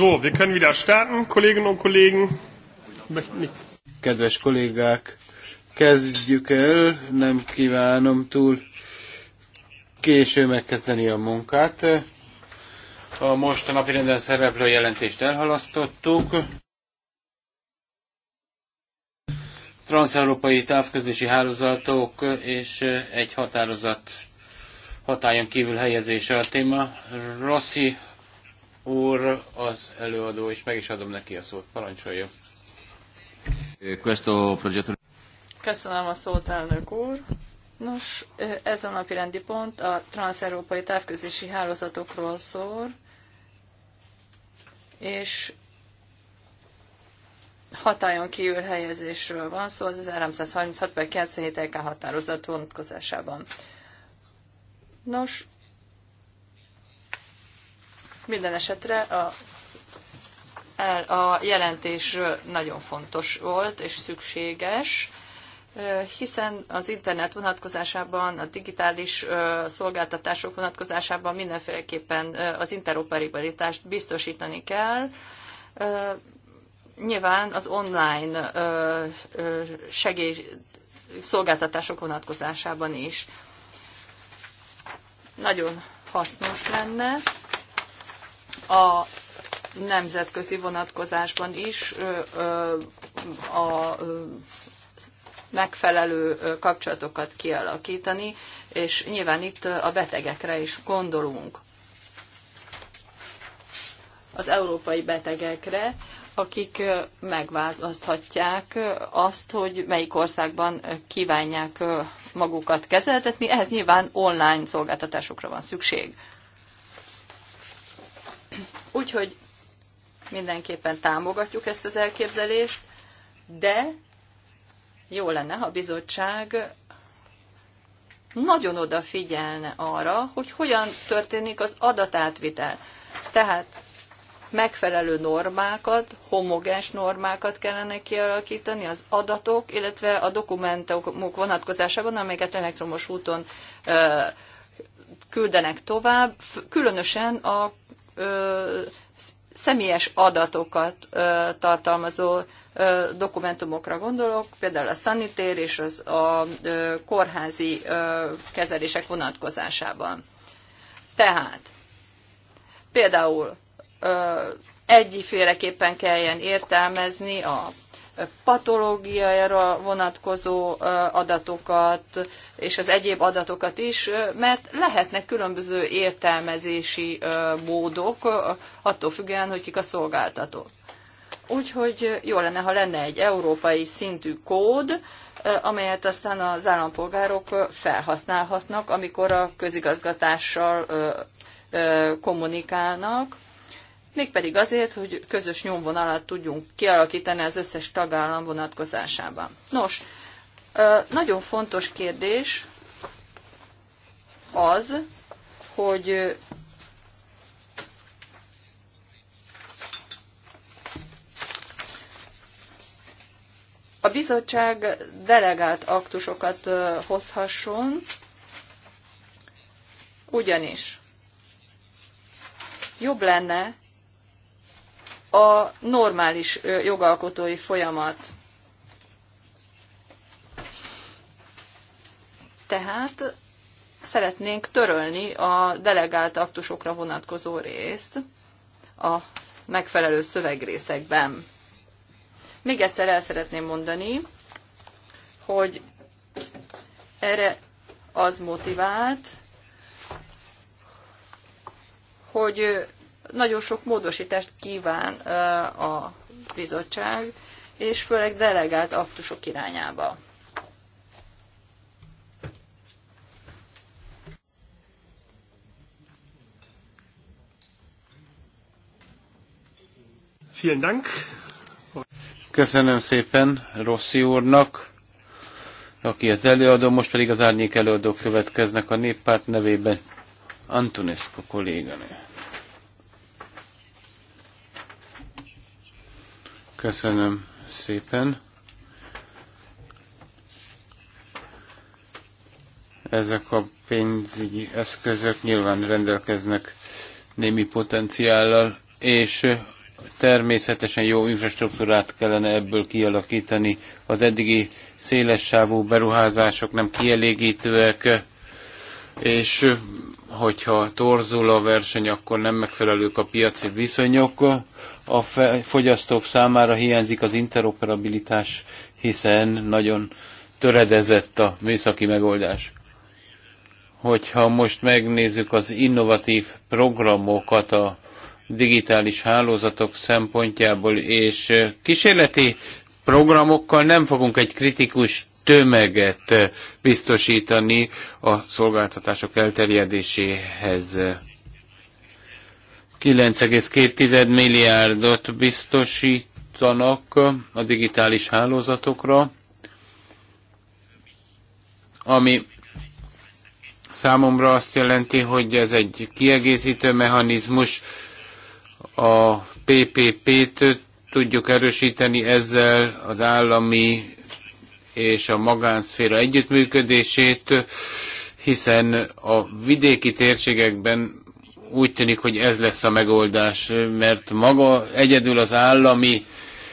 So, wir können wieder starten, Kolleginnen und Kollegen. Kedves kollégák, kezdjük el, nem kívánom túl késő megkezdeni a munkát. A most a napi renden szereplő jelentést elhalasztottuk. Transeurópai távközlési hálózatok és egy határozat hatályon kívül helyezése a téma. Rossi úr az előadó, és meg is adom neki a szót. Parancsolja. Köszönöm a szót, elnök úr. Nos, ez a napi rendi pont a transzeurópai távközési hálózatokról szól, és hatályon kívül helyezésről van szó, az 1336 per 97 LK határozat vonatkozásában. Nos, minden esetre a, a jelentés nagyon fontos volt és szükséges, hiszen az internet vonatkozásában, a digitális szolgáltatások vonatkozásában mindenféleképpen az interoperabilitást biztosítani kell. Nyilván az online segély szolgáltatások vonatkozásában is. Nagyon hasznos lenne a nemzetközi vonatkozásban is a megfelelő kapcsolatokat kialakítani, és nyilván itt a betegekre is gondolunk. Az európai betegekre, akik megválaszthatják azt, hogy melyik országban kívánják magukat kezeltetni, ehhez nyilván online szolgáltatásokra van szükség. Úgyhogy mindenképpen támogatjuk ezt az elképzelést, de jó lenne, ha a bizottság nagyon odafigyelne arra, hogy hogyan történik az adatátvitel. Tehát megfelelő normákat, homogás normákat kellene kialakítani az adatok, illetve a dokumentumok vonatkozásában, amelyeket elektromos úton küldenek tovább, különösen a ö, személyes adatokat ö, tartalmazó ö, dokumentumokra gondolok, például a szanitér és az, a ö, kórházi ö, kezelések vonatkozásában. Tehát például ö, egyféleképpen kelljen értelmezni a patológiára vonatkozó adatokat és az egyéb adatokat is, mert lehetnek különböző értelmezési módok, attól függően, hogy kik a szolgáltató. Úgyhogy jó lenne, ha lenne egy európai szintű kód, amelyet aztán az állampolgárok felhasználhatnak, amikor a közigazgatással kommunikálnak, mégpedig azért, hogy közös nyomvonalat tudjunk kialakítani az összes tagállam vonatkozásában. Nos, nagyon fontos kérdés az, hogy a bizottság delegált aktusokat hozhasson, ugyanis jobb lenne, a normális jogalkotói folyamat. Tehát szeretnénk törölni a delegált aktusokra vonatkozó részt a megfelelő szövegrészekben. Még egyszer el szeretném mondani, hogy erre az motivált, hogy nagyon sok módosítást kíván a bizottság, és főleg delegált aktusok irányába. Köszönöm szépen Rossi úrnak, aki az előadó, most pedig az árnyék előadók következnek a néppárt nevében. Antonescu kolléganő. Köszönöm szépen. Ezek a pénzügyi eszközök nyilván rendelkeznek némi potenciállal, és természetesen jó infrastruktúrát kellene ebből kialakítani. Az eddigi szélessávú beruházások nem kielégítőek, és hogyha torzul a verseny, akkor nem megfelelők a piaci viszonyok a fogyasztók számára hiányzik az interoperabilitás, hiszen nagyon töredezett a műszaki megoldás. Hogyha most megnézzük az innovatív programokat a digitális hálózatok szempontjából, és kísérleti programokkal nem fogunk egy kritikus tömeget biztosítani a szolgáltatások elterjedéséhez 9,2 milliárdot biztosítanak a digitális hálózatokra, ami számomra azt jelenti, hogy ez egy kiegészítő mechanizmus, a PPP-t tudjuk erősíteni ezzel az állami és a magánszféra együttműködését, hiszen a vidéki térségekben úgy tűnik, hogy ez lesz a megoldás, mert maga egyedül az állami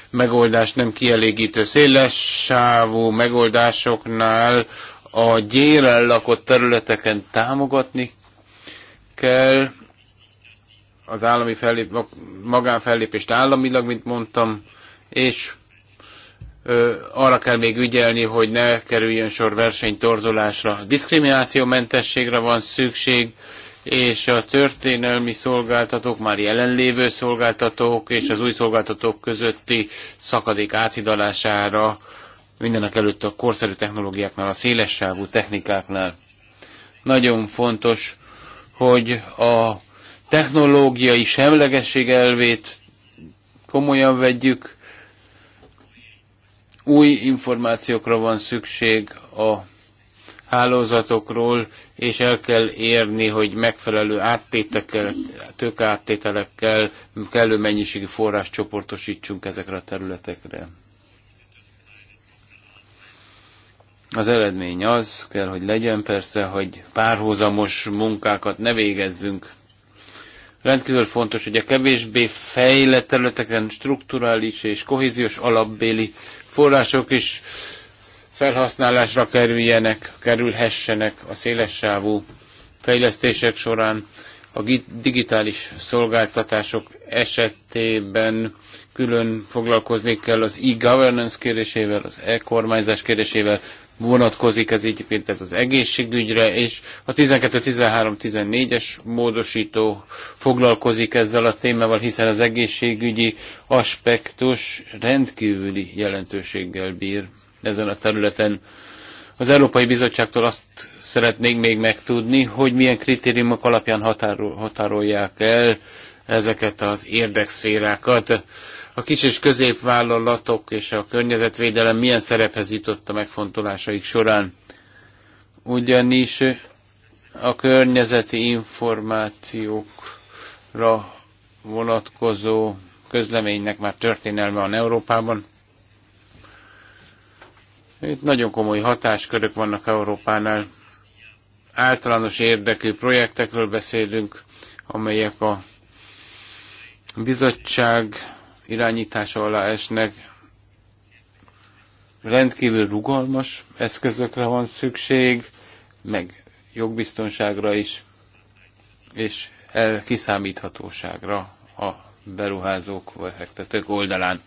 megoldás nem kielégítő. Széles sávú megoldásoknál a gyérel lakott területeken támogatni kell az állami fellép, magánfellépést államilag, mint mondtam, és ö, arra kell még ügyelni, hogy ne kerüljön sor versenytorzolásra. Diszkriminációmentességre van szükség, és a történelmi szolgáltatók, már jelenlévő szolgáltatók és az új szolgáltatók közötti szakadék áthidalására mindenek előtt a korszerű technológiáknál, a szélessávú technikáknál. Nagyon fontos, hogy a technológiai semlegesség elvét komolyan vegyük, új információkra van szükség a hálózatokról, és el kell érni, hogy megfelelő áttétekkel, tőkeáttételekkel kellő mennyiségű forrás csoportosítsunk ezekre a területekre. Az eredmény az kell, hogy legyen persze, hogy párhuzamos munkákat ne végezzünk. Rendkívül fontos, hogy a kevésbé fejlett területeken strukturális és kohéziós alapbéli források is felhasználásra kerüljenek, kerülhessenek a szélessávú fejlesztések során. A digitális szolgáltatások esetében külön foglalkozni kell az e-governance kérdésével, az e-kormányzás kérdésével, vonatkozik ez egyébként ez az egészségügyre, és a 12-13-14-es módosító foglalkozik ezzel a témával, hiszen az egészségügyi aspektus rendkívüli jelentőséggel bír ezen a területen. Az Európai Bizottságtól azt szeretnénk még megtudni, hogy milyen kritériumok alapján határol, határolják el ezeket az érdekszférákat. A kis és középvállalatok és a környezetvédelem milyen szerephez jutott a megfontolásaik során. Ugyanis a környezeti információkra vonatkozó közleménynek már történelme van Európában. Itt nagyon komoly hatáskörök vannak Európánál. Általános érdekű projektekről beszélünk, amelyek a bizottság irányítása alá esnek. Rendkívül rugalmas eszközökre van szükség, meg jogbiztonságra is, és kiszámíthatóságra a beruházók vagy fektetők oldalán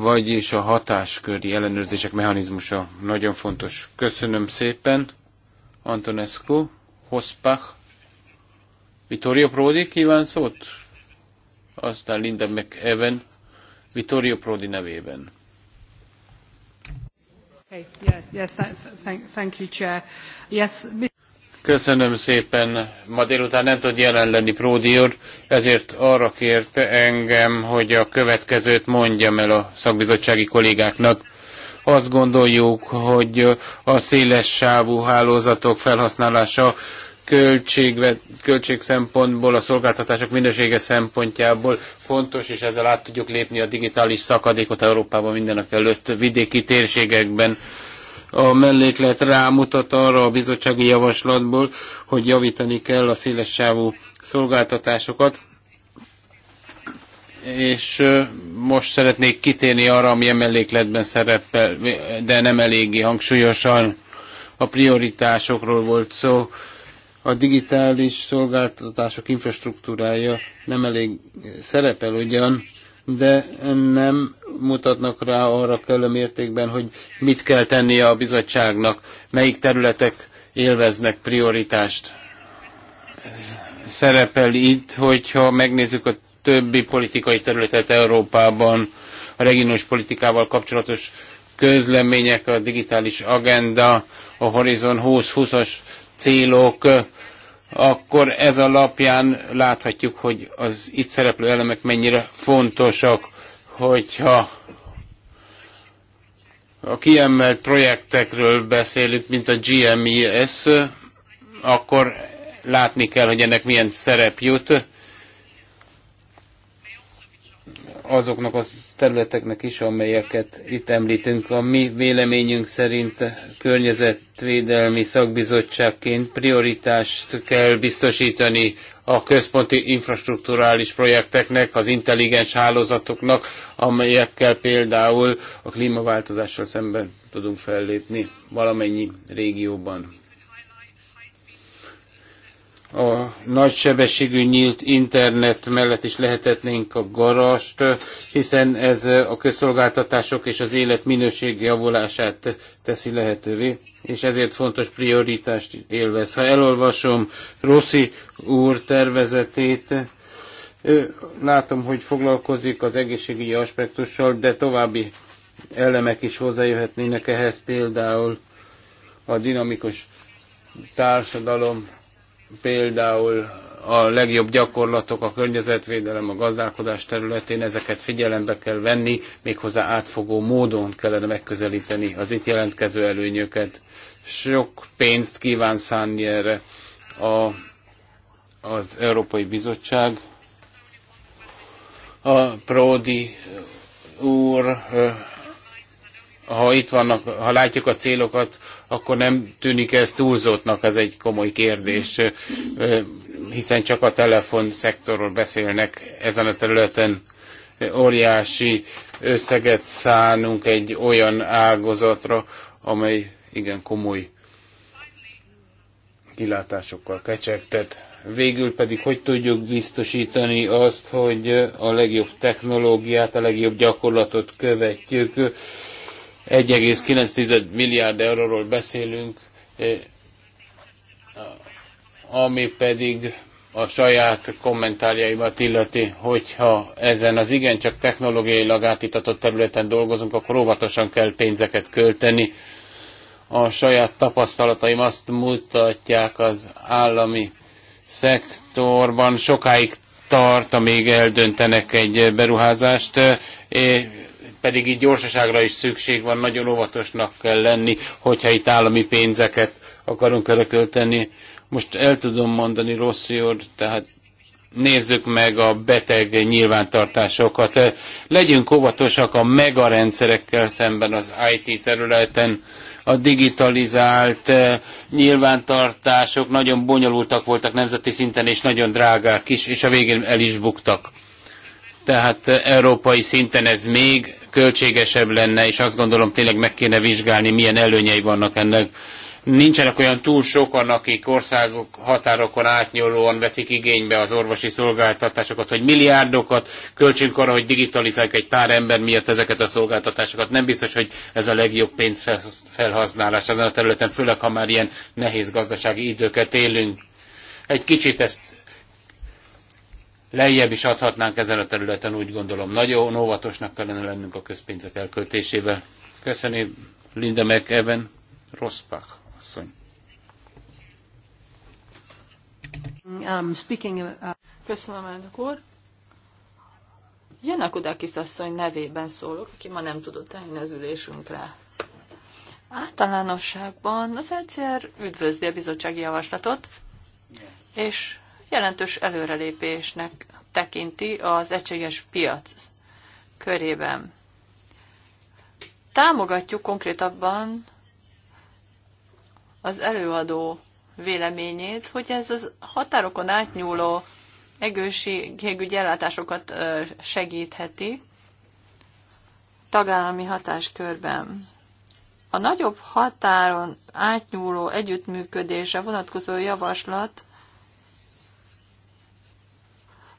vagyis a hatásköri ellenőrzések mechanizmusa nagyon fontos. Köszönöm szépen, Antonescu, Hospach, Vittorio Prodi kíván szót, aztán Linda McEwen, Vittorio Prodi nevében. Okay, yeah, yes, thank, thank you, Chair. Yes, Köszönöm szépen. Ma délután nem tud jelen lenni Pródi úr, ezért arra kérte engem, hogy a következőt mondjam el a szakbizottsági kollégáknak. Azt gondoljuk, hogy a széles sávú hálózatok felhasználása költség, költség szempontból, a szolgáltatások minősége szempontjából fontos, és ezzel át tudjuk lépni a digitális szakadékot Európában mindenek előtt vidéki térségekben a melléklet rámutat arra a bizottsági javaslatból, hogy javítani kell a sávú szolgáltatásokat, és most szeretnék kitérni arra, ami a mellékletben szerepel, de nem eléggé hangsúlyosan a prioritásokról volt szó. A digitális szolgáltatások infrastruktúrája nem elég szerepel ugyan, de nem mutatnak rá arra kellő mértékben, hogy mit kell tennie a bizottságnak, melyik területek élveznek prioritást. Szerepel itt, hogyha megnézzük a többi politikai területet Európában, a regionális politikával kapcsolatos közlemények, a digitális agenda, a Horizon 2020-as célok, akkor ez alapján láthatjuk, hogy az itt szereplő elemek mennyire fontosak, hogyha a kiemelt projektekről beszélünk, mint a GMES, akkor látni kell, hogy ennek milyen szerep jut. azoknak a területeknek is, amelyeket itt említünk. A mi véleményünk szerint környezetvédelmi szakbizottságként prioritást kell biztosítani a központi infrastruktúrális projekteknek, az intelligens hálózatoknak, amelyekkel például a klímaváltozással szemben tudunk fellépni valamennyi régióban a nagysebességű nyílt internet mellett is lehetetnénk a garast, hiszen ez a közszolgáltatások és az élet minőség javulását teszi lehetővé, és ezért fontos prioritást élvez. Ha elolvasom Rossi úr tervezetét, látom, hogy foglalkozik az egészségügyi aspektussal, de további elemek is hozzájöhetnének ehhez, például a dinamikus társadalom Például a legjobb gyakorlatok a környezetvédelem, a gazdálkodás területén, ezeket figyelembe kell venni, méghozzá átfogó módon kellene megközelíteni az itt jelentkező előnyöket. Sok pénzt kíván szánni erre a, az Európai Bizottság. A Prodi úr ha itt vannak, ha látjuk a célokat, akkor nem tűnik ez túlzottnak, ez egy komoly kérdés, hiszen csak a telefon szektorról beszélnek ezen a területen óriási összeget szánunk egy olyan ágazatra, amely igen komoly kilátásokkal kecsegtet. Végül pedig hogy tudjuk biztosítani azt, hogy a legjobb technológiát, a legjobb gyakorlatot követjük, 1,9 milliárd euróról beszélünk, eh, ami pedig a saját kommentárjaimat illeti, hogyha ezen az igencsak technológiailag átítatott területen dolgozunk, akkor óvatosan kell pénzeket költeni. A saját tapasztalataim azt mutatják az állami szektorban sokáig tart, amíg eldöntenek egy beruházást, eh, pedig így gyorsaságra is szükség van, nagyon óvatosnak kell lenni, hogyha itt állami pénzeket akarunk örökölteni. Most el tudom mondani, Rossi úr, tehát nézzük meg a beteg nyilvántartásokat. Legyünk óvatosak a megarendszerekkel szemben az IT területen. A digitalizált eh, nyilvántartások nagyon bonyolultak voltak nemzeti szinten, és nagyon drágák is, és a végén el is buktak. Tehát európai szinten ez még költségesebb lenne, és azt gondolom tényleg meg kéne vizsgálni, milyen előnyei vannak ennek. Nincsenek olyan túl sokan, akik országok határokon átnyúlóan veszik igénybe az orvosi szolgáltatásokat, hogy milliárdokat költsünk arra, hogy digitalizáljuk egy pár ember miatt ezeket a szolgáltatásokat. Nem biztos, hogy ez a legjobb pénzfelhasználás ezen a területen, főleg ha már ilyen nehéz gazdasági időket élünk. Egy kicsit ezt lejjebb is adhatnánk ezen a területen, úgy gondolom. Nagyon óvatosnak kellene lennünk a közpénzek elköltésével. Köszönöm Linda McEwen, Rosszpach asszony. Um, speaking uh, Köszönöm, elnök úr. Janakudakis asszony nevében szólok, aki ma nem tudott eljönni az ülésünkre. Általánosságban az egyszer üdvözli a bizottsági javaslatot, és jelentős előrelépésnek tekinti az egységes piac körében. Támogatjuk konkrétabban az előadó véleményét, hogy ez az határokon átnyúló egészségügyi ellátásokat segítheti tagállami hatáskörben. A nagyobb határon átnyúló együttműködésre vonatkozó javaslat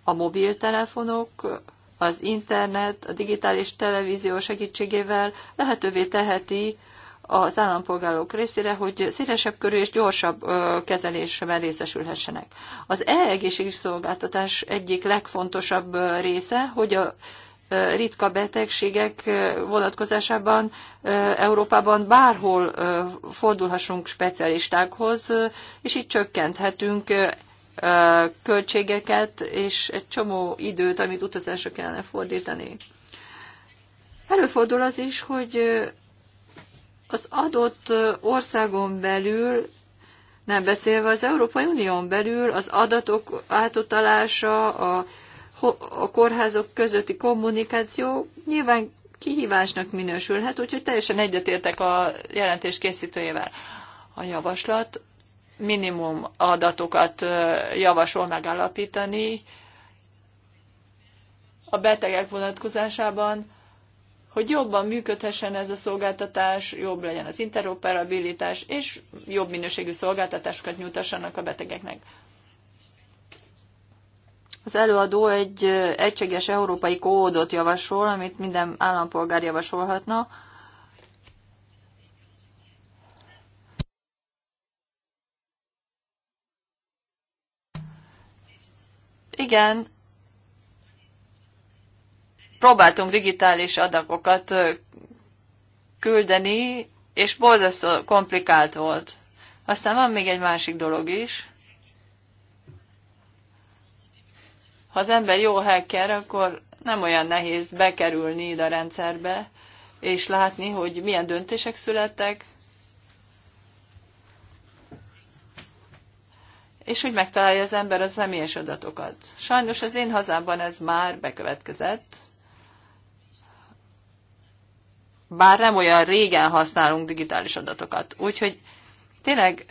a mobiltelefonok, az internet, a digitális televízió segítségével lehetővé teheti az állampolgárok részére, hogy szélesebb körű és gyorsabb kezelésben részesülhessenek. Az e-egészségügyi szolgáltatás egyik legfontosabb része, hogy a ritka betegségek vonatkozásában Európában bárhol fordulhassunk specialistákhoz, és így csökkenthetünk költségeket és egy csomó időt, amit utazásra kellene fordítani. Előfordul az is, hogy az adott országon belül, nem beszélve az Európai Unión belül, az adatok átutalása, a, a kórházok közötti kommunikáció nyilván kihívásnak minősülhet, úgyhogy teljesen egyetértek a jelentés készítőjével. A javaslat minimum adatokat javasol megállapítani a betegek vonatkozásában, hogy jobban működhessen ez a szolgáltatás, jobb legyen az interoperabilitás, és jobb minőségű szolgáltatásokat nyújtassanak a betegeknek. Az előadó egy egységes európai kódot javasol, amit minden állampolgár javasolhatna, Igen, próbáltunk digitális adagokat küldeni, és borzasztó komplikált volt. Aztán van még egy másik dolog is. Ha az ember jó hacker, akkor nem olyan nehéz bekerülni ide a rendszerbe, és látni, hogy milyen döntések születtek, és úgy megtalálja az ember a személyes adatokat. Sajnos az én hazámban ez már bekövetkezett, bár nem olyan régen használunk digitális adatokat. Úgyhogy tényleg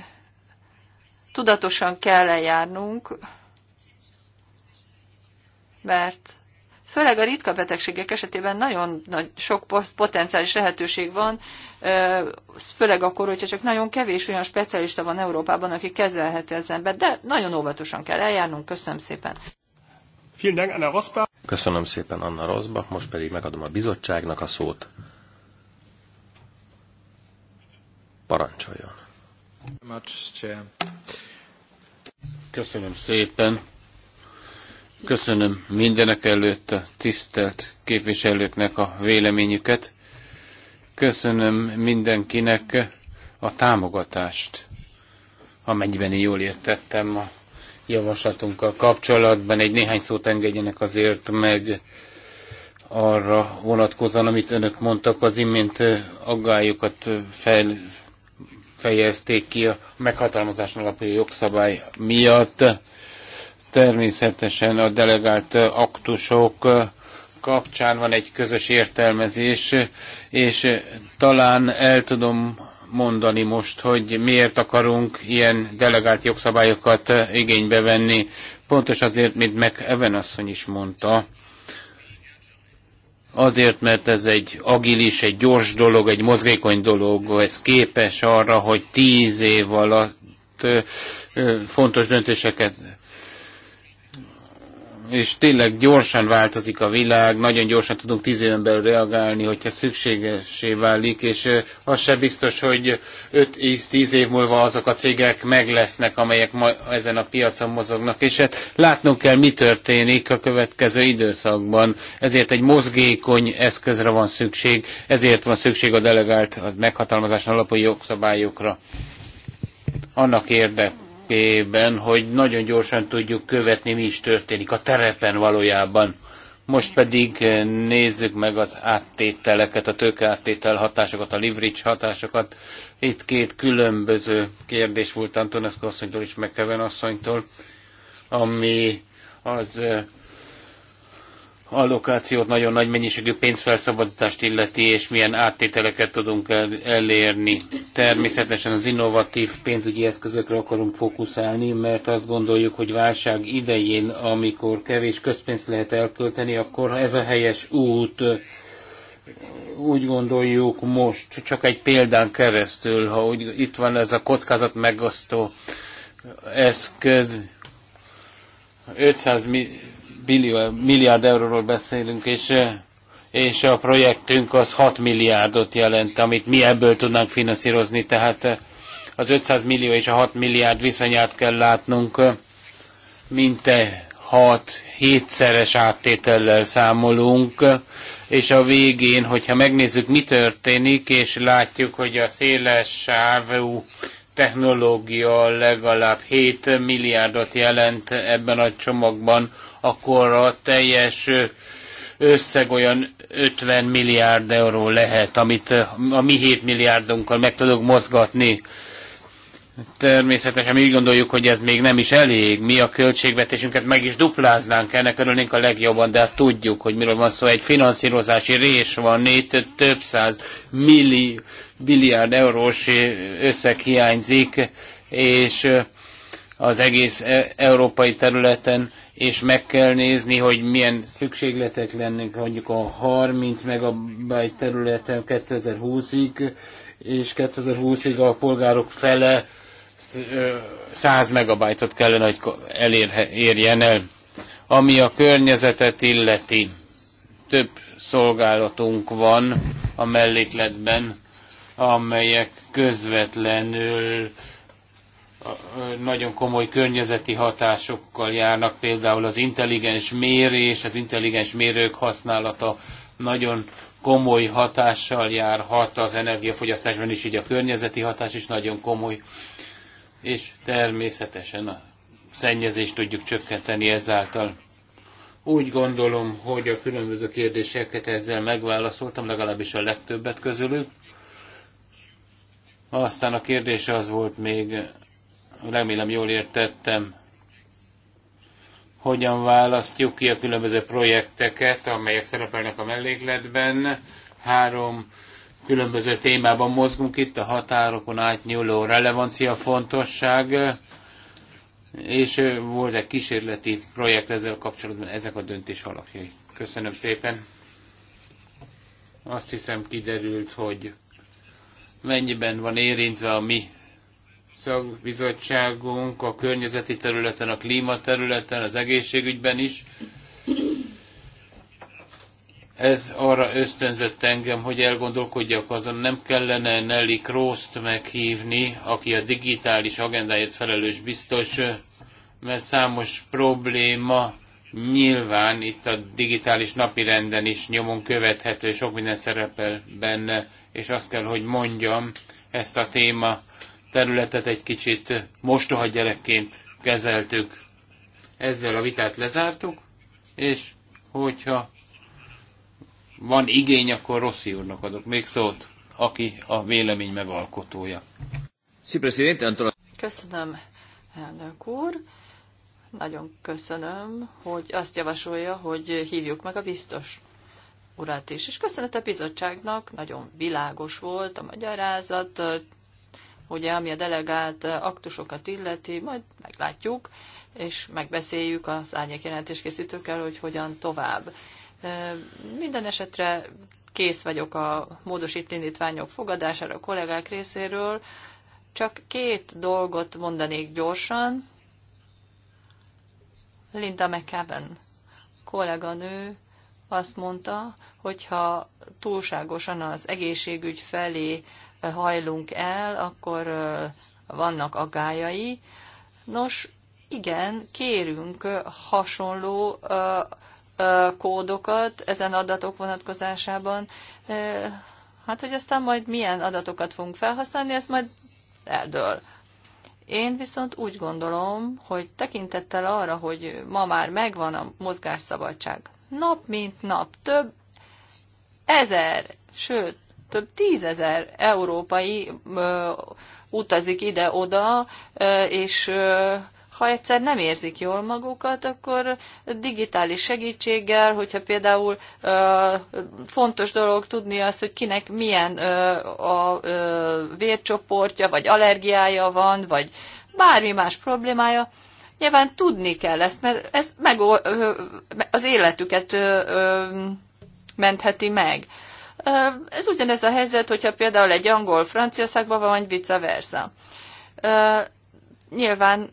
tudatosan kell eljárnunk, mert Főleg a ritka betegségek esetében nagyon nagy, sok potenciális lehetőség van, főleg akkor, hogyha csak nagyon kevés olyan specialista van Európában, aki kezelheti az embert, de nagyon óvatosan kell eljárnunk. Köszönöm szépen. Köszönöm szépen Anna Rosba. most pedig megadom a bizottságnak a szót. Parancsoljon. Köszönöm szépen. Köszönöm mindenek előtt a tisztelt képviselőknek a véleményüket. Köszönöm mindenkinek a támogatást, amennyiben én jól értettem a javaslatunkkal kapcsolatban. Egy néhány szót engedjenek azért meg arra vonatkozóan, amit önök mondtak, az imént aggályokat fel, fejezték ki a meghatalmazáson alapú jogszabály miatt Természetesen a delegált aktusok kapcsán van egy közös értelmezés, és talán el tudom mondani most, hogy miért akarunk ilyen delegált jogszabályokat igénybe venni. Pontos azért, mint meg Even asszony is mondta, azért, mert ez egy agilis, egy gyors dolog, egy mozgékony dolog, ez képes arra, hogy tíz év alatt fontos döntéseket és tényleg gyorsan változik a világ, nagyon gyorsan tudunk tíz éven belül reagálni, hogyha szükségesé válik, és az se biztos, hogy 5-10 év múlva azok a cégek meg lesznek, amelyek ma ezen a piacon mozognak, és hát látnunk kell, mi történik a következő időszakban. Ezért egy mozgékony eszközre van szükség, ezért van szükség a delegált a meghatalmazáson alapú jogszabályokra. Annak érdek, ben, hogy nagyon gyorsan tudjuk követni, mi is történik a terepen valójában. Most pedig nézzük meg az áttételeket, a tőkeáttétel hatásokat, a leverage hatásokat. Itt két különböző kérdés volt Antonescu asszonytól és McKeven asszonytól, ami az allokációt, nagyon nagy mennyiségű pénzfelszabadítást illeti, és milyen áttételeket tudunk elérni. Természetesen az innovatív pénzügyi eszközökre akarunk fókuszálni, mert azt gondoljuk, hogy válság idején, amikor kevés közpénzt lehet elkölteni, akkor ez a helyes út úgy gondoljuk most, csak egy példán keresztül, ha úgy, itt van ez a kockázat megosztó eszköz, 500 millió billió, milliárd euróról beszélünk, és, és a projektünk az 6 milliárdot jelent, amit mi ebből tudnánk finanszírozni, tehát az 500 millió és a 6 milliárd viszonyát kell látnunk, mint 6-7-szeres áttétellel számolunk, és a végén, hogyha megnézzük, mi történik, és látjuk, hogy a széles sávú technológia legalább 7 milliárdot jelent ebben a csomagban, akkor a teljes összeg olyan 50 milliárd euró lehet, amit a mi 7 milliárdunkkal meg tudok mozgatni. Természetesen mi úgy gondoljuk, hogy ez még nem is elég. Mi a költségvetésünket meg is dupláznánk, ennek örülnénk a legjobban, de hát tudjuk, hogy miről van szó. Egy finanszírozási rés van, négy több száz milli, milliárd eurós összeg hiányzik, és az egész európai területen és meg kell nézni, hogy milyen szükségletek lennek mondjuk a 30 megabajt területen 2020-ig, és 2020-ig a polgárok fele 100 megabajtot kellene, hogy elérjen el. Ami a környezetet illeti, több szolgálatunk van a mellékletben, amelyek közvetlenül nagyon komoly környezeti hatásokkal járnak, például az intelligens mérés, az intelligens mérők használata nagyon komoly hatással járhat az energiafogyasztásban is, így a környezeti hatás is nagyon komoly, és természetesen a szennyezést tudjuk csökkenteni ezáltal. Úgy gondolom, hogy a különböző kérdéseket ezzel megválaszoltam, legalábbis a legtöbbet közülük. Aztán a kérdés az volt még, remélem jól értettem, hogyan választjuk ki a különböző projekteket, amelyek szerepelnek a mellékletben. Három különböző témában mozgunk itt, a határokon átnyúló relevancia, fontosság, és volt egy kísérleti projekt ezzel kapcsolatban, ezek a döntés alapjai. Köszönöm szépen. Azt hiszem kiderült, hogy mennyiben van érintve a mi szakbizottságunk a környezeti területen, a klíma területen, az egészségügyben is. Ez arra ösztönzött engem, hogy elgondolkodjak azon, nem kellene Nelly Krószt meghívni, aki a digitális agendáért felelős biztos, mert számos probléma nyilván itt a digitális napirenden is nyomon követhető, sok minden szerepel benne, és azt kell, hogy mondjam, ezt a témát területet egy kicsit mostoha gyerekként kezeltük. Ezzel a vitát lezártuk, és hogyha van igény, akkor Rossi úrnak adok még szót, aki a vélemény megalkotója. Köszönöm, elnök úr. Nagyon köszönöm, hogy azt javasolja, hogy hívjuk meg a biztos urat is. És köszönet a bizottságnak, nagyon világos volt a magyarázat, ugye, ami a delegált aktusokat illeti, majd meglátjuk, és megbeszéljük az árnyék jelentéskészítőkkel, hogy hogyan tovább. Minden esetre kész vagyok a módosító indítványok fogadására a kollégák részéről, csak két dolgot mondanék gyorsan. Linda McCaven kolléganő azt mondta, hogyha túlságosan az egészségügy felé hajlunk el, akkor vannak agályai. Nos, igen, kérünk hasonló kódokat ezen adatok vonatkozásában. Hát, hogy aztán majd milyen adatokat fogunk felhasználni, ez majd eldől. Én viszont úgy gondolom, hogy tekintettel arra, hogy ma már megvan a mozgásszabadság, nap mint nap több ezer, sőt, több tízezer európai ö, utazik ide-oda, és ö, ha egyszer nem érzik jól magukat, akkor digitális segítséggel, hogyha például ö, fontos dolog tudni az, hogy kinek milyen ö, a ö, vércsoportja, vagy allergiája van, vagy bármi más problémája, nyilván tudni kell ezt, mert ez meg, ö, az életüket ö, ö, mentheti meg. Ö, ez ugyanez a helyzet, hogyha például egy angol Franciaországban van, vagy vice versa. Nyilván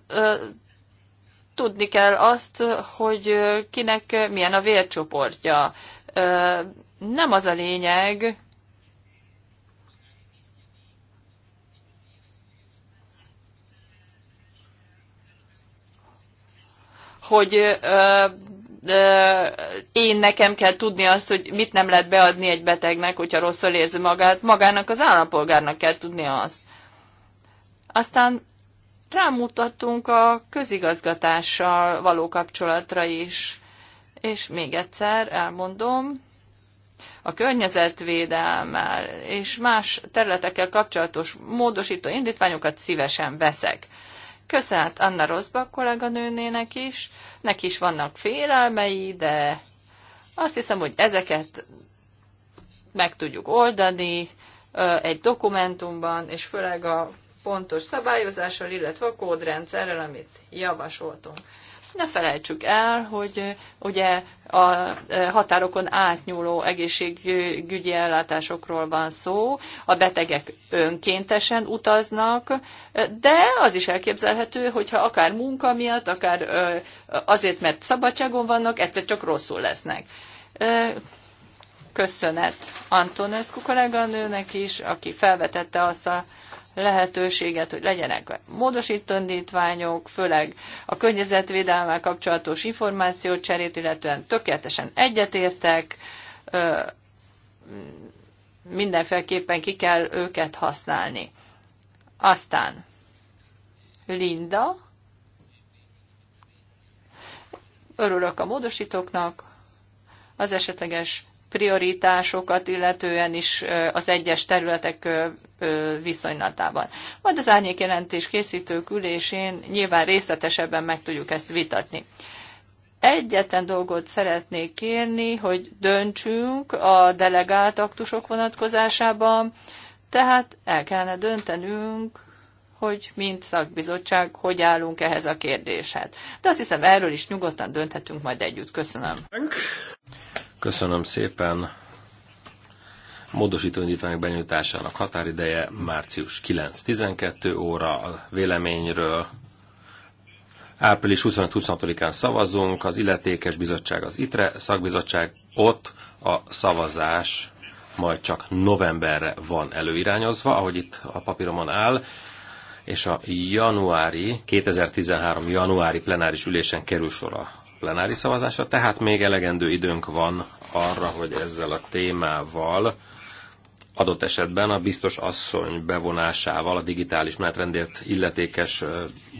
tudni kell azt, hogy kinek milyen a vércsoportja. Nem az a lényeg, hogy én nekem kell tudni azt, hogy mit nem lehet beadni egy betegnek, hogyha rosszul érzi magát, magának az állampolgárnak kell tudnia azt. Aztán rámutattunk a közigazgatással való kapcsolatra is. És még egyszer elmondom, a környezetvédelmel és más területekkel kapcsolatos módosító indítványokat szívesen veszek köszönhet Anna Rosbach kolléganőnének is, neki is vannak félelmei, de azt hiszem, hogy ezeket meg tudjuk oldani egy dokumentumban, és főleg a pontos szabályozással, illetve a kódrendszerrel, amit javasoltunk. Ne felejtsük el, hogy ugye a határokon átnyúló egészségügyi ellátásokról van szó, a betegek önkéntesen utaznak, de az is elképzelhető, hogyha akár munka miatt, akár azért, mert szabadságon vannak, egyszer csak rosszul lesznek. Köszönet Antonescu kolléganőnek is, aki felvetette azt a lehetőséget, hogy legyenek módosítandítványok, főleg a környezetvédelmel kapcsolatos cserét, illetően tökéletesen egyetértek, mindenféleképpen ki kell őket használni. Aztán Linda, örülök a módosítóknak, az esetleges prioritásokat illetően is az egyes területek viszonylatában. Majd az jelentés készítő ülésén nyilván részletesebben meg tudjuk ezt vitatni. Egyetlen dolgot szeretnék kérni, hogy döntsünk a delegált aktusok vonatkozásában, tehát el kellene döntenünk, hogy mint szakbizottság, hogy állunk ehhez a kérdéshez. De azt hiszem, erről is nyugodtan dönthetünk majd együtt. Köszönöm. Köszönöm szépen. Módosító indítványok benyújtásának határideje március 9-12 óra a véleményről. Április 25-26-án szavazunk, az illetékes bizottság az ITRE szakbizottság, ott a szavazás majd csak novemberre van előirányozva, ahogy itt a papíromon áll, és a januári, 2013 januári plenáris ülésen kerül sor a plenári szavazásra, tehát még elegendő időnk van arra, hogy ezzel a témával adott esetben a biztos asszony bevonásával, a digitális menetrendért illetékes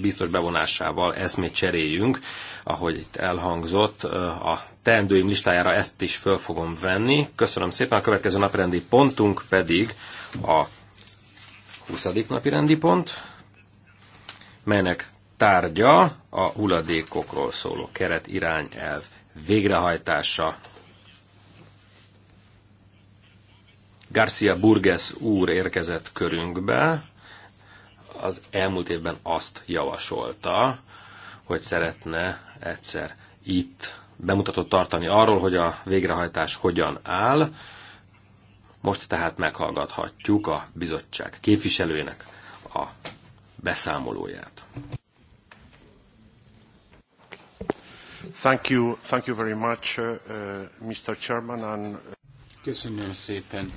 biztos bevonásával eszmét cseréljünk, ahogy itt elhangzott, a teendőim listájára ezt is föl fogom venni. Köszönöm szépen, a következő naprendi pontunk pedig a 20. napi rendi pont, melynek tárgya a hulladékokról szóló keret irányelv végrehajtása. Garcia Burgess úr érkezett körünkbe, az elmúlt évben azt javasolta, hogy szeretne egyszer itt bemutatott tartani arról, hogy a végrehajtás hogyan áll. Most tehát meghallgathatjuk a bizottság képviselőjének a beszámolóját. Thank you, thank you very much, uh, uh Mr. Chairman. And... Uh, Köszönöm szépen,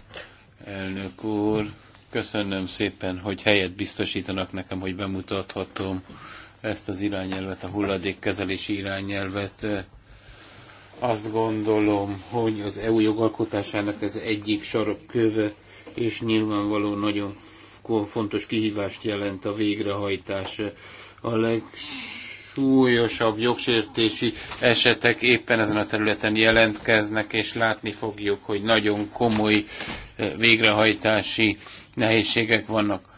elnök úr. Köszönöm szépen, hogy helyet biztosítanak nekem, hogy bemutathatom ezt az irányelvet, a hulladékkezelési irányelvet. Azt gondolom, hogy az EU jogalkotásának ez egyik sarokköve, és nyilvánvaló nagyon fontos kihívást jelent a végrehajtás. A legs súlyosabb jogsértési esetek éppen ezen a területen jelentkeznek, és látni fogjuk, hogy nagyon komoly eh, végrehajtási nehézségek vannak.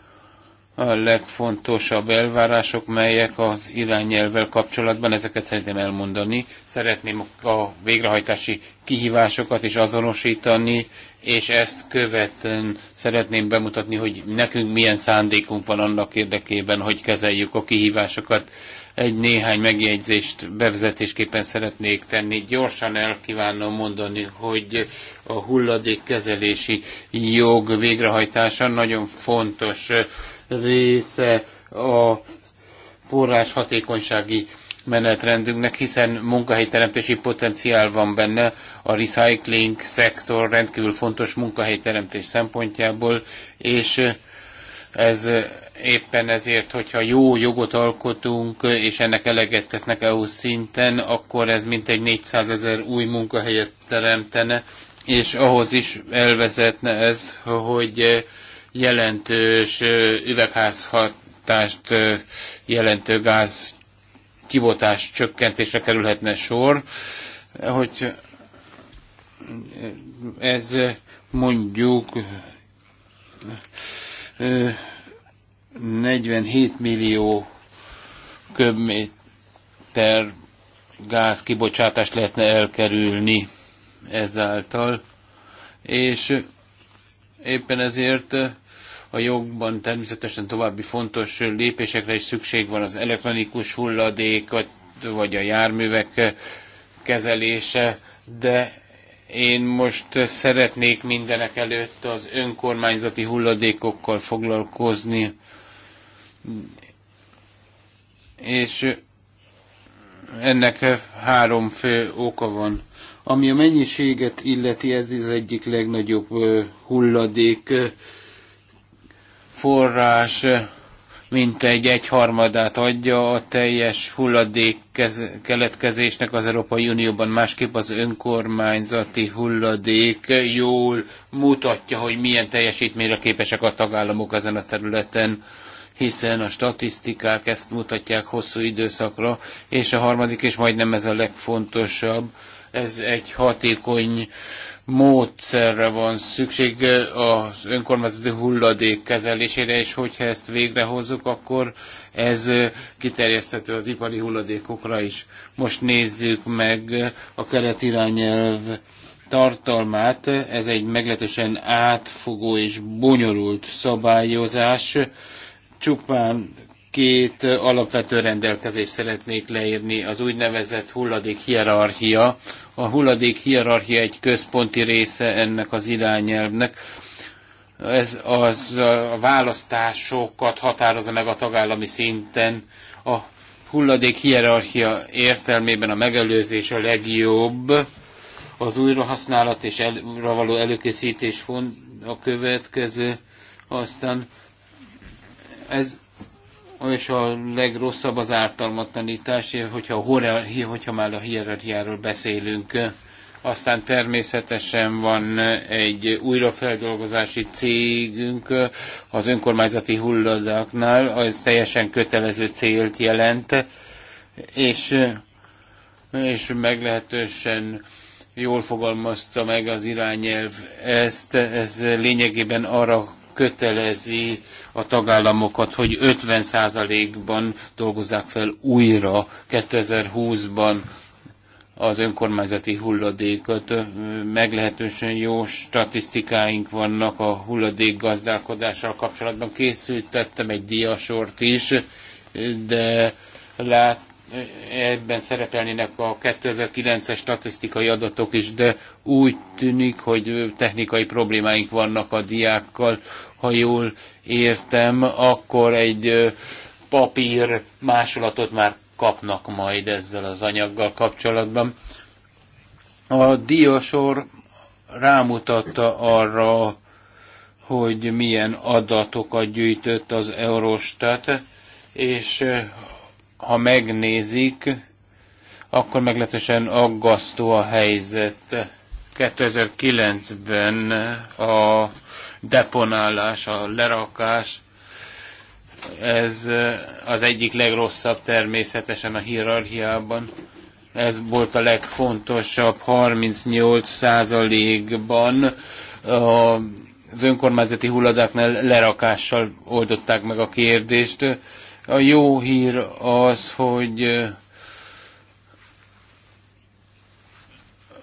A legfontosabb elvárások, melyek az irányelvvel kapcsolatban, ezeket szeretném elmondani. Szeretném a végrehajtási kihívásokat is azonosítani, és ezt követően szeretném bemutatni, hogy nekünk milyen szándékunk van annak érdekében, hogy kezeljük a kihívásokat egy néhány megjegyzést bevezetésképpen szeretnék tenni. Gyorsan el kívánom mondani, hogy a hulladékkezelési jog végrehajtása nagyon fontos része a forrás hatékonysági menetrendünknek, hiszen munkahelyteremtési potenciál van benne, a recycling szektor rendkívül fontos munkahelyteremtés szempontjából, és ez éppen ezért, hogyha jó jogot alkotunk, és ennek eleget tesznek EU szinten, akkor ez mintegy 400 ezer új munkahelyet teremtene, és ahhoz is elvezetne ez, hogy jelentős üvegházhatást jelentő gáz kibotás csökkentésre kerülhetne sor, hogy ez mondjuk 47 millió köbméter gáz kibocsátást lehetne elkerülni ezáltal, és éppen ezért a jogban természetesen további fontos lépésekre is szükség van az elektronikus hulladék, vagy a járművek kezelése, de én most szeretnék mindenek előtt az önkormányzati hulladékokkal foglalkozni, és ennek három fő oka van. Ami a mennyiséget illeti, ez az egyik legnagyobb hulladék forrás, mint egy egyharmadát adja a teljes hulladék keletkezésnek az Európai Unióban, másképp az önkormányzati hulladék jól mutatja, hogy milyen teljesítményre képesek a tagállamok ezen a területen hiszen a statisztikák ezt mutatják hosszú időszakra, és a harmadik, és majdnem ez a legfontosabb, ez egy hatékony módszerre van szükség az önkormányzati hulladék kezelésére, és hogyha ezt végrehozzuk, akkor ez kiterjeszthető az ipari hulladékokra is. Most nézzük meg a keretirányelv tartalmát. Ez egy meglehetősen átfogó és bonyolult szabályozás. Csupán két alapvető rendelkezést szeretnék leírni, az úgynevezett hulladék hierarchia. A hulladék hierarchia egy központi része ennek az irányelvnek. Ez az a választásokat határozza meg a tagállami szinten. A hulladék hierarchia értelmében a megelőzés a legjobb, az újrahasználat és el, való előkészítés a következő, aztán ez és a legrosszabb az ártalmatlanítás, hogyha, hogyha már a hierarchiáról beszélünk. Aztán természetesen van egy újrafeldolgozási cégünk az önkormányzati hulladáknál, ez teljesen kötelező célt jelent, és, és meglehetősen jól fogalmazta meg az irányelv ezt, ez lényegében arra kötelezi a tagállamokat, hogy 50%-ban dolgozzák fel újra 2020-ban az önkormányzati hulladékot. Meglehetősen jó statisztikáink vannak a hulladék gazdálkodással kapcsolatban. Készültettem egy diasort is, de lát, ebben szerepelnének a 2009-es statisztikai adatok is, de úgy tűnik, hogy technikai problémáink vannak a diákkal. Ha jól értem, akkor egy papír másolatot már kapnak majd ezzel az anyaggal kapcsolatban. A diasor rámutatta arra, hogy milyen adatokat gyűjtött az Eurostat, és ha megnézik, akkor meglehetősen aggasztó a helyzet. 2009-ben a deponálás, a lerakás, ez az egyik legrosszabb természetesen a hierarchiában. Ez volt a legfontosabb 38%-ban az önkormányzati hulladáknál lerakással oldották meg a kérdést a jó hír az, hogy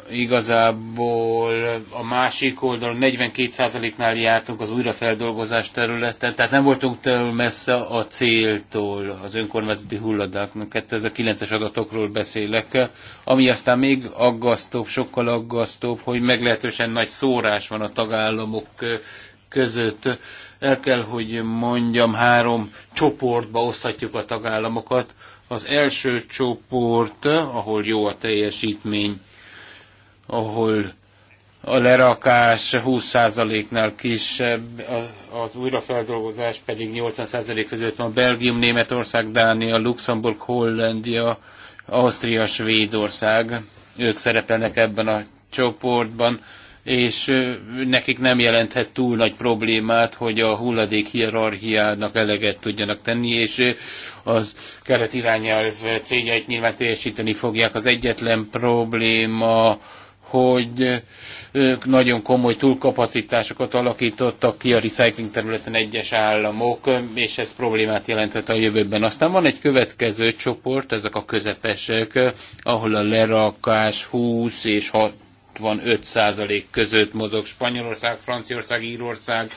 igazából a másik oldalon 42%-nál jártunk az újrafeldolgozás területen, tehát nem voltunk túl messze a céltól az önkormányzati hulladáknak. 2009-es adatokról beszélek, ami aztán még aggasztóbb, sokkal aggasztóbb, hogy meglehetősen nagy szórás van a tagállamok között. El kell, hogy mondjam, három csoportba oszthatjuk a tagállamokat. Az első csoport, ahol jó a teljesítmény, ahol a lerakás 20%-nál kisebb, az újrafeldolgozás pedig 80% között van. Belgium, Németország, Dánia, Luxemburg, Hollandia, Ausztria, Svédország, ők szerepelnek ebben a csoportban és nekik nem jelenthet túl nagy problémát, hogy a hulladék hierarchiának eleget tudjanak tenni, és az keret irányelv céljait nyilván teljesíteni fogják. Az egyetlen probléma, hogy ők nagyon komoly túlkapacitásokat alakítottak ki a recycling területen egyes államok, és ez problémát jelenthet a jövőben. Aztán van egy következő csoport, ezek a közepesek, ahol a lerakás 20 és 65% között mozog Spanyolország, Franciaország, Írország,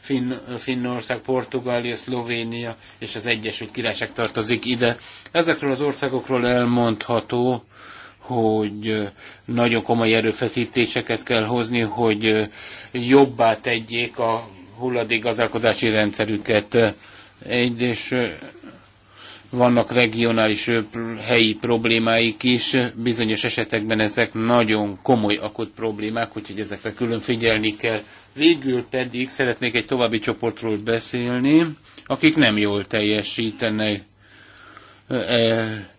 Finn, Finnország, Portugália, Szlovénia és az Egyesült Királyság tartozik ide. Ezekről az országokról elmondható, hogy nagyon komoly erőfeszítéseket kell hozni, hogy jobbá tegyék a hulladék gazdálkodási rendszerüket. Egy és vannak regionális helyi problémáik is, bizonyos esetekben ezek nagyon komoly akut problémák, úgyhogy ezekre külön figyelni kell. Végül pedig szeretnék egy további csoportról beszélni, akik nem jól teljesítenek e,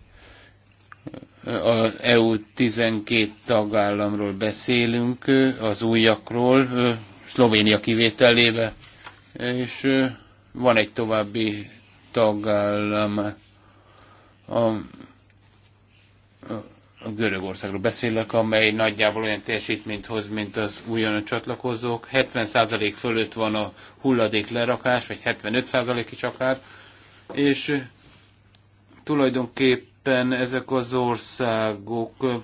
az EU 12 tagállamról beszélünk, az újakról, Szlovénia kivételébe, és van egy további tagállam, a, a Görögországról beszélek, amely nagyjából olyan teljesítményt hoz, mint az újonnan csatlakozók. 70% fölött van a hulladék lerakás, vagy 75% is akár, és eh, tulajdonképpen ezek az országok eh,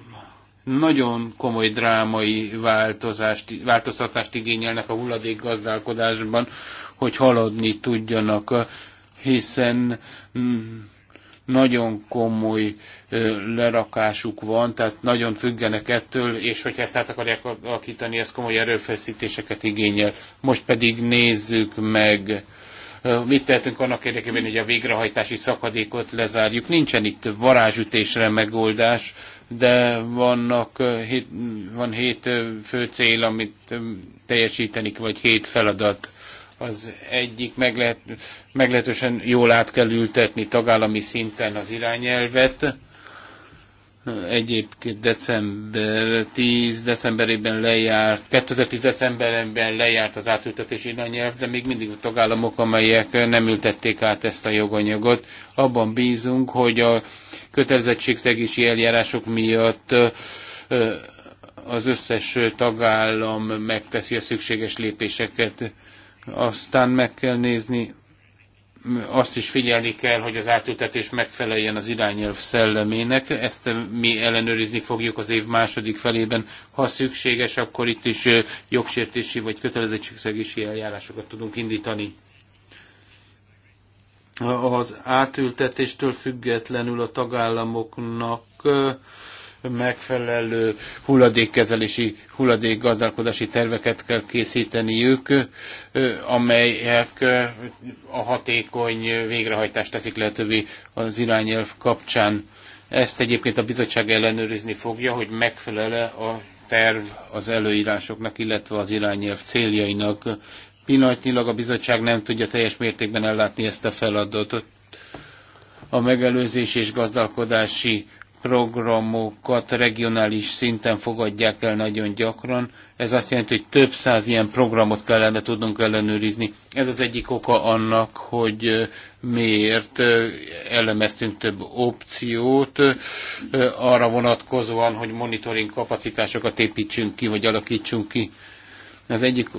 nagyon komoly drámai változást, változtatást igényelnek a hulladék gazdálkodásban, hogy haladni tudjanak, eh, hiszen mm, nagyon komoly lerakásuk van, tehát nagyon függenek ettől, és hogyha ezt át akarják alakítani, ez komoly erőfeszítéseket igényel. Most pedig nézzük meg, mit tehetünk annak érdekében, hogy a végrehajtási szakadékot lezárjuk. Nincsen itt varázsütésre megoldás, de vannak, van hét fő cél, amit teljesíteni, vagy hét feladat az egyik meg lehet, meglehetősen jól át kell ültetni tagállami szinten az irányelvet. Egyébként december 10 decemberében lejárt, 2010 decemberben lejárt az átültetési irányelv, de még mindig a tagállamok, amelyek nem ültették át ezt a joganyagot. Abban bízunk, hogy a kötelezettségszegési eljárások miatt az összes tagállam megteszi a szükséges lépéseket. Aztán meg kell nézni, azt is figyelni kell, hogy az átültetés megfeleljen az irányelv szellemének. Ezt mi ellenőrizni fogjuk az év második felében. Ha szükséges, akkor itt is jogsértési vagy kötelezettségszegési eljárásokat tudunk indítani. Az átültetéstől függetlenül a tagállamoknak megfelelő hulladékkezelési, hulladékgazdálkodási terveket kell készíteniük, amelyek a hatékony végrehajtást teszik lehetővé az irányelv kapcsán. Ezt egyébként a bizottság ellenőrizni fogja, hogy megfelele a terv az előírásoknak, illetve az irányelv céljainak. Pillanatnyilag a bizottság nem tudja teljes mértékben ellátni ezt a feladatot. A megelőzés és gazdálkodási programokat regionális szinten fogadják el nagyon gyakran. Ez azt jelenti, hogy több száz ilyen programot kellene tudnunk ellenőrizni. Ez az egyik oka annak, hogy miért elemeztünk több opciót arra vonatkozóan, hogy monitoring kapacitásokat építsünk ki, vagy alakítsunk ki. Az egyik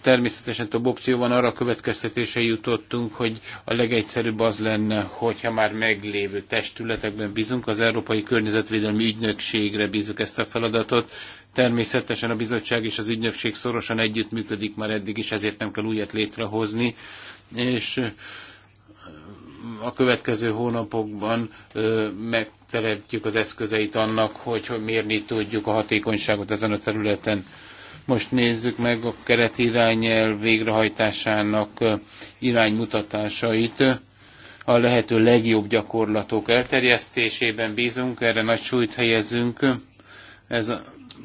természetesen több opció van, arra a következtetése jutottunk, hogy a legegyszerűbb az lenne, hogyha már meglévő testületekben bízunk, az Európai Környezetvédelmi Ügynökségre bízunk ezt a feladatot. Természetesen a bizottság és az ügynökség szorosan együttműködik már eddig is, ezért nem kell újat létrehozni, és a következő hónapokban ö, megteremtjük az eszközeit annak, hogy mérni tudjuk a hatékonyságot ezen a területen most nézzük meg a keretirányel végrehajtásának iránymutatásait. A lehető legjobb gyakorlatok elterjesztésében bízunk, erre nagy súlyt helyezünk. Ez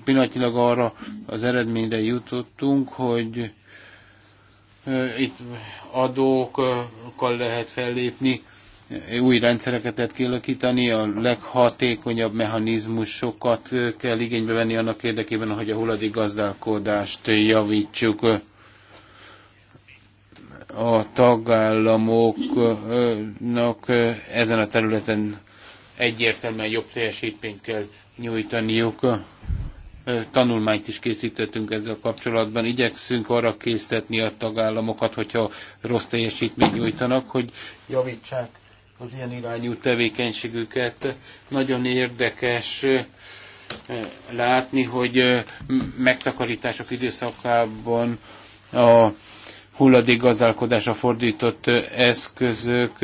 pillanatilag arra az eredményre jutottunk, hogy itt adókkal lehet fellépni, új rendszereket lehet kialakítani, a leghatékonyabb mechanizmusokat kell igénybe venni annak érdekében, hogy a hulladék gazdálkodást javítsuk. A tagállamoknak ezen a területen egyértelműen jobb teljesítményt kell nyújtaniuk. Tanulmányt is készítettünk ezzel kapcsolatban. Igyekszünk arra késztetni a tagállamokat, hogyha rossz teljesítményt nyújtanak, hogy javítsák az ilyen irányú tevékenységüket. Nagyon érdekes látni, hogy megtakarítások időszakában a hulladékgazdálkodásra fordított eszközök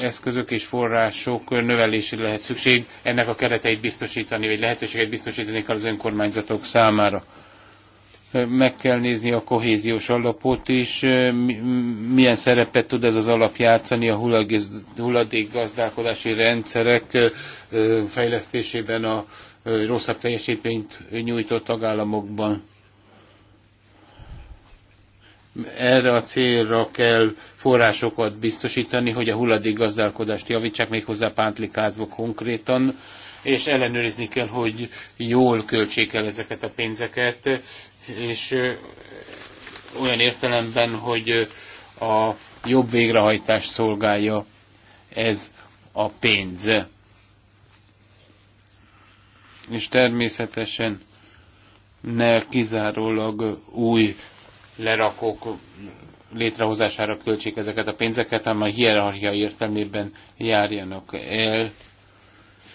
eszközök és források növelésére lehet szükség, ennek a kereteit biztosítani, vagy lehetőséget biztosítani kell az önkormányzatok számára meg kell nézni a kohéziós alapot is, milyen szerepet tud ez az alap játszani a hulladékgazdálkodási rendszerek fejlesztésében a rosszabb teljesítményt nyújtó tagállamokban. Erre a célra kell forrásokat biztosítani, hogy a hulladékgazdálkodást javítsák, méghozzá pántlikázva konkrétan és ellenőrizni kell, hogy jól költsék el ezeket a pénzeket, és olyan értelemben, hogy a jobb végrehajtás szolgálja ez a pénz. És természetesen ne kizárólag új lerakók létrehozására költsék ezeket a pénzeket, hanem a hierarchia értelmében járjanak el,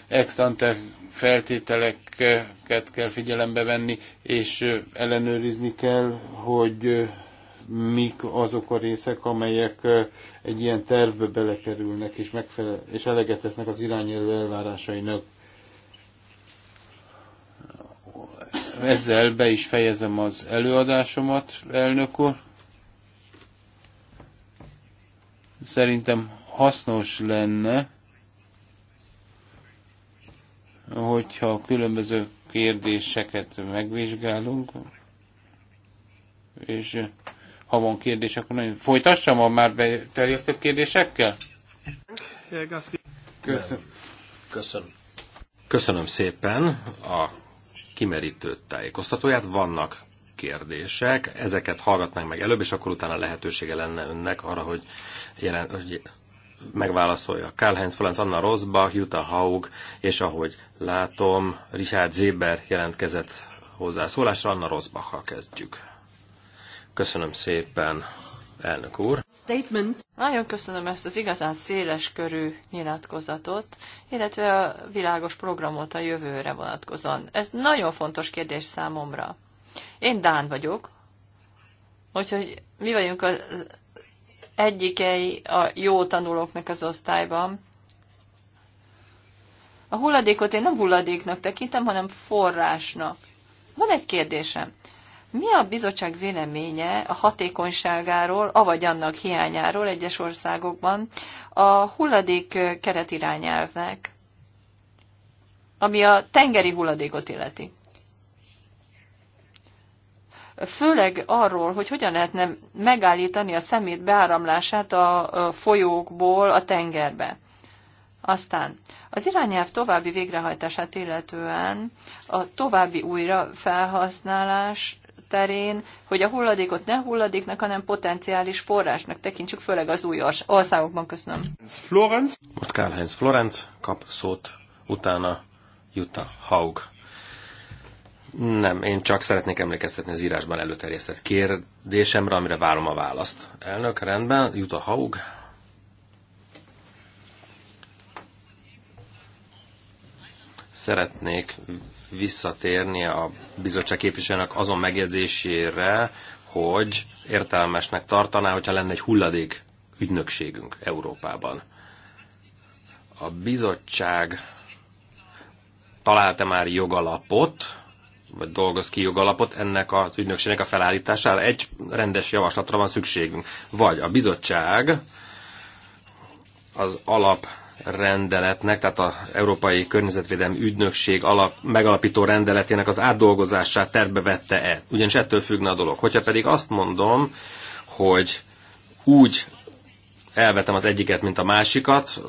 ex ante feltételeket kell figyelembe venni, és ellenőrizni kell, hogy mik azok a részek, amelyek egy ilyen tervbe belekerülnek, és, megfelel, és eleget tesznek az irányelő elvárásainak. Ezzel be is fejezem az előadásomat, elnök úr. Szerintem hasznos lenne, hogyha különböző kérdéseket megvizsgálunk, és ha van kérdés, akkor nagyon folytassam a már beterjesztett kérdésekkel? Köszönöm. Köszönöm. Köszönöm szépen a kimerítő tájékoztatóját. Vannak kérdések, ezeket hallgatnánk meg előbb, és akkor utána lehetősége lenne önnek arra, hogy, jelen, hogy megválaszolja. Karl-Heinz Franz, Anna Rosbach, Jutta Haug, és ahogy látom, Richard Zéber jelentkezett hozzászólásra. Anna Rosbachal kezdjük. Köszönöm szépen, elnök úr. Statement. Nagyon köszönöm ezt az igazán széles körű nyilatkozatot, illetve a világos programot a jövőre vonatkozóan. Ez nagyon fontos kérdés számomra. Én Dán vagyok, úgyhogy mi vagyunk az egyikei a jó tanulóknak az osztályban. A hulladékot én nem hulladéknak tekintem, hanem forrásnak. Van egy kérdésem. Mi a bizottság véleménye a hatékonyságáról, avagy annak hiányáról egyes országokban a hulladék keretirányelvnek, ami a tengeri hulladékot illeti? főleg arról, hogy hogyan lehetne megállítani a szemét beáramlását a folyókból a tengerbe. Aztán az irányelv további végrehajtását illetően a további újrafelhasználás terén, hogy a hulladékot ne hulladéknak, hanem potenciális forrásnak tekintsük, főleg az új országokban. Köszönöm. Florence. Most Karl-Heinz Florenc kap szót, utána Jutta Haug. Nem, én csak szeretnék emlékeztetni az írásban előterjesztett kérdésemre, amire várom a választ. Elnök, rendben, jut a haug. Szeretnék visszatérni a bizottság képviselőnek azon megjegyzésére, hogy értelmesnek tartaná, hogyha lenne egy hulladék ügynökségünk Európában. A bizottság találta már jogalapot, vagy dolgoz ki jogalapot ennek az ügynökségnek a felállítására. Egy rendes javaslatra van szükségünk. Vagy a bizottság az alap rendeletnek, tehát az Európai Környezetvédelmi Ügynökség alap, megalapító rendeletének az átdolgozását terbe vette-e. Ugyanis ettől függne a dolog. Hogyha pedig azt mondom, hogy úgy elvetem az egyiket, mint a másikat,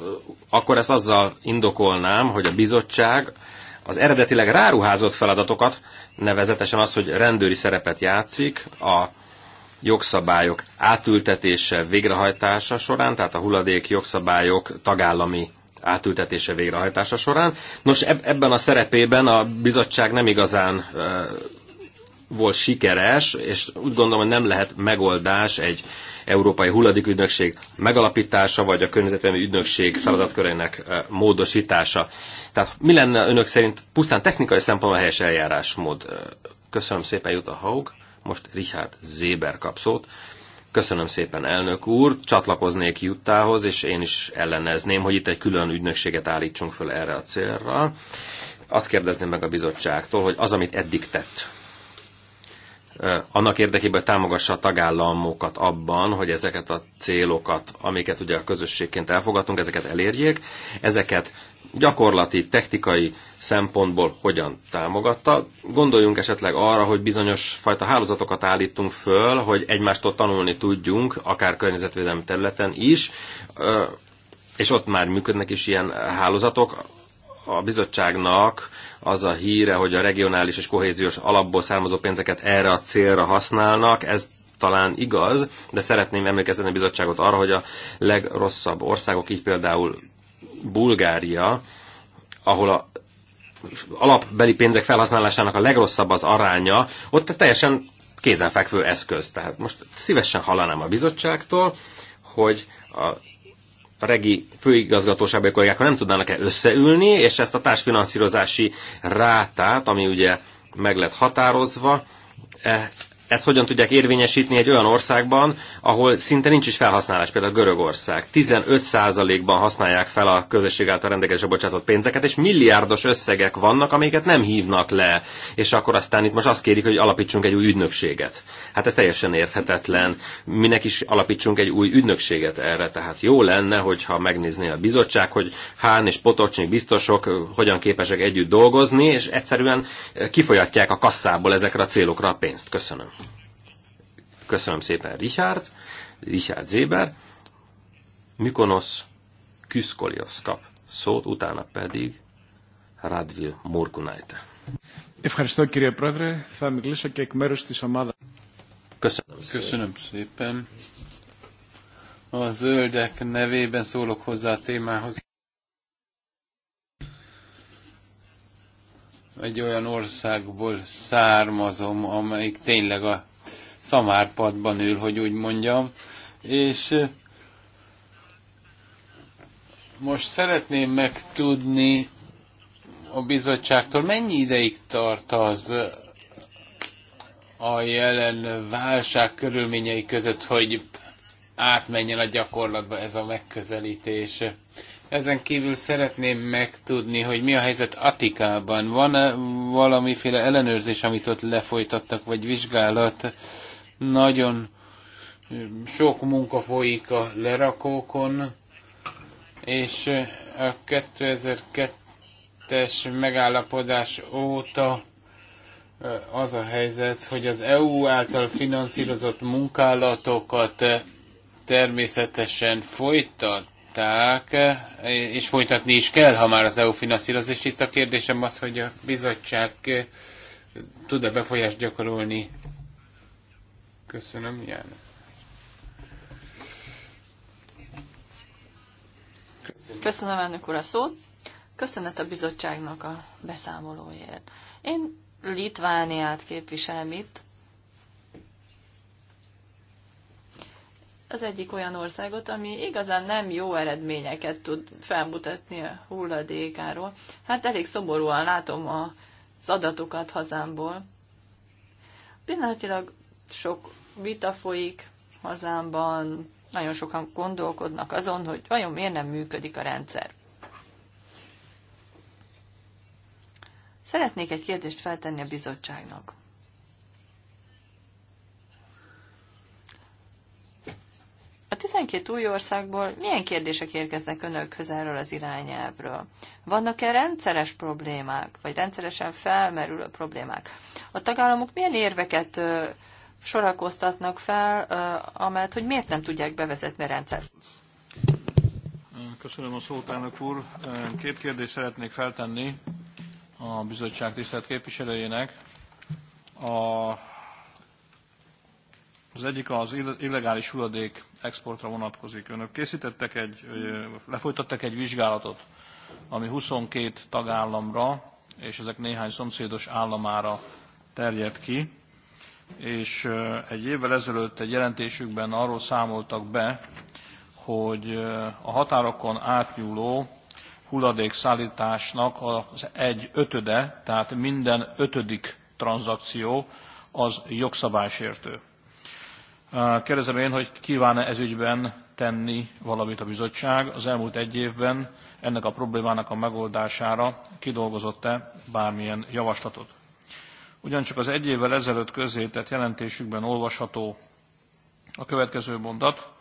akkor ezt azzal indokolnám, hogy a bizottság az eredetileg ráruházott feladatokat, nevezetesen az, hogy rendőri szerepet játszik a jogszabályok átültetése, végrehajtása során, tehát a hulladék jogszabályok tagállami átültetése, végrehajtása során. Nos, ebben a szerepében a bizottság nem igazán volt sikeres, és úgy gondolom, hogy nem lehet megoldás egy európai hulladékügynökség megalapítása, vagy a környezetvédelmi ügynökség feladatkörének módosítása. Tehát mi lenne önök szerint pusztán technikai szempontból helyes eljárásmód? Köszönöm szépen, Jutta Haug. Most Richard Zéber kap szót. Köszönöm szépen, elnök úr. Csatlakoznék Juttához, és én is ellenezném, hogy itt egy külön ügynökséget állítsunk föl erre a célra. Azt kérdezném meg a bizottságtól, hogy az, amit eddig tett, annak érdekében támogassa a tagállamokat abban, hogy ezeket a célokat, amiket ugye a közösségként elfogadtunk, ezeket elérjék, ezeket gyakorlati, technikai szempontból hogyan támogatta. Gondoljunk esetleg arra, hogy bizonyos fajta hálózatokat állítunk föl, hogy egymástól tanulni tudjunk, akár környezetvédelmi területen is, és ott már működnek is ilyen hálózatok. A bizottságnak az a híre, hogy a regionális és kohéziós alapból származó pénzeket erre a célra használnak, ez talán igaz, de szeretném emlékeztetni a bizottságot arra, hogy a legrosszabb országok, így például Bulgária, ahol a alapbeli pénzek felhasználásának a legrosszabb az aránya, ott teljesen kézenfekvő eszköz. Tehát most szívesen hallanám a bizottságtól, hogy a a regi főigazgatóságbeli kollégák, ha nem tudnának-e összeülni, és ezt a társfinanszírozási rátát, ami ugye meg lett határozva, e, ezt hogyan tudják érvényesíteni egy olyan országban, ahol szinte nincs is felhasználás, például Görögország. 15%-ban használják fel a közösség által rendelkezésre bocsátott pénzeket, és milliárdos összegek vannak, amiket nem hívnak le, és akkor aztán itt most azt kérik, hogy alapítsunk egy új ügynökséget. Hát ez teljesen érthetetlen. Minek is alapítsunk egy új ügynökséget erre? Tehát jó lenne, hogyha megnézné a bizottság, hogy Hán és Potocsnyi biztosok hogyan képesek együtt dolgozni, és egyszerűen kifolyatják a kasszából ezekre a célokra a pénzt. Köszönöm. Köszönöm szépen Richard, Richard Zéber. Mykonosz Küszkoliosz kap szót, utána pedig Radvil Morkunaite. Ευχαριστώ κύριε Πρόεδρε. Θα μιλήσω και εκ μέρους Köszönöm szépen. Köszönöm szépen. A zöldek nevében szólok hozzá a témához. Egy olyan országból származom, amelyik tényleg a szamárpadban ül, hogy úgy mondjam, és most szeretném megtudni a bizottságtól, mennyi ideig tart az a jelen válság körülményei között, hogy átmenjen a gyakorlatba ez a megközelítés. Ezen kívül szeretném megtudni, hogy mi a helyzet Atikában. Van-e valamiféle ellenőrzés, amit ott lefolytattak, vagy vizsgálat? Nagyon sok munka folyik a lerakókon, és a 2002-es megállapodás óta az a helyzet, hogy az EU által finanszírozott munkálatokat természetesen folytatták, és folytatni is kell, ha már az EU finanszíroz. És itt a kérdésem az, hogy a bizottság tud-e befolyást gyakorolni Köszönöm, Ján. Köszönöm. elnök úr a szót. Köszönet a bizottságnak a beszámolóért. Én Litvániát képviselem itt. Az egyik olyan országot, ami igazán nem jó eredményeket tud felmutatni a hulladékáról. Hát elég szomorúan látom az adatokat hazámból. Pillanatilag sok vita folyik hazámban, nagyon sokan gondolkodnak azon, hogy vajon miért nem működik a rendszer. Szeretnék egy kérdést feltenni a bizottságnak. A 12 új országból milyen kérdések érkeznek önökhöz erről az irányelvről? Vannak-e rendszeres problémák, vagy rendszeresen felmerülő problémák? A tagállamok milyen érveket sorakoztatnak fel, amelyet, hogy miért nem tudják bevezetni a rendszert. Köszönöm a szót, elnök úr. Két kérdést szeretnék feltenni a bizottság tisztelt képviselőjének. A, az egyik az illegális hulladék exportra vonatkozik. Önök készítettek egy, lefolytattak egy vizsgálatot, ami 22 tagállamra és ezek néhány szomszédos államára terjed ki és egy évvel ezelőtt egy jelentésükben arról számoltak be, hogy a határokon átnyúló hulladékszállításnak az egy ötöde, tehát minden ötödik tranzakció az jogszabálysértő. Kérdezem én, hogy kíván-e ezügyben tenni valamit a bizottság az elmúlt egy évben ennek a problémának a megoldására kidolgozott-e bármilyen javaslatot? Ugyancsak az egy évvel ezelőtt közzétett jelentésükben olvasható a következő mondat.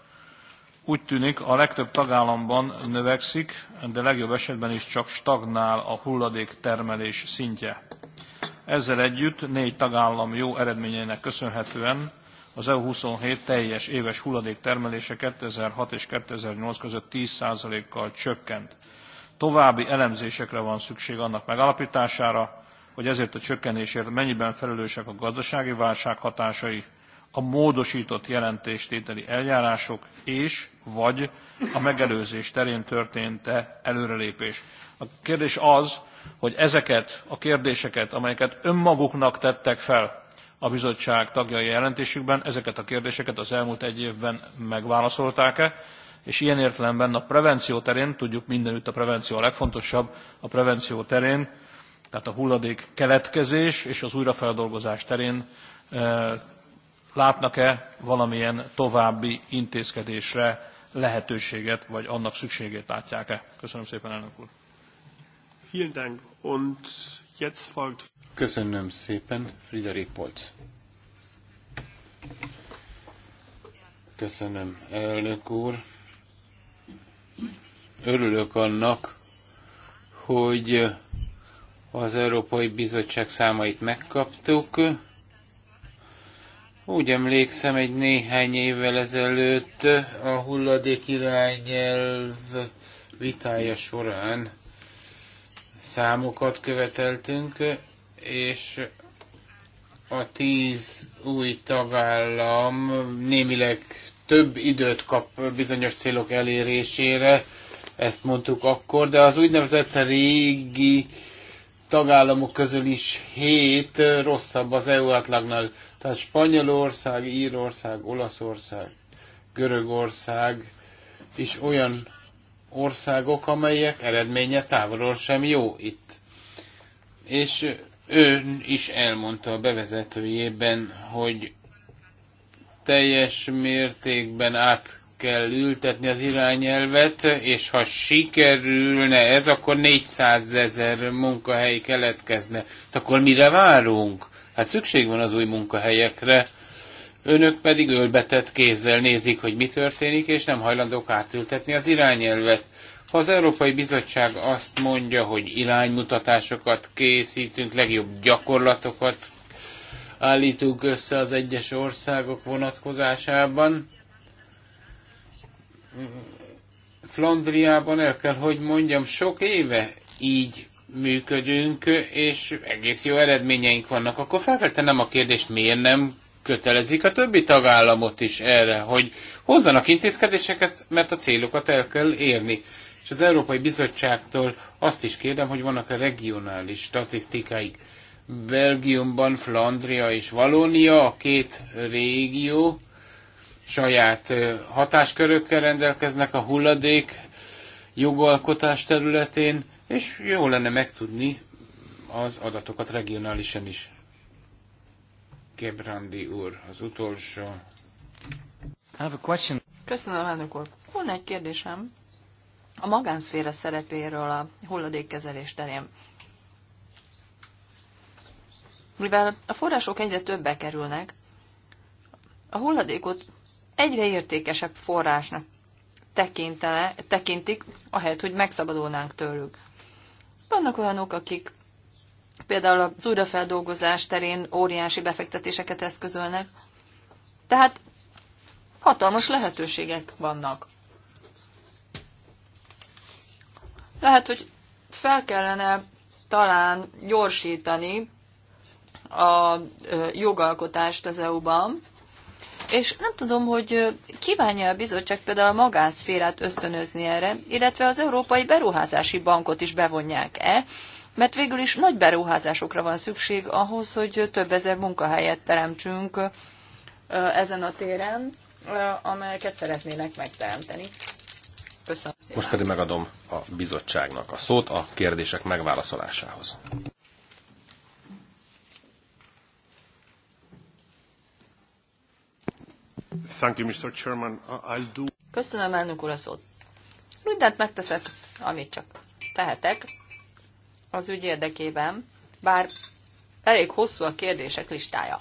Úgy tűnik, a legtöbb tagállamban növekszik, de legjobb esetben is csak stagnál a hulladék termelés szintje. Ezzel együtt négy tagállam jó eredményeinek köszönhetően az EU27 teljes éves hulladéktermelése 2006 és 2008 között 10%-kal csökkent. További elemzésekre van szükség annak megalapítására, hogy ezért a csökkenésért mennyiben felelősek a gazdasági válság hatásai, a módosított jelentéstételi eljárások és vagy a megelőzés terén történt-e előrelépés. A kérdés az, hogy ezeket a kérdéseket, amelyeket önmaguknak tettek fel a bizottság tagjai jelentésükben, ezeket a kérdéseket az elmúlt egy évben megválaszolták-e, és ilyen értelemben a prevenció terén, tudjuk mindenütt a prevenció a legfontosabb, a prevenció terén tehát a hulladék keletkezés és az újrafeldolgozás terén látnak-e valamilyen további intézkedésre lehetőséget, vagy annak szükségét látják-e? Köszönöm szépen, elnök úr. Vielen Dank. Köszönöm szépen, Friderik Polc. Köszönöm, elnök úr. Örülök annak, hogy az Európai Bizottság számait megkaptuk. Úgy emlékszem, egy néhány évvel ezelőtt a hulladék irányelv vitája során számokat követeltünk, és a tíz új tagállam némileg több időt kap bizonyos célok elérésére, ezt mondtuk akkor, de az úgynevezett régi tagállamok közül is hét rosszabb az EU átlagnál. Tehát Spanyolország, Írország, Olaszország, Görögország is olyan országok, amelyek eredménye távolról sem jó itt. És ő is elmondta a bevezetőjében, hogy teljes mértékben át kell ültetni az irányelvet, és ha sikerülne ez, akkor 400 ezer munkahely keletkezne. Hát akkor mire várunk? Hát szükség van az új munkahelyekre. Önök pedig ölbetett kézzel nézik, hogy mi történik, és nem hajlandók átültetni az irányelvet. Ha az Európai Bizottság azt mondja, hogy iránymutatásokat készítünk, legjobb gyakorlatokat állítunk össze az egyes országok vonatkozásában, Flandriában el kell, hogy mondjam, sok éve így működünk, és egész jó eredményeink vannak. Akkor felvetenem a kérdést, miért nem kötelezik a többi tagállamot is erre, hogy hozzanak intézkedéseket, mert a célokat el kell érni. És az Európai Bizottságtól azt is kérdem, hogy vannak-e regionális statisztikáik. Belgiumban Flandria és Valónia, a két régió, saját hatáskörökkel rendelkeznek a hulladék jogalkotás területén, és jó lenne megtudni az adatokat regionálisan is. Gebrandi úr, az utolsó. have a question. Köszönöm, elnök úr. Volna egy kérdésem a magánszféra szerepéről a hulladékkezelés terén. Mivel a források egyre többbe kerülnek, a hulladékot egyre értékesebb forrásnak tekintene, tekintik, ahelyett, hogy megszabadulnánk tőlük. Vannak olyanok, akik például az újrafeldolgozás terén óriási befektetéseket eszközölnek, tehát hatalmas lehetőségek vannak. Lehet, hogy fel kellene talán gyorsítani a jogalkotást az EU-ban, és nem tudom, hogy kívánja a bizottság például a magánszférát ösztönözni erre, illetve az Európai Beruházási Bankot is bevonják-e, mert végül is nagy beruházásokra van szükség ahhoz, hogy több ezer munkahelyet teremtsünk ezen a téren, amelyeket szeretnének megteremteni. Köszönöm. Most pedig megadom a bizottságnak a szót a kérdések megválaszolásához. Thank you, Mr. Chairman. I'll do... Köszönöm, elnök úr, a szót. Mindent megteszek, amit csak tehetek az ügy érdekében, bár elég hosszú a kérdések listája.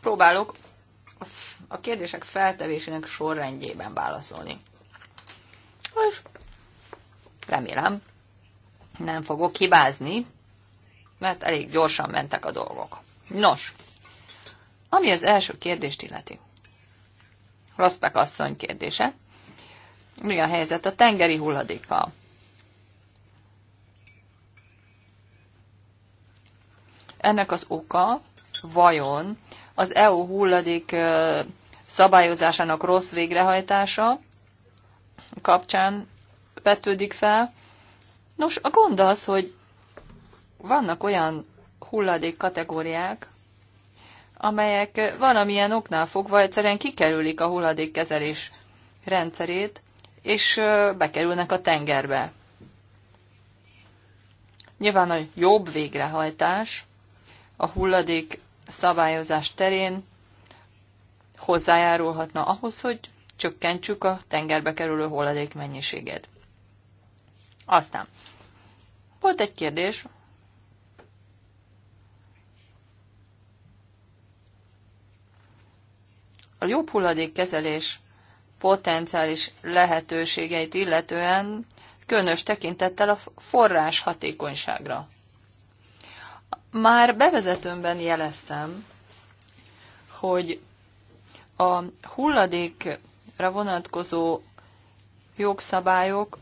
Próbálok a kérdések feltevésének sorrendjében válaszolni. És remélem, nem fogok hibázni, mert elég gyorsan mentek a dolgok. Nos, ami az első kérdést illeti. Rosszpek asszony kérdése. Mi a helyzet a tengeri hulladékkal? Ennek az oka vajon az EU hulladék szabályozásának rossz végrehajtása kapcsán vetődik fel. Nos, a gond az, hogy vannak olyan hulladék kategóriák, amelyek valamilyen oknál fogva egyszerűen kikerülik a hulladékkezelés rendszerét, és bekerülnek a tengerbe. Nyilván a jobb végrehajtás a hulladék szabályozás terén hozzájárulhatna ahhoz, hogy csökkentsük a tengerbe kerülő hulladék mennyiségét. Aztán volt egy kérdés, a jobb kezelés potenciális lehetőségeit illetően, különös tekintettel a forrás hatékonyságra. Már bevezetőmben jeleztem, hogy a hulladékra vonatkozó jogszabályok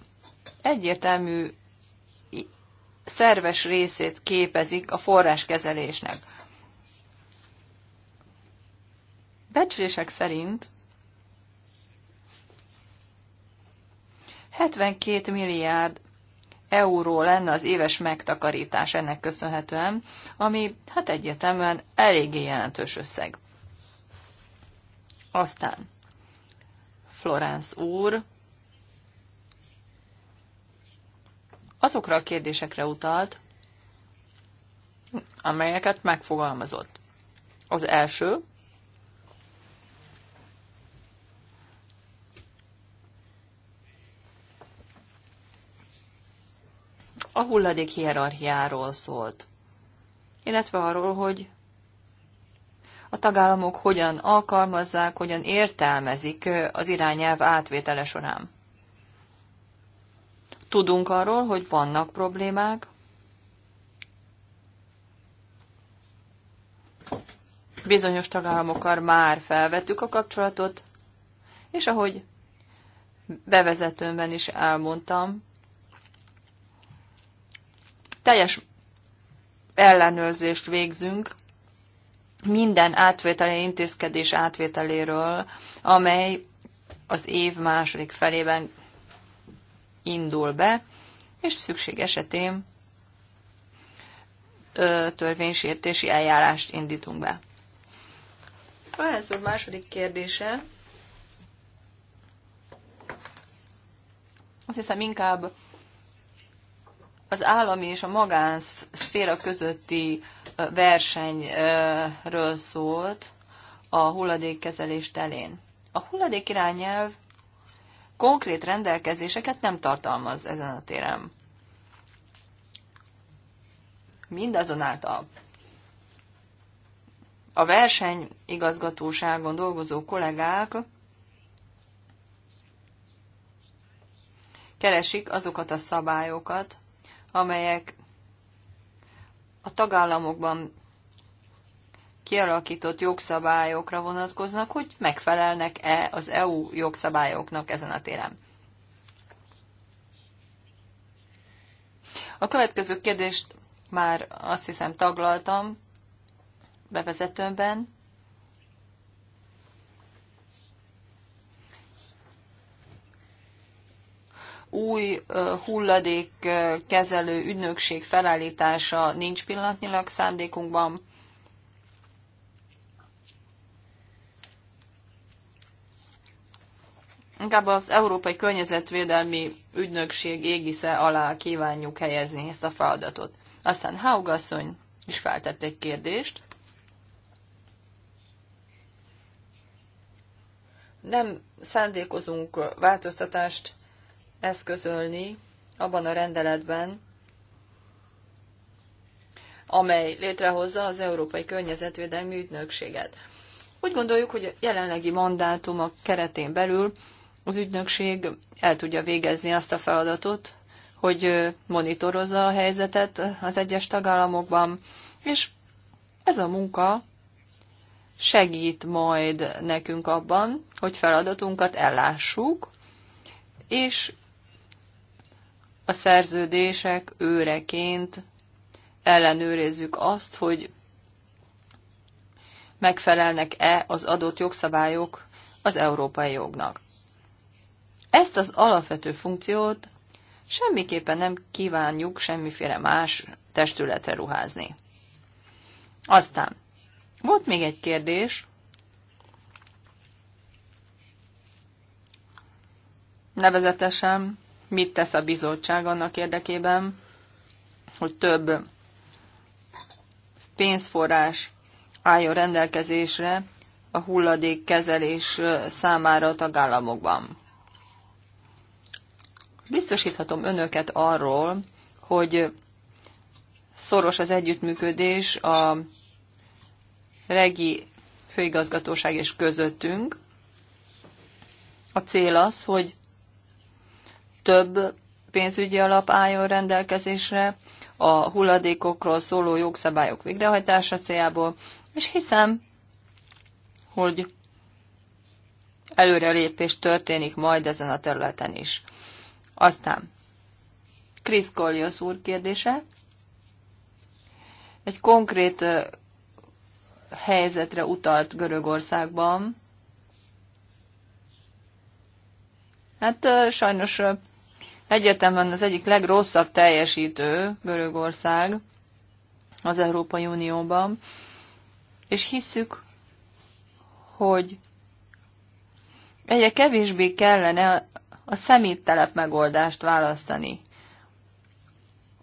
egyértelmű szerves részét képezik a forráskezelésnek. Becsülések szerint 72 milliárd euró lenne az éves megtakarítás ennek köszönhetően, ami hát egyértelműen eléggé jelentős összeg. Aztán Florence úr azokra a kérdésekre utalt, amelyeket megfogalmazott. Az első, a hulladék hierarchiáról szólt, illetve arról, hogy a tagállamok hogyan alkalmazzák, hogyan értelmezik az irányelv átvétele során. Tudunk arról, hogy vannak problémák, bizonyos tagállamokkal már felvettük a kapcsolatot, és ahogy bevezetőmben is elmondtam, teljes ellenőrzést végzünk minden átvételi intézkedés átvételéről, amely az év második felében indul be, és szükség esetén törvénysértési eljárást indítunk be. Ez úr második kérdése. Azt hiszem inkább az állami és a magánszféra közötti versenyről szólt a hulladékkezelés telén. A hulladék irányelv konkrét rendelkezéseket nem tartalmaz ezen a téren. Mindazonáltal a versenyigazgatóságon dolgozó kollégák keresik azokat a szabályokat, amelyek a tagállamokban kialakított jogszabályokra vonatkoznak, hogy megfelelnek-e az EU jogszabályoknak ezen a téren. A következő kérdést már azt hiszem taglaltam bevezetőmben. új hulladékkezelő ügynökség felállítása nincs pillanatnyilag szándékunkban. Inkább az Európai Környezetvédelmi Ügynökség égisze alá kívánjuk helyezni ezt a feladatot. Aztán Haugasszony is feltett egy kérdést. Nem szándékozunk változtatást eszközölni abban a rendeletben, amely létrehozza az Európai Környezetvédelmi Ügynökséget. Úgy gondoljuk, hogy a jelenlegi mandátum a keretén belül az ügynökség el tudja végezni azt a feladatot, hogy monitorozza a helyzetet az egyes tagállamokban, és ez a munka segít majd nekünk abban, hogy feladatunkat ellássuk, és a szerződések őreként ellenőrizzük azt, hogy megfelelnek-e az adott jogszabályok az európai jognak. Ezt az alapvető funkciót semmiképpen nem kívánjuk semmiféle más testületre ruházni. Aztán volt még egy kérdés, nevezetesen mit tesz a bizottság annak érdekében, hogy több pénzforrás álljon rendelkezésre a hulladékkezelés számára a tagállamokban. Biztosíthatom önöket arról, hogy szoros az együttműködés a regi főigazgatóság és közöttünk. A cél az, hogy több pénzügyi alap álljon rendelkezésre a hulladékokról szóló jogszabályok végrehajtása céljából, és hiszem, hogy előrelépés történik majd ezen a területen is. Aztán Krisz Koliosz úr kérdése. Egy konkrét helyzetre utalt Görögországban. Hát sajnos Egyértelműen az egyik legrosszabb teljesítő Görögország az Európai Unióban, és hiszük, hogy egyre kevésbé kellene a szeméttelep megoldást választani.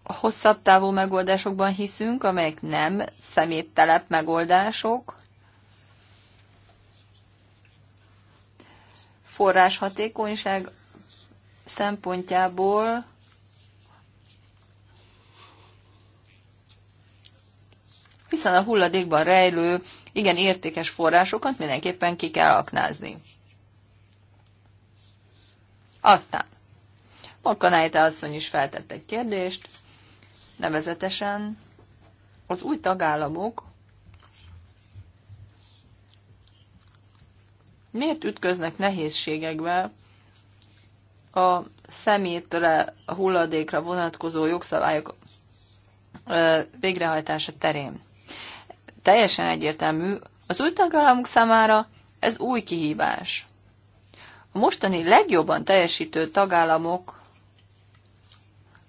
A hosszabb távú megoldásokban hiszünk, amelyek nem szeméttelep megoldások, forráshatékonyság szempontjából hiszen a hulladékban rejlő, igen értékes forrásokat mindenképpen ki kell aknázni. Aztán Makanájte asszony is feltette egy kérdést, nevezetesen az új tagállamok miért ütköznek nehézségekbe a szemétre, a hulladékra vonatkozó jogszabályok végrehajtása terén. Teljesen egyértelmű, az új tagállamok számára ez új kihívás. A mostani legjobban teljesítő tagállamok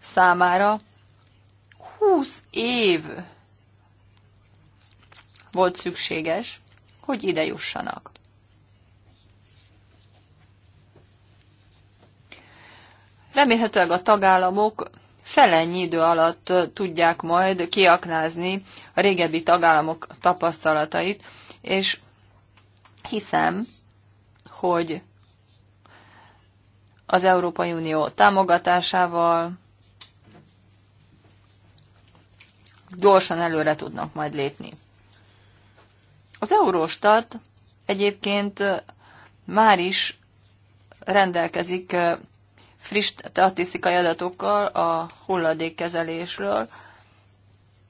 számára 20 év volt szükséges, hogy ide jussanak. Remélhetőleg a tagállamok felennyi idő alatt tudják majd kiaknázni a régebbi tagállamok tapasztalatait, és hiszem, hogy az Európai Unió támogatásával gyorsan előre tudnak majd lépni. Az Euróstat egyébként már is rendelkezik friss statisztikai adatokkal a hulladékkezelésről,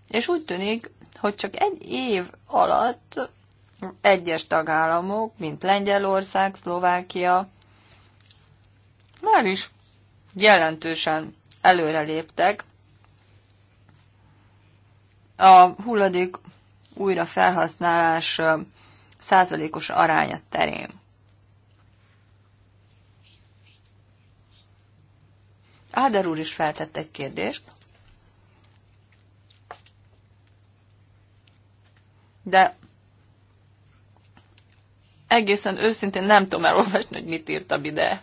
és úgy tűnik, hogy csak egy év alatt egyes tagállamok, mint Lengyelország, Szlovákia, már is jelentősen előreléptek a hulladék újra felhasználás százalékos aránya terén. Áder úr is feltett egy kérdést. De egészen őszintén nem tudom elolvasni, hogy mit írtam ide.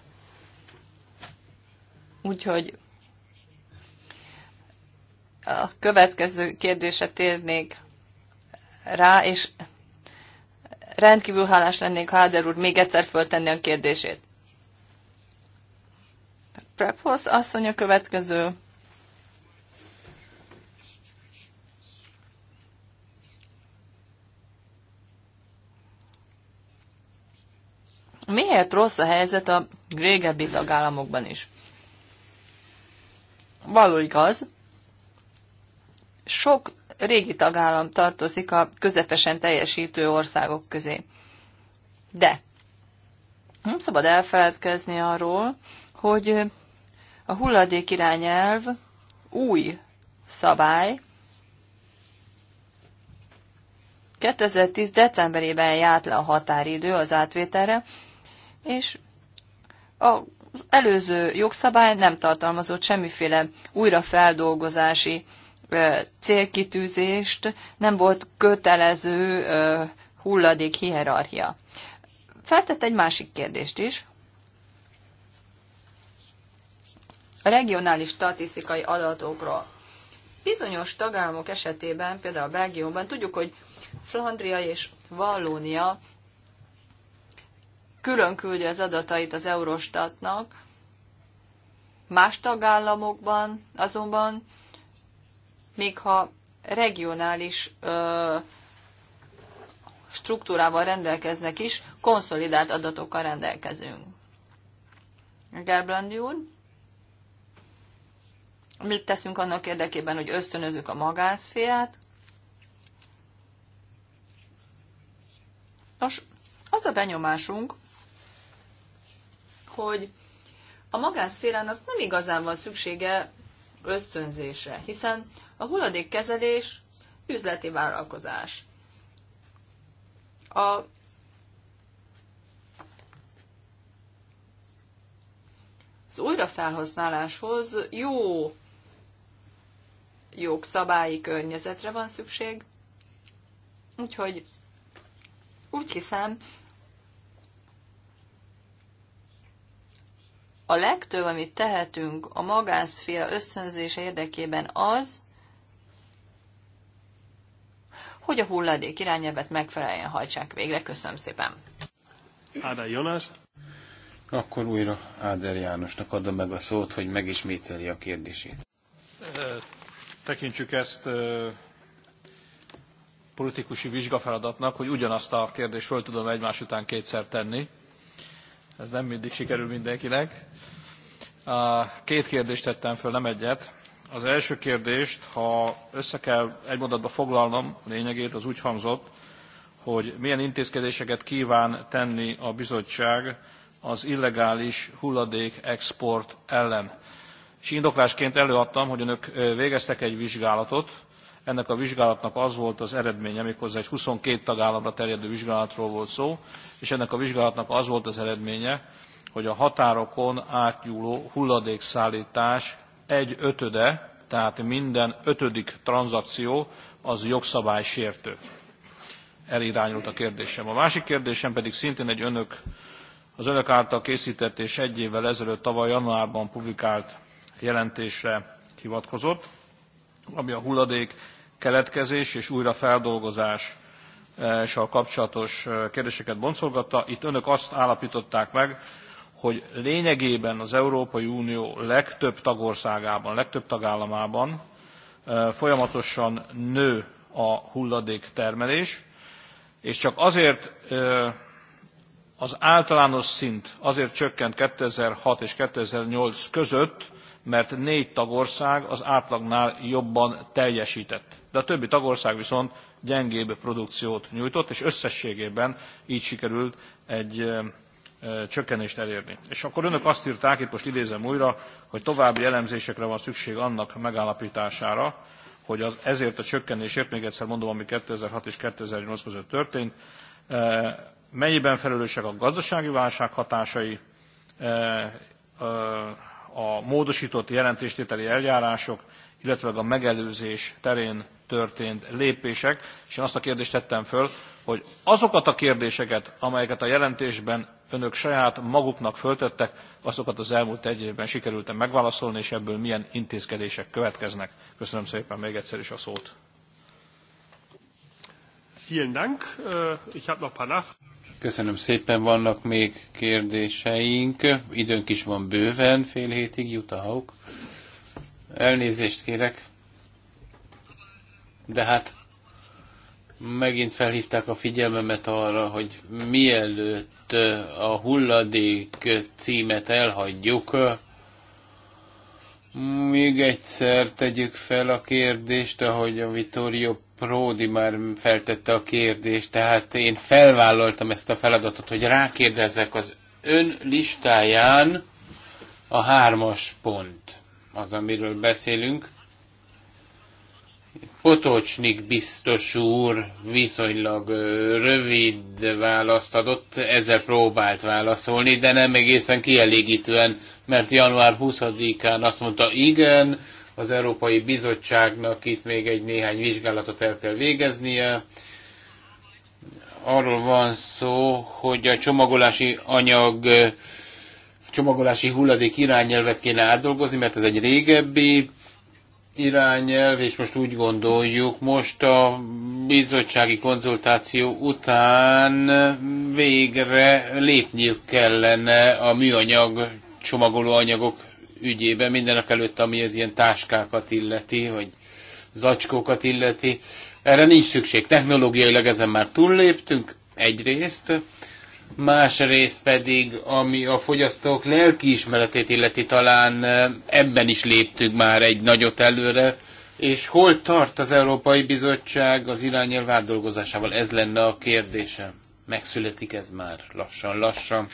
Úgyhogy a következő kérdése térnék rá, és rendkívül hálás lennék, ha Áder úr még egyszer föltenni a kérdését. Prepos asszony a következő. Miért rossz a helyzet a régebbi tagállamokban is? Való igaz, sok régi tagállam tartozik a közepesen teljesítő országok közé. De nem szabad elfeledkezni arról, hogy a hulladék irányelv új szabály 2010. decemberében járt le a határidő az átvételre, és az előző jogszabály nem tartalmazott semmiféle újrafeldolgozási célkitűzést, nem volt kötelező hulladék hierarchia. Feltett egy másik kérdést is. regionális statisztikai adatokról. Bizonyos tagállamok esetében, például a Belgiumban, tudjuk, hogy Flandria és Vallónia külön küldi az adatait az Eurostatnak, más tagállamokban azonban, még ha regionális ö, struktúrával rendelkeznek is, konszolidált adatokkal rendelkezünk. Gerbrandi úr? mit teszünk annak érdekében, hogy ösztönözzük a magánszférát. Nos, az a benyomásunk, hogy a magánszférának nem igazán van szüksége ösztönzésre, hiszen a hulladékkezelés üzleti vállalkozás. A az újrafelhasználáshoz jó jogszabályi környezetre van szükség. Úgyhogy úgy hiszem, a legtöbb, amit tehetünk a magánszféra ösztönzése érdekében az, hogy a hulladék irányelvet megfeleljen hajtsák végre. Köszönöm szépen. Áder Jonas. Akkor újra Áder Jánosnak adom meg a szót, hogy megismételje a kérdését tekintsük ezt politikusi vizsgafeladatnak, hogy ugyanazt a kérdést föl tudom egymás után kétszer tenni. Ez nem mindig sikerül mindenkinek. Két kérdést tettem föl, nem egyet. Az első kérdést, ha össze kell egy mondatba foglalnom, a lényegét az úgy hangzott, hogy milyen intézkedéseket kíván tenni a bizottság az illegális hulladék export ellen és indoklásként előadtam, hogy önök végeztek egy vizsgálatot, ennek a vizsgálatnak az volt az eredménye, méghozzá egy 22 tagállamra terjedő vizsgálatról volt szó, és ennek a vizsgálatnak az volt az eredménye, hogy a határokon átnyúló hulladékszállítás egy ötöde, tehát minden ötödik tranzakció az jogszabálysértő. Elirányult a kérdésem. A másik kérdésem pedig szintén egy önök, az önök által készített és egy évvel ezelőtt tavaly januárban publikált jelentésre hivatkozott, ami a hulladék keletkezés és újrafeldolgozás eh, és a kapcsolatos eh, kérdéseket boncolgatta. Itt önök azt állapították meg, hogy lényegében az Európai Unió legtöbb tagországában, legtöbb tagállamában eh, folyamatosan nő a hulladék termelés, és csak azért az általános szint azért csökkent 2006 és 2008 között, mert négy tagország az átlagnál jobban teljesített. De a többi tagország viszont gyengébb produkciót nyújtott, és összességében így sikerült egy csökkenést elérni. És akkor önök azt írták, itt most idézem újra, hogy további elemzésekre van szükség annak megállapítására, hogy az ezért a csökkenésért, még egyszer mondom, ami 2006 és 2008 között történt, mennyiben felelősek a gazdasági válság hatásai, a módosított jelentéstételi eljárások, illetve a megelőzés terén történt lépések, és én azt a kérdést tettem föl, hogy azokat a kérdéseket, amelyeket a jelentésben önök saját maguknak föltettek, azokat az elmúlt egy évben sikerült -e megválaszolni, és ebből milyen intézkedések következnek. Köszönöm szépen még egyszer is a szót. Köszönöm szépen, vannak még kérdéseink. Időnk is van bőven, fél hétig hauk. Elnézést kérek. De hát megint felhívták a figyelmemet arra, hogy mielőtt a hulladék címet elhagyjuk, még egyszer tegyük fel a kérdést, ahogy a Vittorio Pródi már feltette a kérdést, tehát én felvállaltam ezt a feladatot, hogy rákérdezzek az ön listáján a hármas pont, az, amiről beszélünk. Potocsnik biztos úr viszonylag rövid választ adott, ezzel próbált válaszolni, de nem egészen kielégítően, mert január 20-án azt mondta, igen, az Európai Bizottságnak itt még egy néhány vizsgálatot el kell végeznie. Arról van szó, hogy a csomagolási anyag csomagolási hulladék irányelvet kéne átdolgozni, mert ez egy régebbi irányelv, és most úgy gondoljuk, most a bizottsági konzultáció után végre lépniük kellene a műanyag csomagoló anyagok ügyében, mindenek előtt, ami az ilyen táskákat illeti, vagy zacskókat illeti. Erre nincs szükség. Technológiailag ezen már túlléptünk, egyrészt, másrészt pedig, ami a fogyasztók lelkiismeretét illeti, talán eh, ebben is léptünk már egy nagyot előre, és hol tart az Európai Bizottság az irányelv átdolgozásával? Ez lenne a kérdésem. Megszületik ez már lassan-lassan.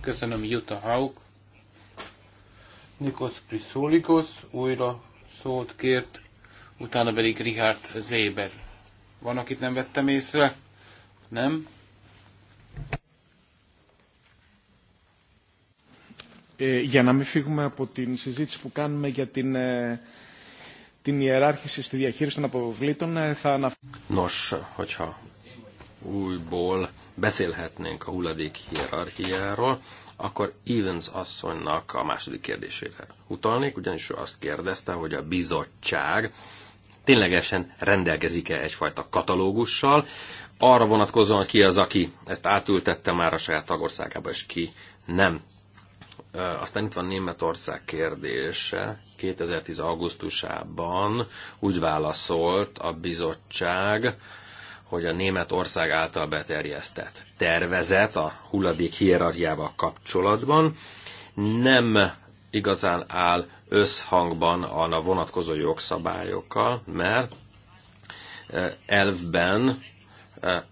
Köszönöm, Jutta Hauk. Nikos Priszólikos újra szót kért, utána pedig Richard Zéber. Van, akit nem vettem észre? Nem? για να μην φύγουμε από την συζήτηση που κάνουμε για την, την ιεράρχηση στη διαχείριση των αποβλήτων, θα αναφέρω. Nos, hogyha újból beszélhetnénk a hulladék hierarchiáról, akkor Evans asszonynak a második kérdésére utalnék, ugyanis ő azt kérdezte, hogy a bizottság ténylegesen rendelkezik-e egyfajta katalógussal, arra vonatkozóan ki az, aki ezt átültette már a saját tagországába, és ki nem. Aztán itt van Németország kérdése. 2010. augusztusában úgy válaszolt a bizottság, hogy a Németország által beterjesztett tervezet a hulladék hierarchiával kapcsolatban nem igazán áll összhangban a vonatkozó jogszabályokkal, mert eh, elvben eh,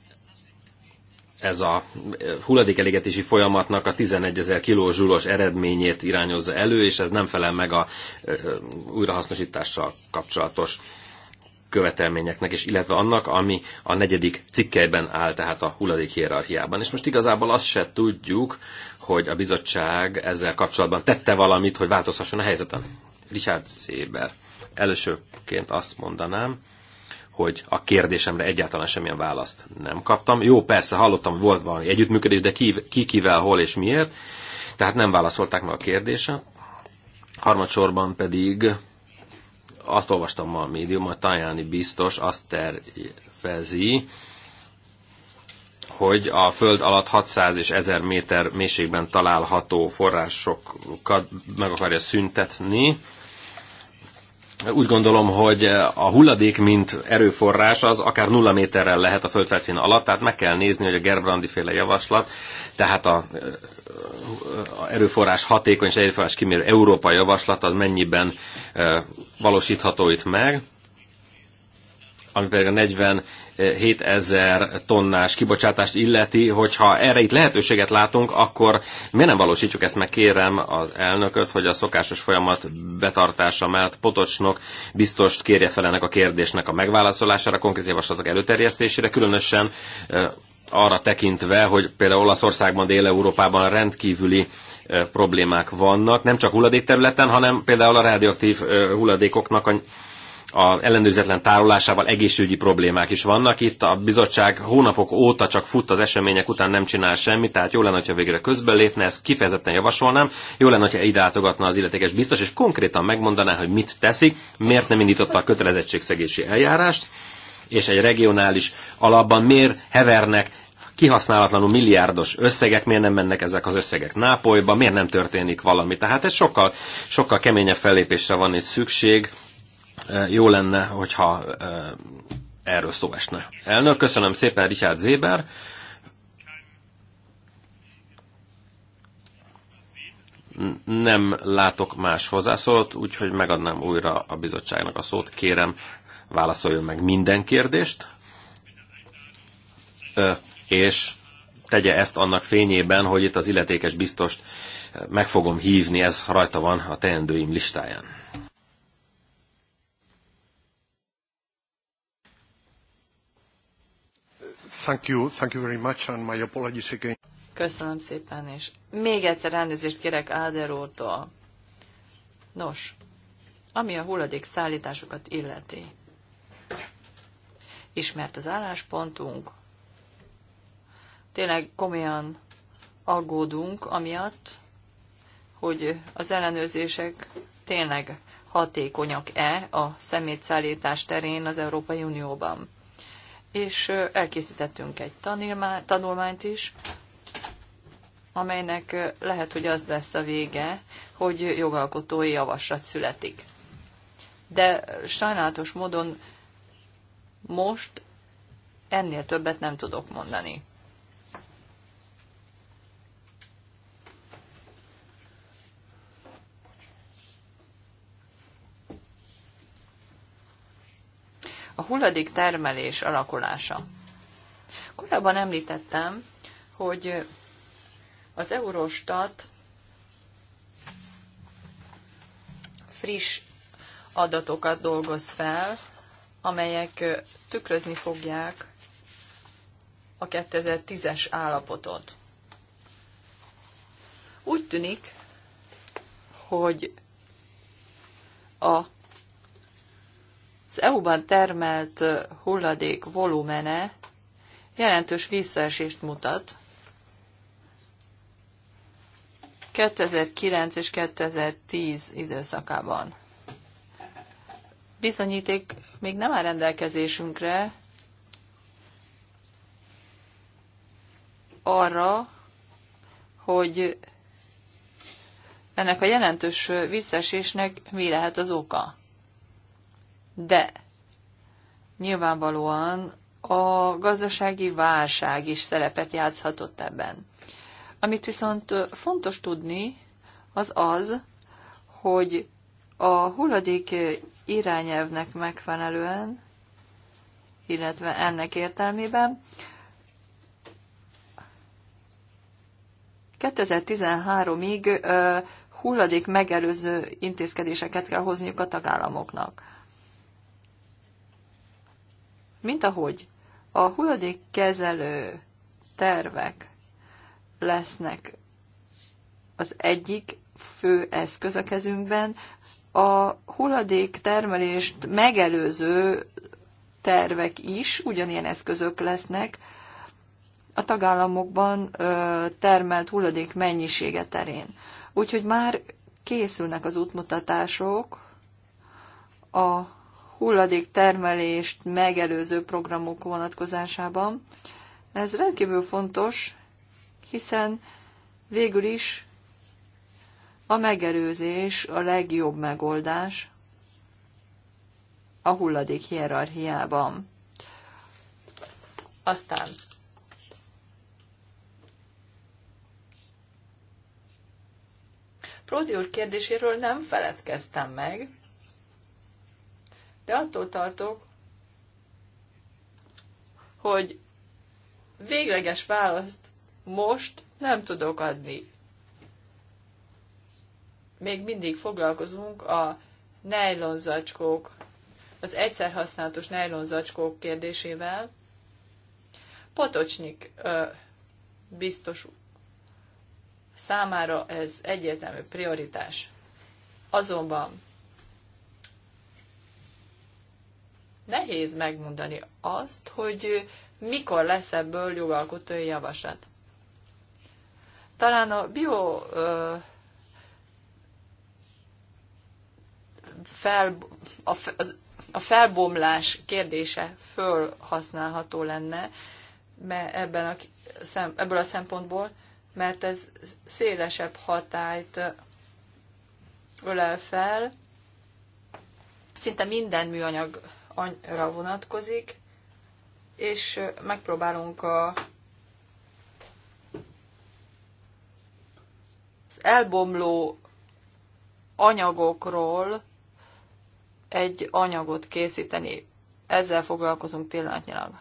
ez a eh, hulladékelégetési folyamatnak a 11 ezer kilózsulos eredményét irányozza elő, és ez nem felel meg a újrahasznosítással kapcsolatos követelményeknek, és illetve annak, ami a negyedik cikkelyben áll, tehát a hulladék hierarchiában. És most igazából azt se tudjuk, hogy a bizottság ezzel kapcsolatban tette valamit, hogy változhasson a helyzeten. Richard Széber. Elsőként azt mondanám, hogy a kérdésemre egyáltalán semmilyen választ nem kaptam. Jó, persze, hallottam, hogy volt valami együttműködés, de ki, ki kivel, hol és miért. Tehát nem válaszolták meg a kérdése. Harmadsorban pedig azt olvastam ma a médium, a Tajani biztos azt tervezi, hogy a föld alatt 600 és 1000 méter mélységben található forrásokat meg akarja szüntetni, úgy gondolom, hogy eh, a hulladék, mint erőforrás, az akár nulla méterrel lehet a földfelszín alatt, tehát meg kell nézni, hogy a Gerbrandi féle javaslat, tehát a, eh, a erőforrás hatékony és erőforrás kimérő Európa javaslat, az mennyiben eh, valósítható itt meg, ami pedig a 40 7000 tonnás kibocsátást illeti, hogyha erre itt lehetőséget látunk, akkor miért nem valósítjuk ezt meg, kérem az elnököt, hogy a szokásos folyamat betartása mellett Potocsnok biztos kérje fel ennek a kérdésnek a megválaszolására, konkrét javaslatok előterjesztésére, különösen eh, arra tekintve, hogy például Olaszországban, Dél-Európában rendkívüli eh, problémák vannak, nem csak hulladékterületen, hanem például a radioaktív eh, hulladékoknak a a ellenőrzetlen tárolásával egészségügyi problémák is vannak. Itt a bizottság hónapok óta csak fut az események után nem csinál semmit, tehát jó lenne, ha végre közbelépne, ezt kifejezetten javasolnám. Jó lenne, ha ide látogatna az illetékes biztos, és konkrétan megmondaná, hogy mit teszik, miért nem indította a kötelezettségszegési eljárást, és egy regionális alapban miért hevernek kihasználatlanul milliárdos összegek, miért nem mennek ezek az összegek Nápolyba, miért nem történik valami. Tehát ez sokkal, sokkal keményebb fellépésre van is szükség, jó lenne, hogyha erről szó esne. Elnök, köszönöm szépen, Richard Zéber. Nem látok más hozzászólót, úgyhogy megadnám újra a bizottságnak a szót. Kérem, válaszoljon meg minden kérdést, és tegye ezt annak fényében, hogy itt az illetékes biztost meg fogom hívni, ez rajta van a teendőim listáján. thank you, thank you very much, and my apologies again. Köszönöm szépen, és még egyszer rendezést kérek Áder úrtól. Nos, ami a hulladék szállításokat illeti. Ismert az álláspontunk. Tényleg komolyan aggódunk amiatt, hogy az ellenőrzések tényleg hatékonyak-e a szemétszállítás terén az Európai Unióban és elkészítettünk egy tanulmányt is, amelynek lehet, hogy az lesz a vége, hogy jogalkotói javaslat születik. De sajnálatos módon most ennél többet nem tudok mondani. a hulladék termelés alakulása. Korábban említettem, hogy az Eurostat friss adatokat dolgoz fel, amelyek tükrözni fogják a 2010-es állapotot. Úgy tűnik, hogy a az e EU-ban termelt hulladék volumene jelentős visszaesést mutat. 2009 és 2010 időszakában. Bizonyíték még nem áll rendelkezésünkre arra, hogy ennek a jelentős visszaesésnek mi lehet az oka de nyilvánvalóan a gazdasági válság is szerepet játszhatott ebben. Amit viszont fontos tudni, az az, hogy a hulladék irányelvnek megfelelően, illetve ennek értelmében 2013-ig hulladék megelőző intézkedéseket kell hozniuk a tagállamoknak mint ahogy a hulladékkezelő tervek lesznek az egyik fő eszköz a kezünkben, a hulladék termelést megelőző tervek is ugyanilyen eszközök lesznek a tagállamokban termelt hulladék mennyisége terén. Úgyhogy már készülnek az útmutatások a hulladék termelést megelőző programok vonatkozásában. Ez rendkívül fontos, hiszen végül is a megelőzés a legjobb megoldás a hulladék hierarchiában. Aztán Prodi úr kérdéséről nem feledkeztem meg, de attól tartok, hogy végleges választ most nem tudok adni. Még mindig foglalkozunk a nejlonzacskók, az egyszer használatos nejlonzacskók kérdésével. Potocsnik ö, biztos számára ez egyértelmű prioritás. Azonban nehéz megmondani azt, hogy mikor lesz ebből jogalkotói javaslat. Talán a bio ö, fel, a, a felbomlás kérdése fölhasználható lenne mert ebben a, szem, ebből a szempontból, mert ez szélesebb hatályt ölel fel. Szinte minden műanyag anyra vonatkozik, és megpróbálunk a elbomló anyagokról egy anyagot készíteni. Ezzel foglalkozunk pillanatnyilag.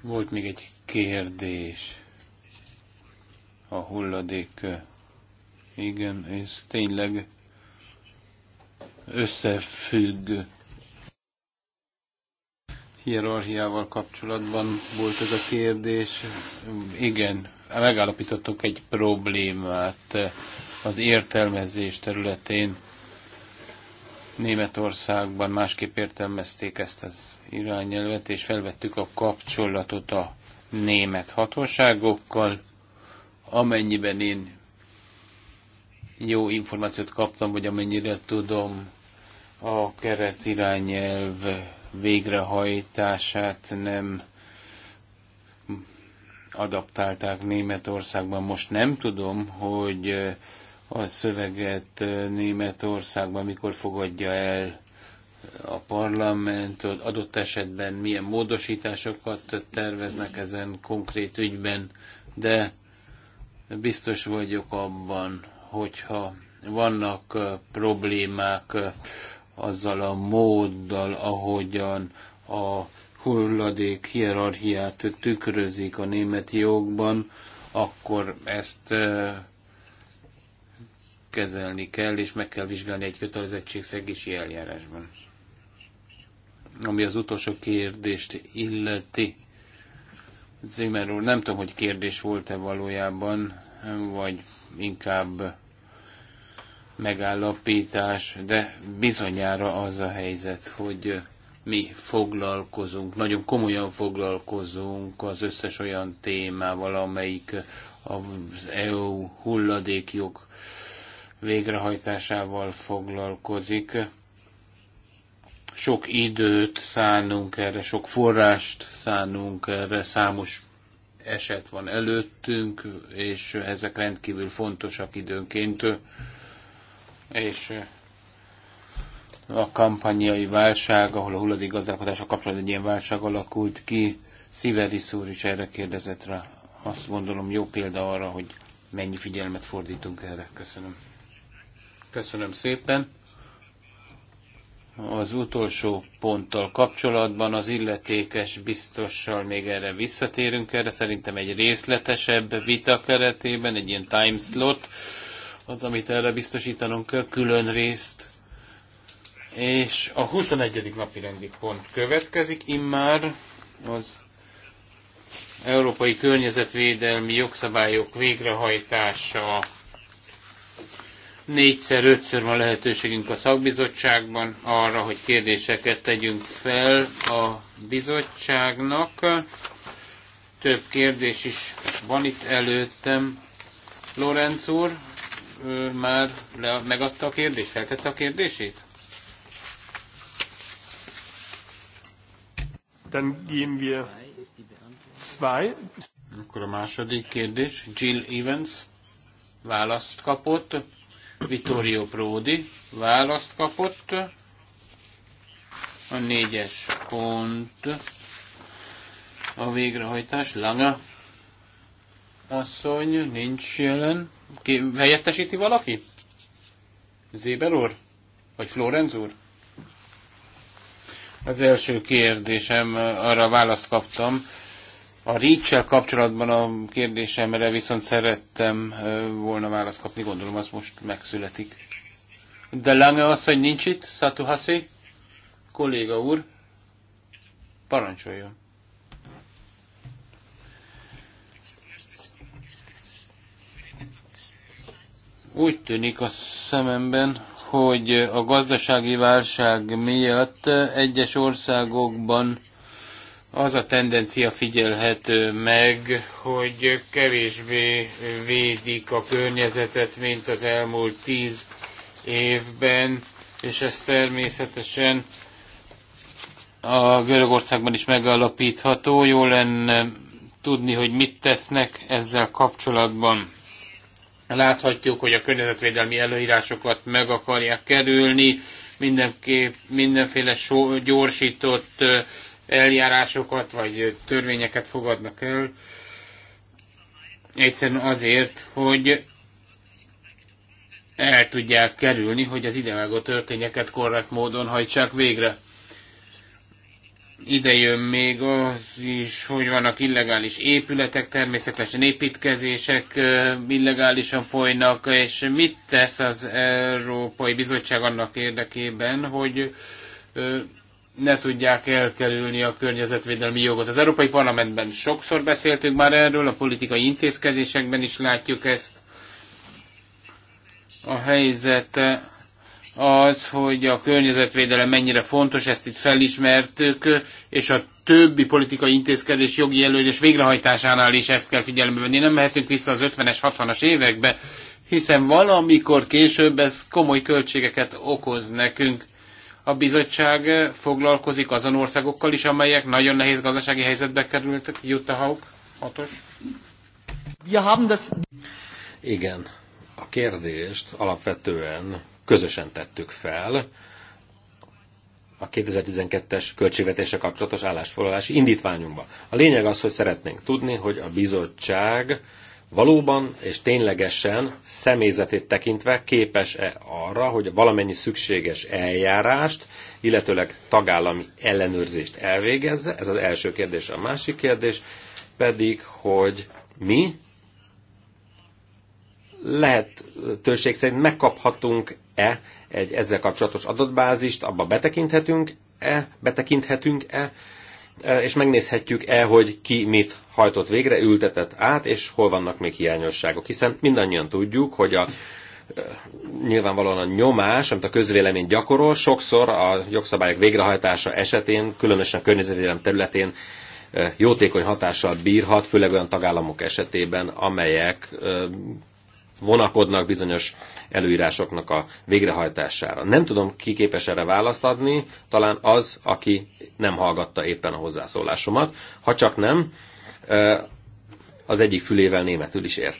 Volt még egy kérdés a hulladék igen, ez tényleg összefügg hierarchiával kapcsolatban volt ez a kérdés. Igen, megállapítottuk egy problémát az értelmezés területén. Németországban másképp értelmezték ezt az irányelvet, és felvettük a kapcsolatot a német hatóságokkal. Amennyiben én jó információt kaptam, hogy amennyire tudom, a keret irányelv végrehajtását nem adaptálták Németországban. Most nem tudom, hogy a szöveget Németországban mikor fogadja el a parlament, adott esetben milyen módosításokat terveznek ezen konkrét ügyben, de biztos vagyok abban, hogyha vannak problémák azzal a móddal, ahogyan a hulladék hierarchiát tükrözik a német jogban, akkor ezt kezelni kell, és meg kell vizsgálni egy kötelezettségszegési eljárásban. Ami az utolsó kérdést illeti, Zimmer úr, nem tudom, hogy kérdés volt-e valójában, vagy inkább megállapítás, de bizonyára az a helyzet, hogy mi foglalkozunk, nagyon komolyan foglalkozunk az összes olyan témával, amelyik az EU hulladékjog végrehajtásával foglalkozik. Sok időt szánunk erre, sok forrást szánunk erre, számos eset van előttünk, és ezek rendkívül fontosak időnként és a kampányai válság, ahol a gazdálkodása kapcsolatban egy ilyen válság alakult ki, Sziveri úr is erre kérdezett rá. Azt gondolom jó példa arra, hogy mennyi figyelmet fordítunk erre. Köszönöm. Köszönöm szépen. Az utolsó ponttal kapcsolatban az illetékes biztossal még erre visszatérünk erre. Szerintem egy részletesebb vita keretében, egy ilyen time slot az, amit erre biztosítanunk kell, külön részt. És a 21. napi rendi pont következik, immár az európai környezetvédelmi jogszabályok végrehajtása négyszer, ötször van lehetőségünk a szakbizottságban arra, hogy kérdéseket tegyünk fel a bizottságnak. Több kérdés is van itt előttem. Lorenz úr, már le, megadta a kérdést, feltette a kérdését? Dann gehen wir zwei. Akkor a második kérdés. Jill Evans választ kapott. Vittorio Prodi választ kapott. A négyes pont. A végrehajtás. Langa asszony nincs jelen. Ki helyettesíti valaki? Zéber úr? Vagy Florenz úr? Az első kérdésem, arra választ kaptam. A reach kapcsolatban a kérdésemre viszont szerettem volna választ kapni, gondolom az most megszületik. De Lange asszony nincs itt, Szatuhaszi, kolléga úr, parancsoljon. Úgy tűnik a szememben, hogy a gazdasági válság miatt egyes országokban az a tendencia figyelhető meg, hogy kevésbé védik a környezetet, mint az elmúlt tíz évben, és ez természetesen a Görögországban is megalapítható. Jó lenne tudni, hogy mit tesznek ezzel kapcsolatban. Láthatjuk, hogy a környezetvédelmi előírásokat meg akarják kerülni, mindenképp, mindenféle so, gyorsított eljárásokat vagy törvényeket fogadnak el. Egyszerűen azért, hogy el tudják kerülni, hogy az idevágó történeket korrekt módon hajtsák végre. Ide jön még az is, hogy vannak illegális épületek, természetesen építkezések illegálisan folynak, és mit tesz az Európai Bizottság annak érdekében, hogy ne tudják elkerülni a környezetvédelmi jogot. Az Európai Parlamentben sokszor beszéltünk már erről, a politikai intézkedésekben is látjuk ezt. A helyzet az, hogy a környezetvédelem mennyire fontos, ezt itt felismertük, és a többi politikai intézkedés jogi előnyös végrehajtásánál is ezt kell figyelembe venni. Nem mehetünk vissza az 50-es, 60-as évekbe, hiszen valamikor később ez komoly költségeket okoz nekünk. A bizottság foglalkozik azon országokkal is, amelyek nagyon nehéz gazdasági helyzetbe kerültek. Jutta Haug, hatos. Igen. A kérdést alapvetően közösen tettük fel a 2012-es költségvetése kapcsolatos állásfoglalási indítványunkba. A lényeg az, hogy szeretnénk tudni, hogy a bizottság valóban és ténylegesen személyzetét tekintve képes-e arra, hogy valamennyi szükséges eljárást, illetőleg tagállami ellenőrzést elvégezze? Ez az első kérdés. A másik kérdés pedig, hogy mi lehetőség szerint megkaphatunk e egy ezzel kapcsolatos adatbázist, abba betekinthetünk-e, betekinthetünk-e, e, és megnézhetjük-e, hogy ki mit hajtott végre, ültetett át, és hol vannak még hiányosságok. Hiszen mindannyian tudjuk, hogy a e, nyilvánvalóan a nyomás, amit a közvélemény gyakorol, sokszor a jogszabályok végrehajtása esetén, különösen a környezetvédelem területén e, jótékony hatással bírhat, főleg olyan tagállamok esetében, amelyek vonakodnak bizonyos előírásoknak a végrehajtására. Nem tudom, ki képes erre választ adni, talán az, aki nem hallgatta éppen a hozzászólásomat. Ha csak nem, az egyik fülével németül is ért.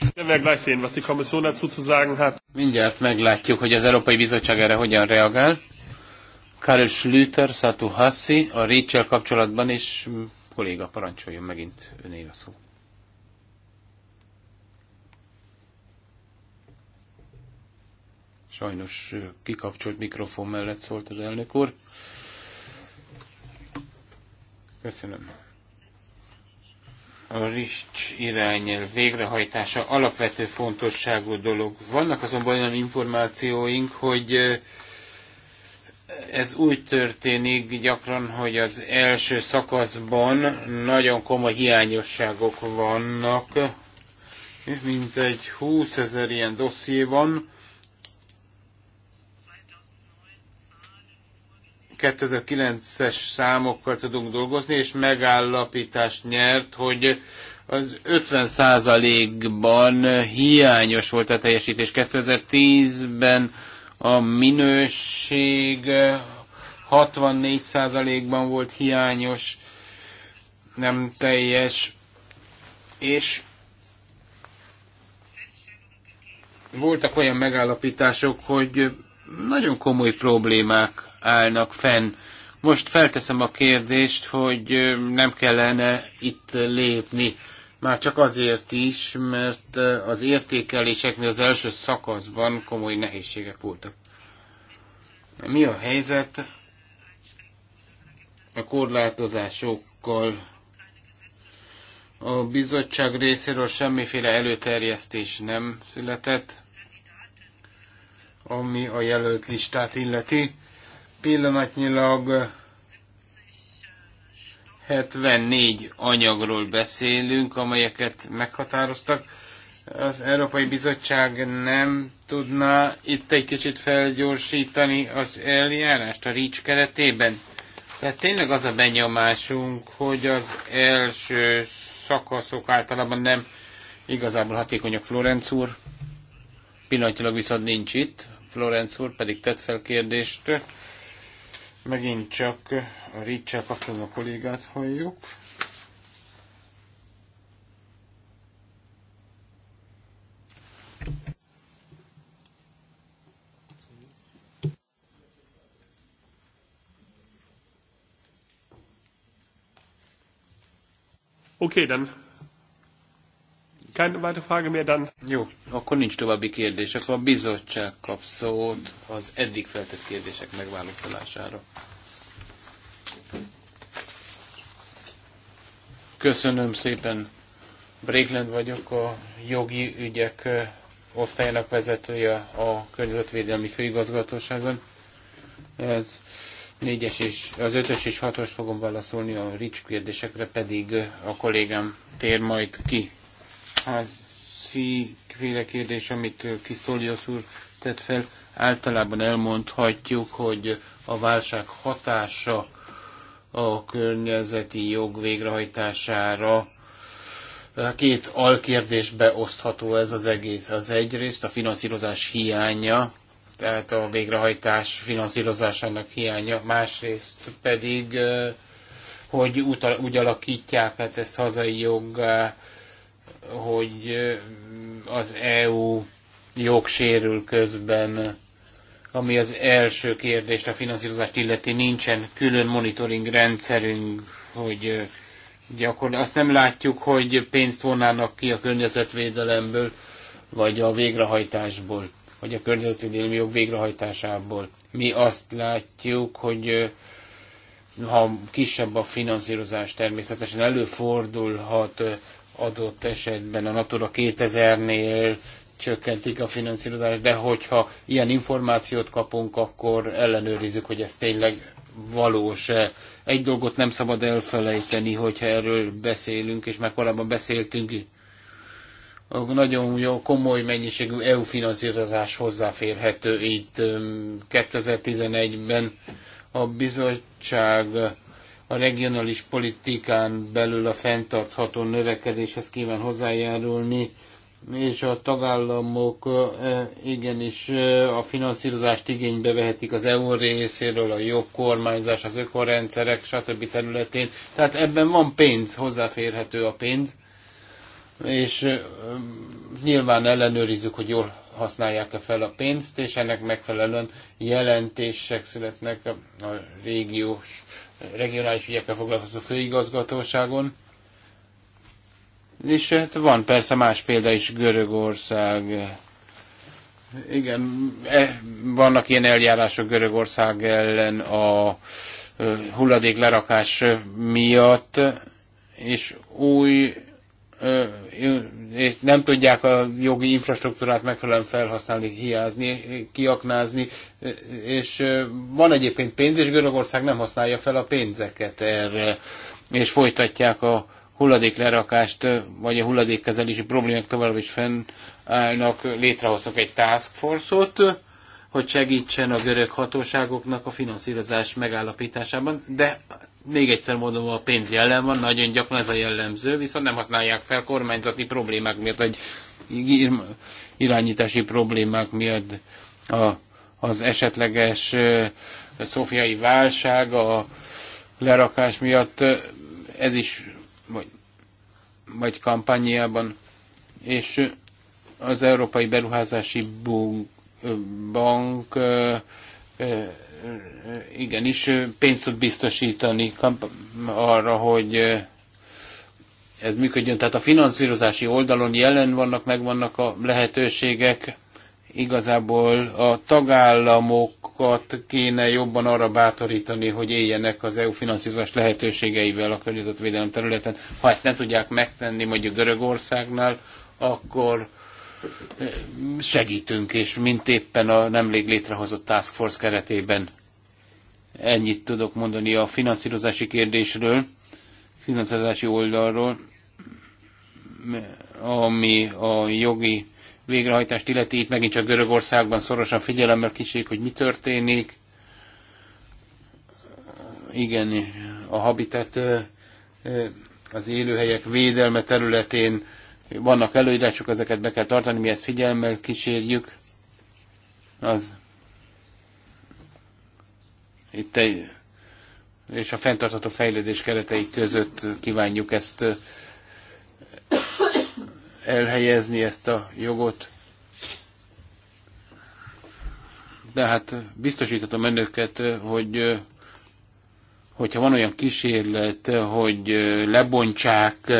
Mindjárt meglátjuk, hogy az Európai Bizottság erre hogyan reagál. Karel Schlüter, Satu Hassi, a Rachel kapcsolatban, és kolléga parancsoljon megint önél a szót. Sajnos kikapcsolt mikrofon mellett szólt az elnök úr. Köszönöm. A RICS irányel végrehajtása alapvető fontosságú dolog. Vannak azonban olyan információink, hogy ez úgy történik gyakran, hogy az első szakaszban nagyon komoly hiányosságok vannak, mint egy 20 ezer ilyen dosszié van, 2009-es számokkal tudunk dolgozni, és megállapítást nyert, hogy az 50%-ban hiányos volt a teljesítés. 2010-ben a minőség 64%-ban volt hiányos, nem teljes, és voltak olyan megállapítások, hogy nagyon komoly problémák állnak fenn. Most felteszem a kérdést, hogy nem kellene itt lépni. Már csak azért is, mert az értékeléseknél az első szakaszban komoly nehézségek voltak. Mi a helyzet a korlátozásokkal? A bizottság részéről semmiféle előterjesztés nem született, ami a jelölt listát illeti. Pillanatnyilag 74 anyagról beszélünk, amelyeket meghatároztak. Az Európai Bizottság nem tudná itt egy kicsit felgyorsítani az eljárást a RICS keretében. Tehát tényleg az a benyomásunk, hogy az első szakaszok általában nem igazából hatékonyak Florenc úr. Pillanatilag viszont nincs itt. Florenc úr pedig tett fel kérdést Megint csak a Ricsel kapcsolatban a kollégát halljuk. Okay, dann Keine weitere Frage mehr dann. Jó, akkor nincs további kérdés. Akkor a bizottság kap szót az eddig feltett kérdések megválaszolására. Köszönöm szépen. Brékland vagyok, a jogi ügyek osztályának vezetője a Környezetvédelmi Főigazgatóságon. Ez négyes és, az ötös és hatos fogom válaszolni, a rics kérdésekre pedig a kollégám tér majd ki. Hát kérdés, amit Kisztolios úr tett fel, általában elmondhatjuk, hogy a válság hatása a környezeti jog végrehajtására két alkérdésbe osztható ez az egész. Az egyrészt a finanszírozás hiánya, tehát a végrehajtás finanszírozásának hiánya, másrészt pedig, eh, hogy úgy alakítják hát ezt hazai joggá, hogy az EU jogsérül közben, ami az első kérdést, a finanszírozást illeti, nincsen külön monitoring rendszerünk, hogy gyakorlatilag azt nem látjuk, hogy pénzt vonnának ki a környezetvédelemből, vagy a végrehajtásból, vagy a környezetvédelmi jog végrehajtásából. Mi azt látjuk, hogy ha kisebb a finanszírozás, természetesen előfordulhat, adott esetben a Natura 2000-nél csökkentik a finanszírozást, de hogyha ilyen információt kapunk, akkor ellenőrizzük, hogy ez tényleg valós. Egy dolgot nem szabad elfelejteni, hogyha erről beszélünk, és már korábban beszéltünk, nagyon jó, komoly mennyiségű EU finanszírozás hozzáférhető itt 2011-ben a bizottság a regionális politikán belül a fenntartható növekedéshez kíván hozzájárulni, és a tagállamok igenis a finanszírozást igénybe vehetik az EU részéről, a jobb kormányzás, az ökorendszerek, stb. területén. Tehát ebben van pénz, hozzáférhető a pénz, és nyilván ellenőrizzük, hogy jól használják-e fel a pénzt, és ennek megfelelően jelentések születnek a régiós, regionális ügyekkel foglalkozó főigazgatóságon. És hát van persze más példa is Görögország. Igen, e, vannak ilyen eljárások Görögország ellen a e, hulladék lerakás miatt, és új nem tudják a jogi infrastruktúrát megfelelően felhasználni, hiázni, kiaknázni, és van egyébként pénz, és Görögország nem használja fel a pénzeket erre, és folytatják a hulladéklerakást, vagy a hulladékkezelési problémák tovább is fennállnak, létrehoztak egy task force-ot, hogy segítsen a görög hatóságoknak a finanszírozás megállapításában, de még egyszer mondom, a pénz jelen van, nagyon gyakran ez a jellemző, viszont nem használják fel kormányzati problémák miatt, vagy irányítási problémák miatt a, az esetleges szofiai válság, a lerakás miatt ez is, vagy, vagy kampányában, és az Európai Beruházási Bank igenis pénzt tud biztosítani arra, hogy ez működjön. Tehát a finanszírozási oldalon jelen vannak, megvannak a lehetőségek. Igazából a tagállamokat kéne jobban arra bátorítani, hogy éljenek az EU finanszírozás lehetőségeivel a környezetvédelem területen. Ha ezt nem tudják megtenni mondjuk Görögországnál, akkor segítünk, és mint éppen a nemrég létrehozott Task Force keretében ennyit tudok mondani a finanszírozási kérdésről, finanszírozási oldalról, ami a jogi végrehajtást illeti, itt megint csak Görögországban szorosan figyelemmel kísérjük, hogy mi történik. Igen, a habitat az élőhelyek védelme területén vannak előírások, ezeket be kell tartani, mi ezt figyelemmel kísérjük. Az itt egy, és a fenntartható fejlődés keretei között kívánjuk ezt elhelyezni, ezt a jogot. De hát biztosíthatom önöket, hogy hogyha van olyan kísérlet, hogy lebontsák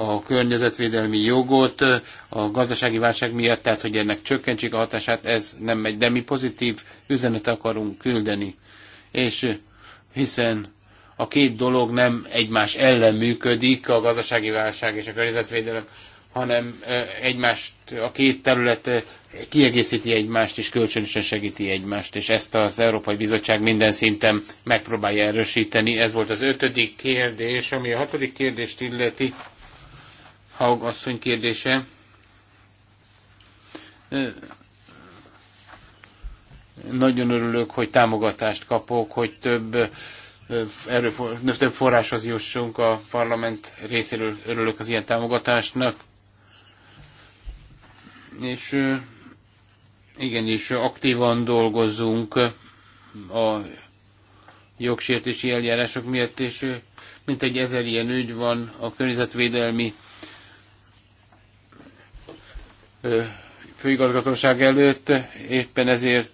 a környezetvédelmi jogot a gazdasági válság miatt, tehát hogy ennek csökkentsék a hatását, ez nem megy, de mi pozitív üzenet akarunk küldeni. És hiszen a két dolog nem egymás ellen működik, a gazdasági válság és a környezetvédelem, hanem egymást, a két terület kiegészíti egymást, és kölcsönösen segíti egymást, és ezt az Európai Bizottság minden szinten megpróbálja erősíteni. Ez volt az ötödik kérdés, ami a hatodik kérdést illeti. Haug asszony kérdése. Nagyon örülök, hogy támogatást kapok, hogy több, erőfor, több forráshoz jussunk a parlament részéről. Örülök az ilyen támogatásnak. És igenis aktívan dolgozunk a jogsértési eljárások miatt, és mint egy ezer ilyen ügy van a környezetvédelmi főigazgatóság előtt, éppen ezért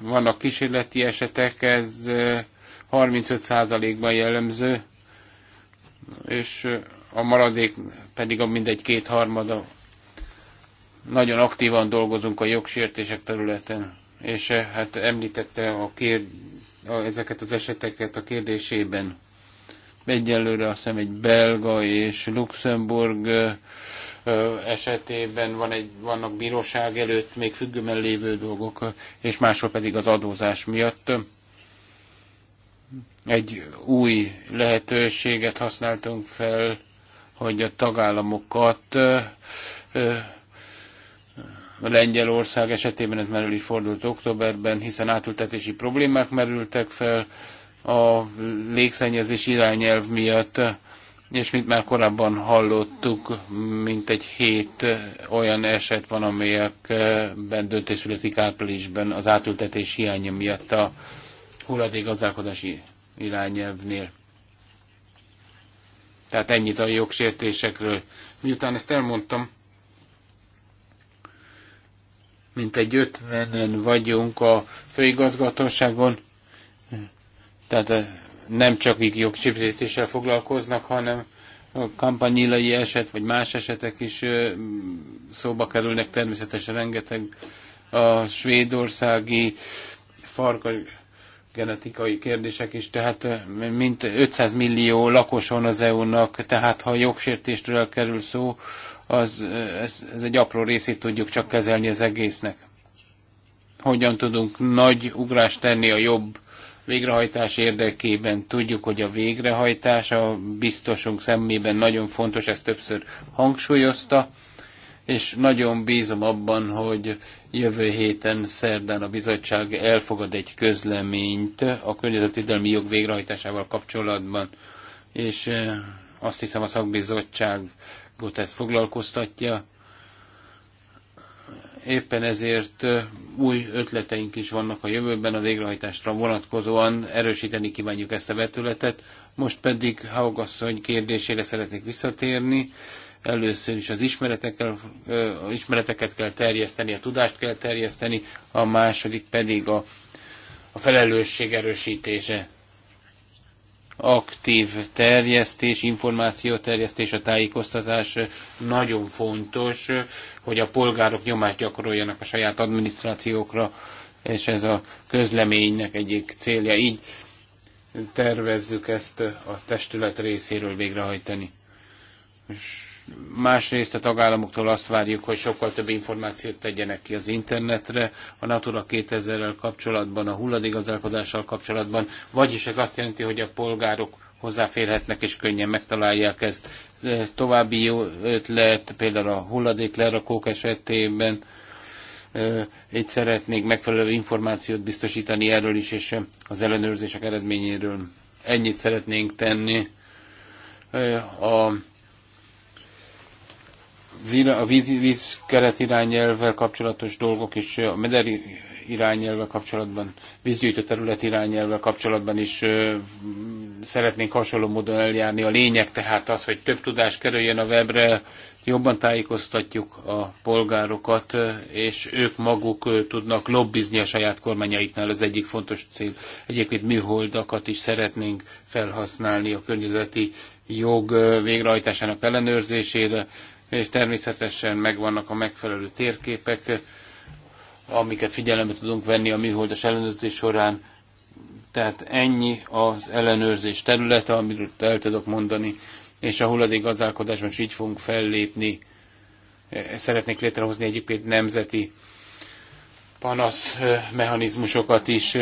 vannak kísérleti esetek, ez 35%-ban jellemző, és a maradék pedig a mindegy kétharmada. Nagyon aktívan dolgozunk a jogsértések területen, és hát említette a kér, a, ezeket az eseteket a kérdésében. Egyelőre azt hiszem egy belga és luxemburg esetében van egy, vannak bíróság előtt még függőben lévő dolgok, és máshol pedig az adózás miatt egy új lehetőséget használtunk fel, hogy a tagállamokat Lengyelország esetében ez már is fordult októberben, hiszen átültetési problémák merültek fel a légszennyezés irányelv miatt és mint már korábban hallottuk, mint egy hét olyan eset van, amelyekben döntés születik az átültetés hiánya miatt a gazdálkodási irányelvnél. Tehát ennyit a jogsértésekről. Miután ezt elmondtam, mint egy ötvenen vagyunk a főigazgatóságon, tehát eh, nem csak jogsértéssel foglalkoznak, hanem a kampanyilai eset, vagy más esetek is szóba kerülnek, természetesen rengeteg a svédországi farka genetikai kérdések is, tehát mint 500 millió lakos van az EU-nak, tehát ha jogsértésről kerül szó, az, ez, ez egy apró részét tudjuk csak kezelni az egésznek. Hogyan tudunk nagy ugrást tenni a jobb végrehajtás érdekében. Tudjuk, hogy a végrehajtás a biztosunk szemében nagyon fontos, ezt többször hangsúlyozta, és nagyon bízom abban, hogy jövő héten szerdán a bizottság elfogad egy közleményt a környezetvédelmi jog végrehajtásával kapcsolatban, és eh, azt hiszem a szakbizottságot ez foglalkoztatja, Éppen ezért új ötleteink is vannak a jövőben a végrehajtásra vonatkozóan, erősíteni kívánjuk ezt a vetületet. Most pedig Haugasszony kérdésére szeretnék visszatérni. Először is az ismeretekkel, ismereteket kell terjeszteni, a tudást kell terjeszteni, a második pedig a, a felelősség erősítése aktív terjesztés, információterjesztés, a tájékoztatás nagyon fontos, hogy a polgárok nyomást gyakoroljanak a saját adminisztrációkra, és ez a közleménynek egyik célja. Így tervezzük ezt a testület részéről végrehajtani. És Másrészt a tagállamoktól azt várjuk, hogy sokkal több információt tegyenek ki az internetre a Natura 2000-rel kapcsolatban, a hulladékgazdálkodással kapcsolatban, vagyis ez azt jelenti, hogy a polgárok hozzáférhetnek és könnyen megtalálják ezt. További jó ötlet például a hulladéklerakók esetében, itt szeretnék megfelelő információt biztosítani erről is, és az ellenőrzések eredményéről ennyit szeretnénk tenni. A a víz, víz keret irányelvvel kapcsolatos dolgok és a mederi irányelvvel kapcsolatban, vízgyűjtő terület irányelvvel kapcsolatban is ö, szeretnénk hasonló módon eljárni. A lényeg tehát az, hogy több tudás kerüljön a webre, jobban tájékoztatjuk a polgárokat, és ők maguk tudnak lobbizni a saját kormányaiknál, az egyik fontos cél. Egyébként műholdakat is szeretnénk felhasználni a környezeti jog végrehajtásának ellenőrzésére, és természetesen megvannak a megfelelő térképek, amiket figyelembe tudunk venni a műholdas ellenőrzés során. Tehát ennyi az ellenőrzés területe, amiről el tudok mondani, és a hulladék gazdálkodásban is így fogunk fellépni. Szeretnék létrehozni egyébként nemzeti panasz mechanizmusokat is,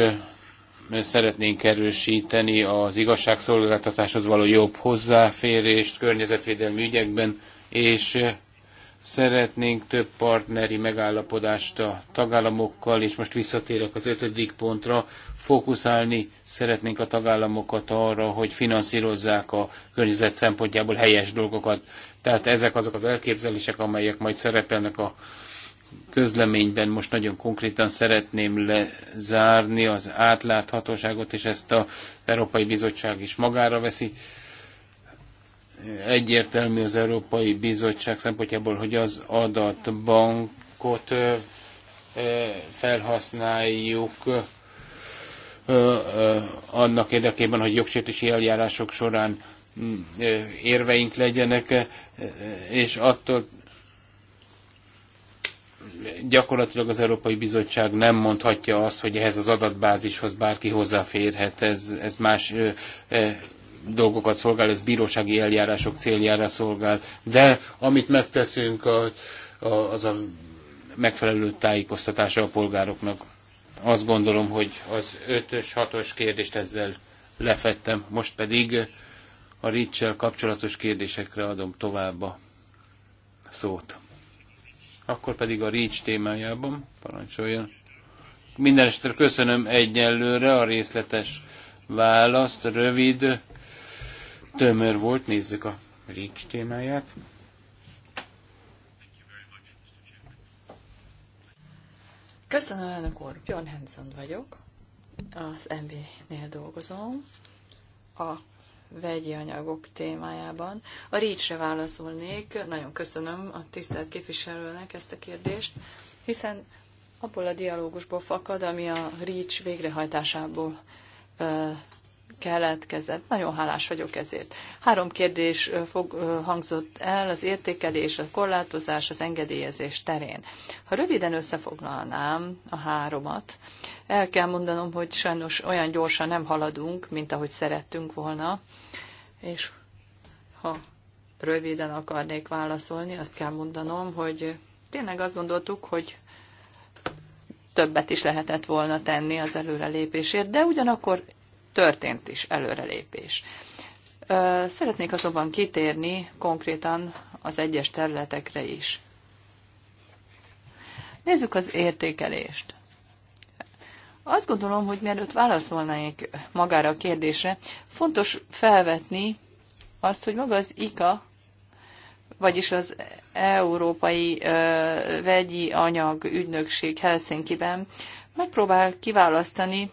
szeretnénk erősíteni az igazságszolgáltatáshoz való jobb hozzáférést környezetvédelmi ügyekben, és eh, szeretnénk több partneri megállapodást a tagállamokkal, és most visszatérek az ötödik pontra, fókuszálni szeretnénk a tagállamokat arra, hogy finanszírozzák a környezet szempontjából helyes dolgokat. Tehát ezek azok az elképzelések, amelyek majd szerepelnek a közleményben most nagyon konkrétan szeretném lezárni az átláthatóságot, és ezt az Európai Bizottság is magára veszi egyértelmű az Európai Bizottság szempontjából, hogy az adatbankot felhasználjuk annak érdekében, hogy jogsértési eljárások során mm, érveink legyenek, és attól gyakorlatilag az Európai Bizottság nem mondhatja azt, hogy ehhez az adatbázishoz bárki hozzáférhet, ez, ez más dolgokat szolgál, ez bírósági eljárások céljára szolgál, de amit megteszünk, a, a, az a megfelelő tájékoztatása a polgároknak. Azt gondolom, hogy az 5-ös, 6-os kérdést ezzel lefettem, most pedig a rics kapcsolatos kérdésekre adom tovább a szót. Akkor pedig a Rics témájában parancsoljon. Minden köszönöm egyenlőre a részletes választ, rövid, tömör volt, nézzük a Rics témáját. Köszönöm, elnök úr. Björn Henson vagyok. Az MB-nél dolgozom. A vegyi anyagok témájában. A Ricsre válaszolnék. Nagyon köszönöm a tisztelt képviselőnek ezt a kérdést, hiszen abból a dialógusból fakad, ami a Rics végrehajtásából keletkezett. Nagyon hálás vagyok ezért. Három kérdés fog, hangzott el, az értékelés, a korlátozás, az engedélyezés terén. Ha röviden összefoglalnám a háromat, el kell mondanom, hogy sajnos olyan gyorsan nem haladunk, mint ahogy szerettünk volna, és ha röviden akarnék válaszolni, azt kell mondanom, hogy tényleg azt gondoltuk, hogy többet is lehetett volna tenni az előrelépésért, de ugyanakkor történt is előrelépés. Szeretnék azonban kitérni konkrétan az egyes területekre is. Nézzük az értékelést. Azt gondolom, hogy mielőtt válaszolnánk magára a kérdésre, fontos felvetni azt, hogy maga az IKA, vagyis az Európai Vegyi Anyag Ügynökség Helsinki-ben megpróbál kiválasztani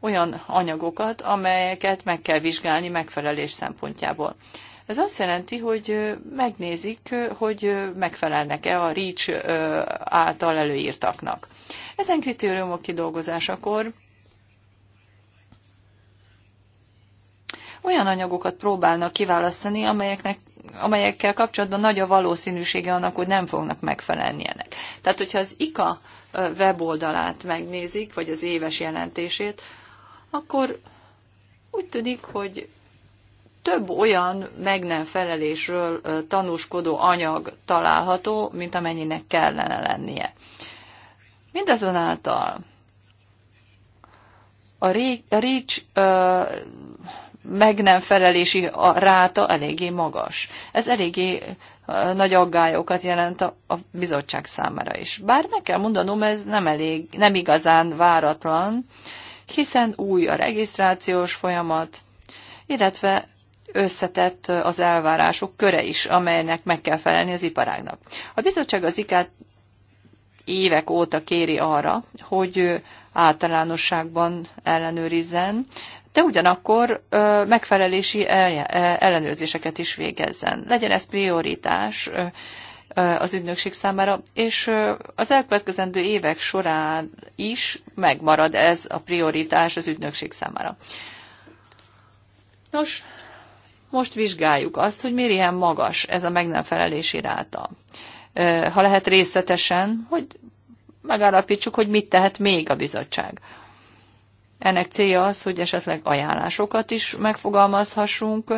olyan anyagokat, amelyeket meg kell vizsgálni megfelelés szempontjából. Ez azt jelenti, hogy megnézik, hogy megfelelnek-e a REACH által előírtaknak. Ezen kritériumok kidolgozásakor olyan anyagokat próbálnak kiválasztani, amelyeknek amelyekkel kapcsolatban nagy a valószínűsége annak, hogy nem fognak megfelelni ennek. Tehát, hogyha az IKA weboldalát megnézik, vagy az éves jelentését, akkor úgy tűnik, hogy több olyan meg nem felelésről tanúskodó anyag található, mint amennyinek kellene lennie. Mindazonáltal a REACH meg nem felelési ráta eléggé magas. Ez eléggé nagy aggályokat jelent a, a bizottság számára is. Bár meg kell mondanom, ez nem, elég, nem igazán váratlan, hiszen új a regisztrációs folyamat, illetve összetett az elvárások köre is, amelynek meg kell felelni az iparágnak. A bizottság az ikát évek óta kéri arra, hogy általánosságban ellenőrizzen de ugyanakkor megfelelési e, ellenőrzéseket is végezzen. Legyen ez prioritás az ügynökség számára, és az elkövetkezendő évek során is megmarad ez a prioritás az ügynökség számára. Nos, most vizsgáljuk azt, hogy miért ilyen magas ez a meg nem felelési ráta. Ha lehet részletesen, hogy megállapítsuk, hogy mit tehet még a bizottság. Ennek célja az, hogy esetleg ajánlásokat is megfogalmazhassunk,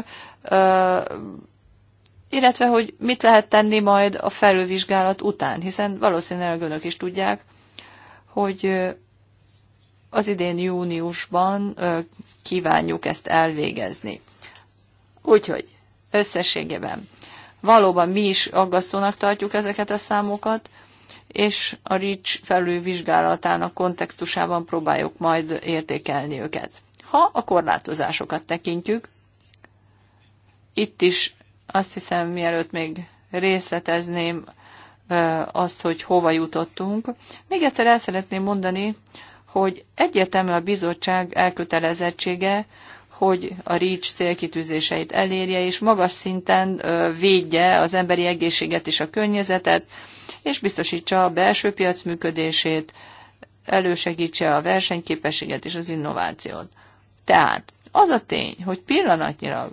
illetve hogy mit lehet tenni majd a felülvizsgálat után, hiszen valószínűleg önök is tudják, hogy az idén júniusban kívánjuk ezt elvégezni. Úgyhogy összességében valóban mi is aggasztónak tartjuk ezeket a számokat, és a RICS felülvizsgálatának kontextusában próbáljuk majd értékelni őket. Ha a korlátozásokat tekintjük, itt is azt hiszem, mielőtt még részletezném azt, hogy hova jutottunk, még egyszer el szeretném mondani, hogy egyértelmű a bizottság elkötelezettsége, hogy a REACH célkitűzéseit elérje, és magas szinten védje az emberi egészséget és a környezetet, és biztosítsa a belső piac működését, elősegítse a versenyképességet és az innovációt. Tehát az a tény, hogy pillanatnyilag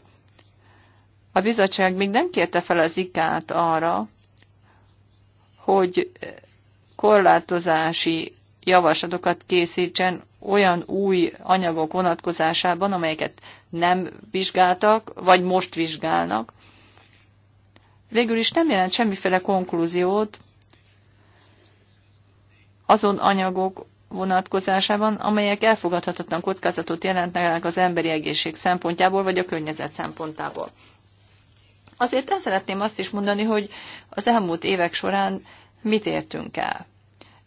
a bizottság még nem kérte fel az ikát arra, hogy korlátozási javaslatokat készítsen olyan új anyagok vonatkozásában, amelyeket nem vizsgáltak, vagy most vizsgálnak. Végül is nem jelent semmiféle konklúziót azon anyagok vonatkozásában, amelyek elfogadhatatlan kockázatot jelentenek az emberi egészség szempontjából, vagy a környezet szempontjából. Azért el szeretném azt is mondani, hogy az elmúlt évek során mit értünk el.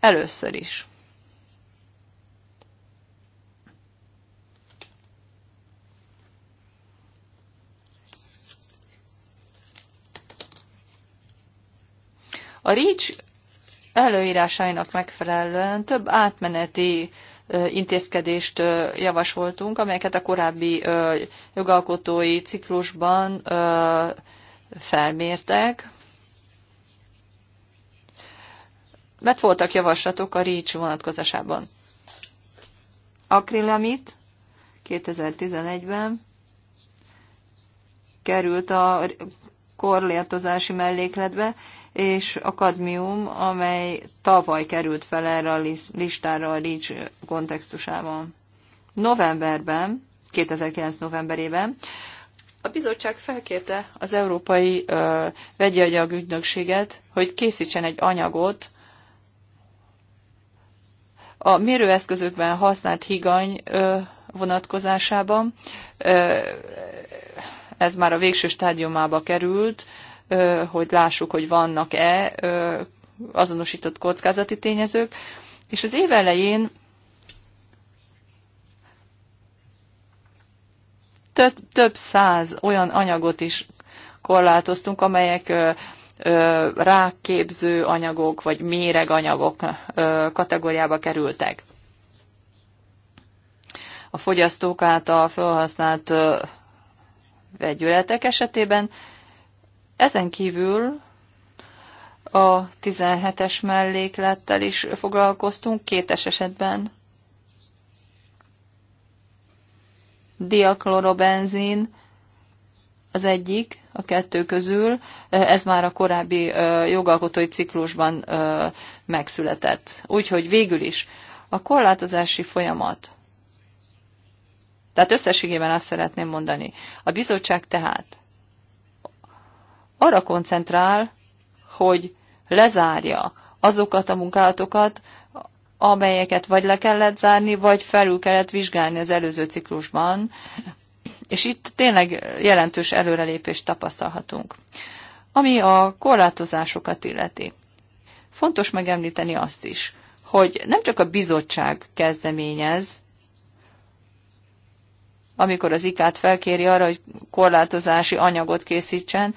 Először is. A REACH előírásainak megfelelően több átmeneti intézkedést javasoltunk, amelyeket a korábbi jogalkotói ciklusban felmértek. Mert voltak javaslatok a REACH vonatkozásában. Akrilamit 2011-ben került a korlértozási mellékletbe, és a kadmium, amely tavaly került fel erre a listára a REACH kontextusában. Novemberben, 2009 novemberében a bizottság felkérte az Európai ö, Vegyi Agyag Ügynökséget, hogy készítsen egy anyagot a mérőeszközökben használt higany ö, vonatkozásában. Ö, ez már a végső stádiumába került, ö, hogy lássuk, hogy vannak-e azonosított kockázati tényezők, és az év elején több, több száz olyan anyagot is korlátoztunk, amelyek rákképző anyagok vagy méreganyagok kategóriába kerültek. A fogyasztók által felhasznált vegyületek esetében ezen kívül a 17-es melléklettel is foglalkoztunk kétes esetben. Diaklorobenzin az egyik a kettő közül, ez már a korábbi jogalkotói ciklusban megszületett. Úgyhogy végül is a korlátozási folyamat. Tehát összességében azt szeretném mondani. A bizottság tehát arra koncentrál, hogy lezárja azokat a munkálatokat, amelyeket vagy le kellett zárni, vagy felül kellett vizsgálni az előző ciklusban, és itt tényleg jelentős előrelépést tapasztalhatunk. Ami a korlátozásokat illeti. Fontos megemlíteni azt is, hogy nem csak a bizottság kezdeményez, amikor az ikát felkéri arra, hogy korlátozási anyagot készítsen,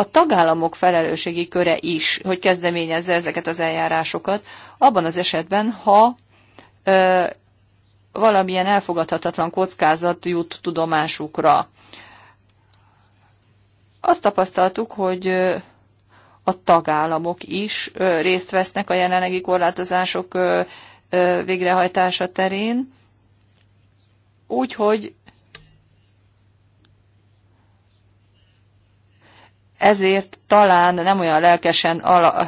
a tagállamok felelősségi köre is, hogy kezdeményezze ezeket az eljárásokat, abban az esetben, ha ö, valamilyen elfogadhatatlan kockázat jut tudomásukra. Azt tapasztaltuk, hogy a tagállamok is részt vesznek a jelenlegi korlátozások végrehajtása terén, úgyhogy ezért talán nem olyan lelkesen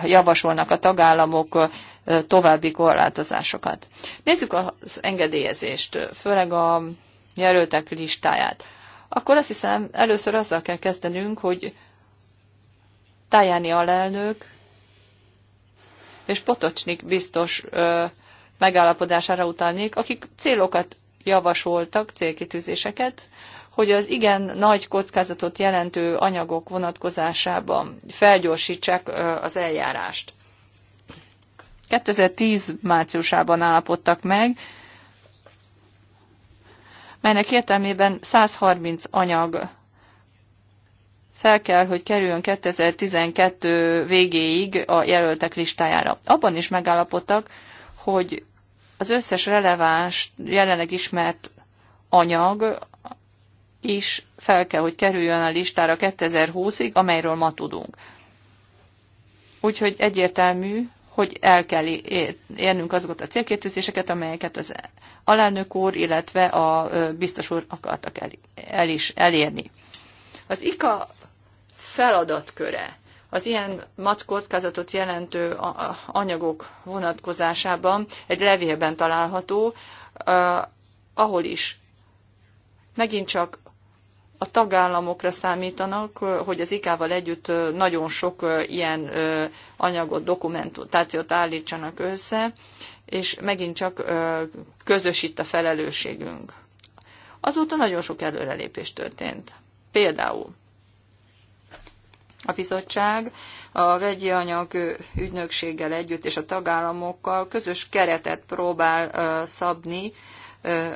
javasolnak a tagállamok további korlátozásokat. Nézzük az engedélyezést, főleg a jelöltek listáját. Akkor azt hiszem, először azzal kell kezdenünk, hogy Tajani alelnök és Potocsnik biztos ö, megállapodására utalnék, akik célokat javasoltak, célkitűzéseket, hogy az igen nagy kockázatot jelentő anyagok vonatkozásában felgyorsítsák az eljárást. 2010 márciusában állapodtak meg, melynek értelmében 130 anyag fel kell, hogy kerüljön 2012 végéig a jelöltek listájára. Abban is megállapodtak, hogy az összes releváns, jelenleg ismert anyag is fel kell, hogy kerüljön a listára 2020-ig, amelyről ma tudunk. Úgyhogy egyértelmű, hogy el kell érnünk azokat a célkértőzéseket, amelyeket az alelnök úr, illetve a biztos úr akartak el, el is elérni. Az IKA feladatköre az ilyen mat kockázatot jelentő anyagok vonatkozásában egy levélben található, ahol is megint csak a tagállamokra számítanak, hogy az IK-val együtt nagyon sok ilyen anyagot, dokumentációt állítsanak össze, és megint csak közös itt a felelősségünk. Azóta nagyon sok előrelépés történt. Például a bizottság a vegyi anyag ügynökséggel együtt és a tagállamokkal közös keretet próbál szabni,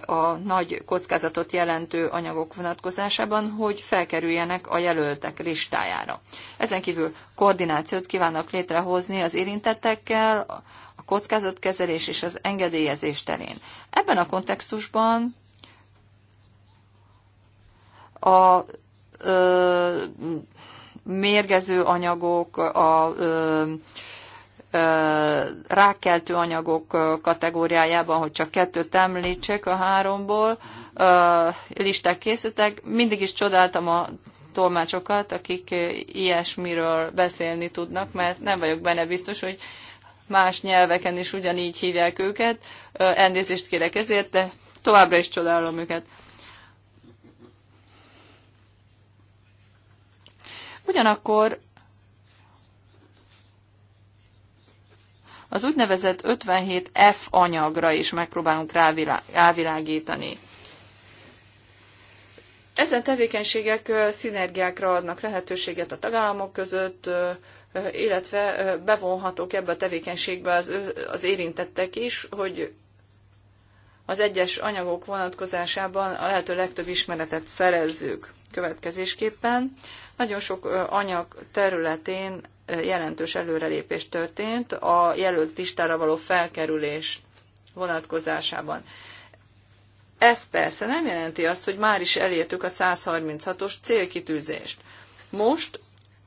a nagy kockázatot jelentő anyagok vonatkozásában, hogy felkerüljenek a jelöltek listájára. Ezen kívül koordinációt kívánnak létrehozni az érintettekkel, a kockázatkezelés és az engedélyezés terén. Ebben a kontextusban a ö, mérgező anyagok, a ö, rákeltő anyagok kategóriájában, hogy csak kettőt említsek a háromból, listák készültek. Mindig is csodáltam a tolmácsokat, akik ilyesmiről beszélni tudnak, mert nem vagyok benne biztos, hogy más nyelveken is ugyanígy hívják őket. Elnézést kérek ezért, de továbbra is csodálom őket. Ugyanakkor az úgynevezett 57F anyagra is megpróbálunk rávilágítani. Ezen tevékenységek szinergiákra adnak lehetőséget a tagállamok között, illetve bevonhatók ebbe a tevékenységbe az, az érintettek is, hogy az egyes anyagok vonatkozásában a lehető legtöbb ismeretet szerezzük. Következésképpen nagyon sok anyag területén jelentős előrelépés történt a jelölt listára való felkerülés vonatkozásában. Ez persze nem jelenti azt, hogy már is elértük a 136-os célkitűzést. Most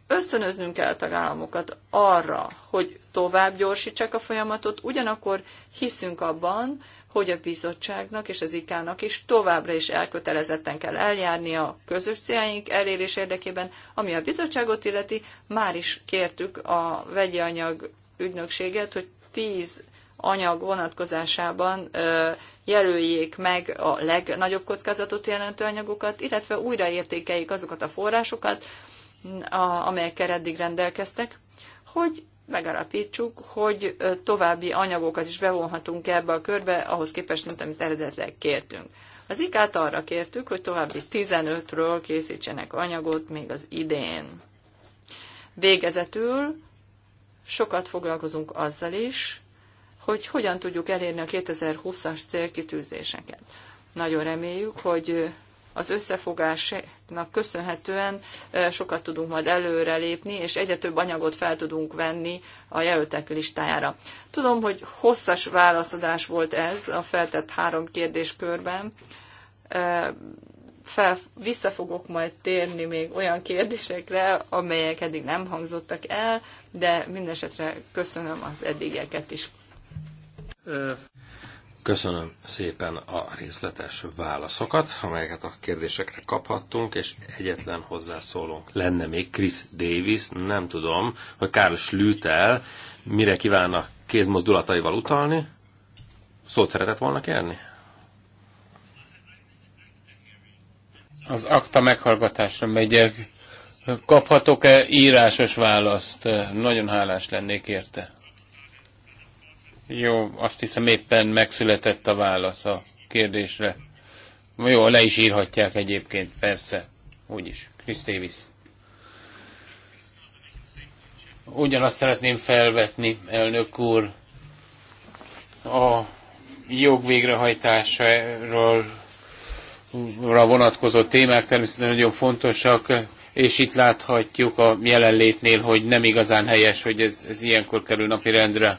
ösztönöznünk kell a tagállamokat arra, hogy tovább gyorsítsák a folyamatot, ugyanakkor hiszünk abban, hogy a bizottságnak és az ikának is továbbra is elkötelezetten kell eljárni a közös céljaink elérés érdekében, ami a bizottságot illeti, már is kértük a vegyi anyag ügynökséget, hogy tíz anyag vonatkozásában jelöljék meg a legnagyobb kockázatot jelentő anyagokat, illetve újraértékeljék azokat a forrásokat, amelyekkel eddig rendelkeztek, hogy megalapítsuk, hogy további anyagokat is bevonhatunk ebbe a körbe, ahhoz képest, mint amit eredetileg kértünk. Az ikát arra kértük, hogy további 15-ről készítsenek anyagot még az idén. Végezetül sokat foglalkozunk azzal is, hogy hogyan tudjuk elérni a 2020-as célkitűzéseket. Nagyon reméljük, hogy az összefogásnak köszönhetően sokat tudunk majd előrelépni, és egyre több anyagot fel tudunk venni a jelöltek listájára. Tudom, hogy hosszas válaszadás volt ez a feltett három kérdéskörben. Fel, vissza fogok majd térni még olyan kérdésekre, amelyek eddig nem hangzottak el, de mindesetre köszönöm az eddigeket is. Köszönöm szépen a részletes válaszokat, amelyeket a kérdésekre kaphattunk, és egyetlen hozzászólónk lenne még Chris Davis, nem tudom, hogy Karl Schlüter mire kívánnak kézmozdulataival utalni. Szót szeretett volna kérni? Az akta meghallgatásra megyek. Kaphatok-e írásos választ? Nagyon hálás lennék érte. Jó, azt hiszem éppen megszületett a válasz a kérdésre. Jó, le is írhatják egyébként, persze. Úgyis. Chris Davis. Ugyanazt szeretném felvetni, elnök úr, a jog végrehajtásáról vonatkozó témák természetesen nagyon fontosak, és itt láthatjuk a jelenlétnél, hogy nem igazán helyes, hogy ez, ez ilyenkor kerül napirendre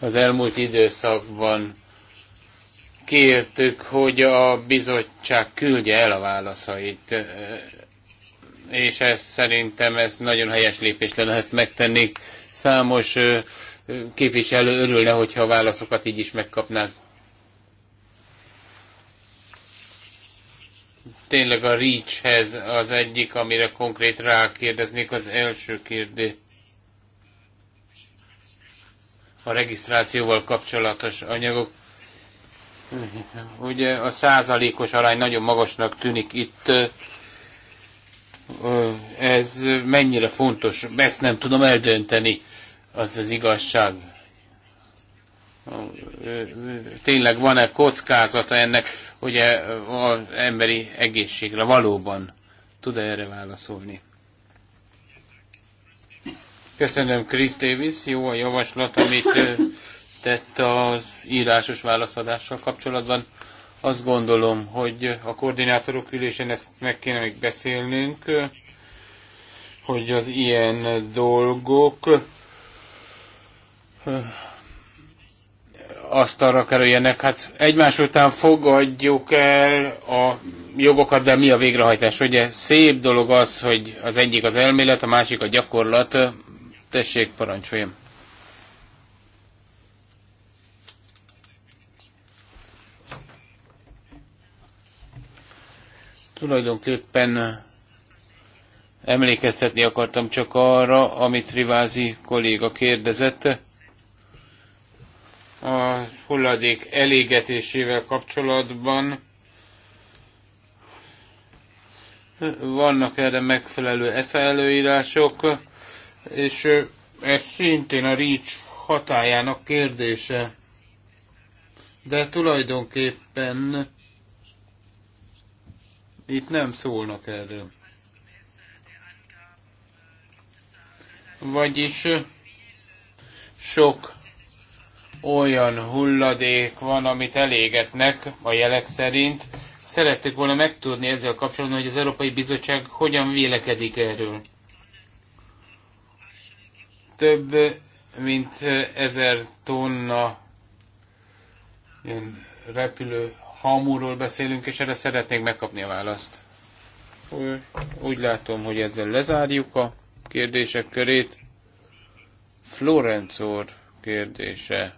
az elmúlt időszakban kértük, hogy a bizottság küldje el a válaszait, és ez szerintem ez nagyon helyes lépés lenne ezt megtenni. Számos képviselő örülne, hogyha a válaszokat így is megkapnák. Tényleg a reach az egyik, amire konkrét rákérdeznék az első kérdés a regisztrációval kapcsolatos anyagok. Ugye a százalékos arány nagyon magasnak tűnik itt. Ez mennyire fontos? Ezt nem tudom eldönteni, az az igazság. Tényleg van-e kockázata ennek, ugye az emberi egészségre valóban? Tud-e erre válaszolni? Köszönöm, Chris Davis. Jó a javaslat, amit tett az írásos válaszadással kapcsolatban. Azt gondolom, hogy a koordinátorok ülésen ezt meg kéne még beszélnünk, hogy az ilyen dolgok asztalra kerüljenek. Hát egymás után fogadjuk el a jogokat, de mi a végrehajtás? Ugye szép dolog az, hogy az egyik az elmélet, a másik a gyakorlat. Tessék, parancsoljam. Tulajdonképpen emlékeztetni akartam csak arra, amit Rivázi kolléga kérdezett a hulladék elégetésével kapcsolatban. Vannak erre megfelelő eszeelőírások. előírások és ez szintén a Rícs hatájának kérdése. De tulajdonképpen itt nem szólnak erről. Vagyis sok olyan hulladék van, amit elégetnek a jelek szerint. Szerettük volna megtudni ezzel kapcsolatban, hogy az Európai Bizottság hogyan vélekedik erről. Több mint ezer tonna ilyen repülő hamuról beszélünk, és erre szeretnék megkapni a választ. Úgy látom, hogy ezzel lezárjuk a kérdések körét. Florencor kérdése,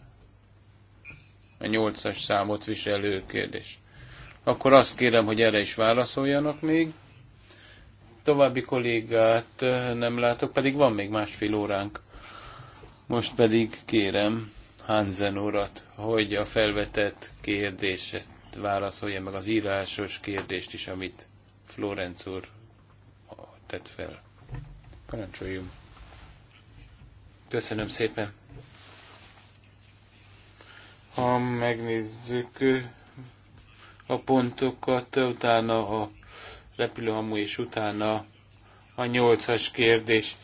a nyolcas számot viselő kérdés. Akkor azt kérem, hogy erre is válaszoljanak még. További kollégát nem látok, pedig van még másfél óránk. Most pedig kérem Hansen urat, hogy a felvetett kérdéset válaszolja meg az írásos kérdést is, amit Florenc úr tett fel. Parancsoljunk. Köszönöm szépen. Ha megnézzük a pontokat, utána a repülőhamu és utána a nyolcas kérdés.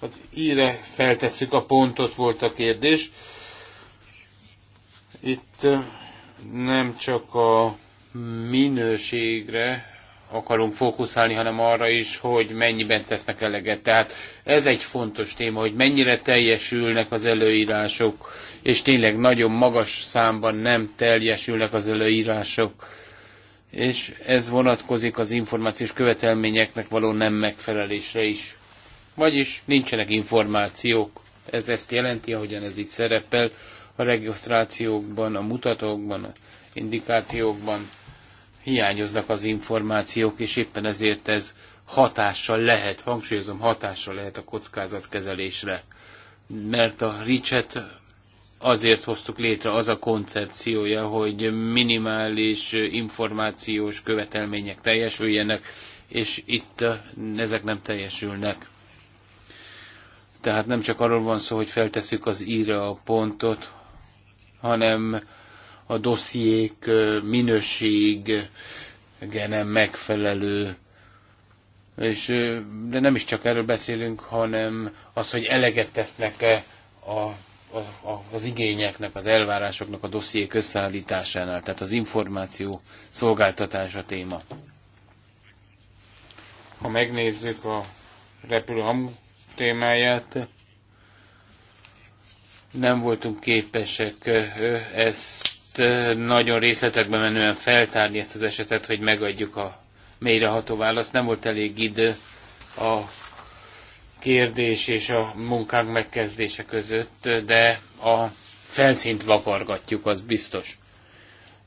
Az íre feltesszük a pontot volt a kérdés. Itt nem csak a minőségre akarunk fókuszálni, hanem arra is, hogy mennyiben tesznek eleget. Tehát ez egy fontos téma, hogy mennyire teljesülnek az előírások, és tényleg nagyon magas számban nem teljesülnek az előírások. És ez vonatkozik az információs követelményeknek való nem megfelelésre is. Vagyis nincsenek információk. Ez ezt jelenti, ahogyan ez itt szerepel a regisztrációkban, a mutatókban, a indikációkban. Hiányoznak az információk, és éppen ezért ez hatással lehet, hangsúlyozom, hatással lehet a kockázatkezelésre. Mert a Ricset azért hoztuk létre az a koncepciója, hogy minimális információs követelmények teljesüljenek, és itt eh, ezek nem teljesülnek. Tehát nem csak arról van szó, hogy feltesszük az íra a pontot, hanem a dossziék minőség nem megfelelő. És, de nem is csak erről beszélünk, hanem az, hogy eleget tesznek-e a az igényeknek, az elvárásoknak a dossziék összeállításánál, tehát az információ szolgáltatás a téma. Ha megnézzük a repülő témáját. Nem voltunk képesek ezt nagyon részletekben menően feltárni ezt az esetet, hogy megadjuk a mélyreható választ. Nem volt elég idő a kérdés és a munkánk megkezdése között, de a felszínt vakargatjuk, az biztos.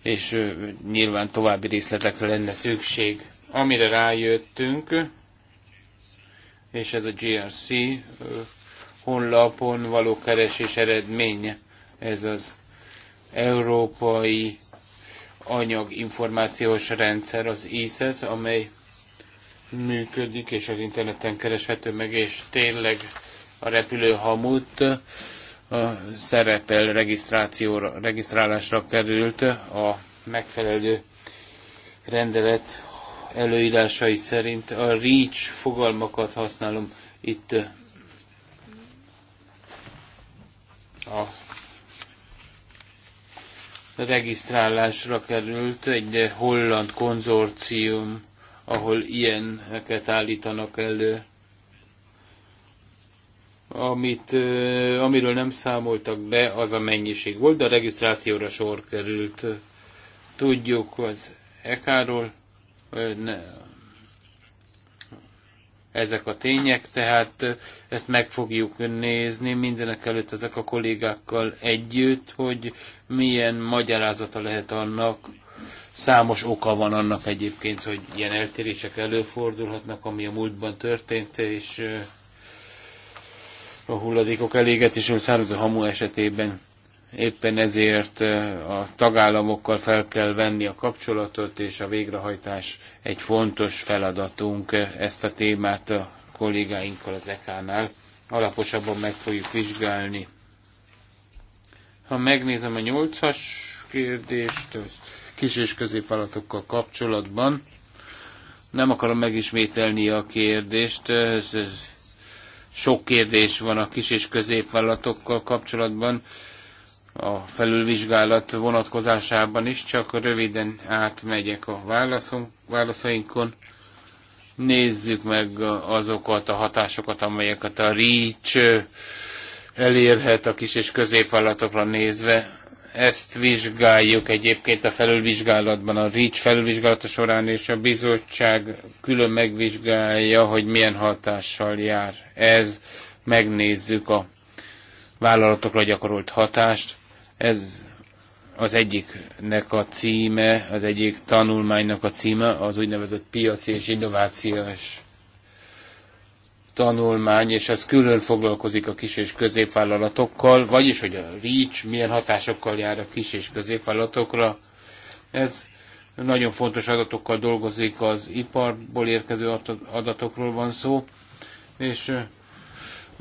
És nyilván további részletekre lenne szükség. Amire rájöttünk, és ez a GRC honlapon való keresés eredménye. Ez az Európai Anyag Információs Rendszer, az ISIS, e amely működik, és az interneten kereshető meg, és tényleg a repülőhamut szerepel regisztrációra, regisztrálásra került a megfelelő rendelet előírásai szerint a reach fogalmakat használom itt a regisztrálásra került egy holland konzorcium, ahol ilyeneket állítanak elő, amit, amiről nem számoltak be, az a mennyiség volt, de a regisztrációra sor került. Tudjuk az EK-ról, ezek a tények, tehát ezt meg fogjuk nézni mindenek előtt ezek a kollégákkal együtt, hogy milyen magyarázata lehet annak, számos oka van annak egyébként, hogy ilyen eltérések előfordulhatnak, ami a múltban történt, és a hulladékok elégetésül származó hamu esetében Éppen ezért a tagállamokkal fel kell venni a kapcsolatot, és a végrehajtás egy fontos feladatunk. Ezt a témát a kollégáinkkal az EK-nál alaposabban meg fogjuk vizsgálni. Ha megnézem a nyolcas kérdést, kis és középvállalatokkal kapcsolatban, nem akarom megismételni a kérdést, ez, ez sok kérdés van a kis és középvállalatokkal kapcsolatban a felülvizsgálat vonatkozásában is, csak röviden átmegyek a válaszainkon. Nézzük meg azokat a hatásokat, amelyeket a REACH elérhet a kis és középvállalatokra nézve. Ezt vizsgáljuk egyébként a felülvizsgálatban, a REACH felülvizsgálata során, és a bizottság külön megvizsgálja, hogy milyen hatással jár ez. Megnézzük a vállalatokra gyakorolt hatást ez az egyiknek a címe, az egyik tanulmánynak a címe, az úgynevezett piaci és innovációs tanulmány, és ez külön foglalkozik a kis és középvállalatokkal, vagyis hogy a REACH milyen hatásokkal jár a kis és középvállalatokra. Ez nagyon fontos adatokkal dolgozik, az iparból érkező adatokról van szó, és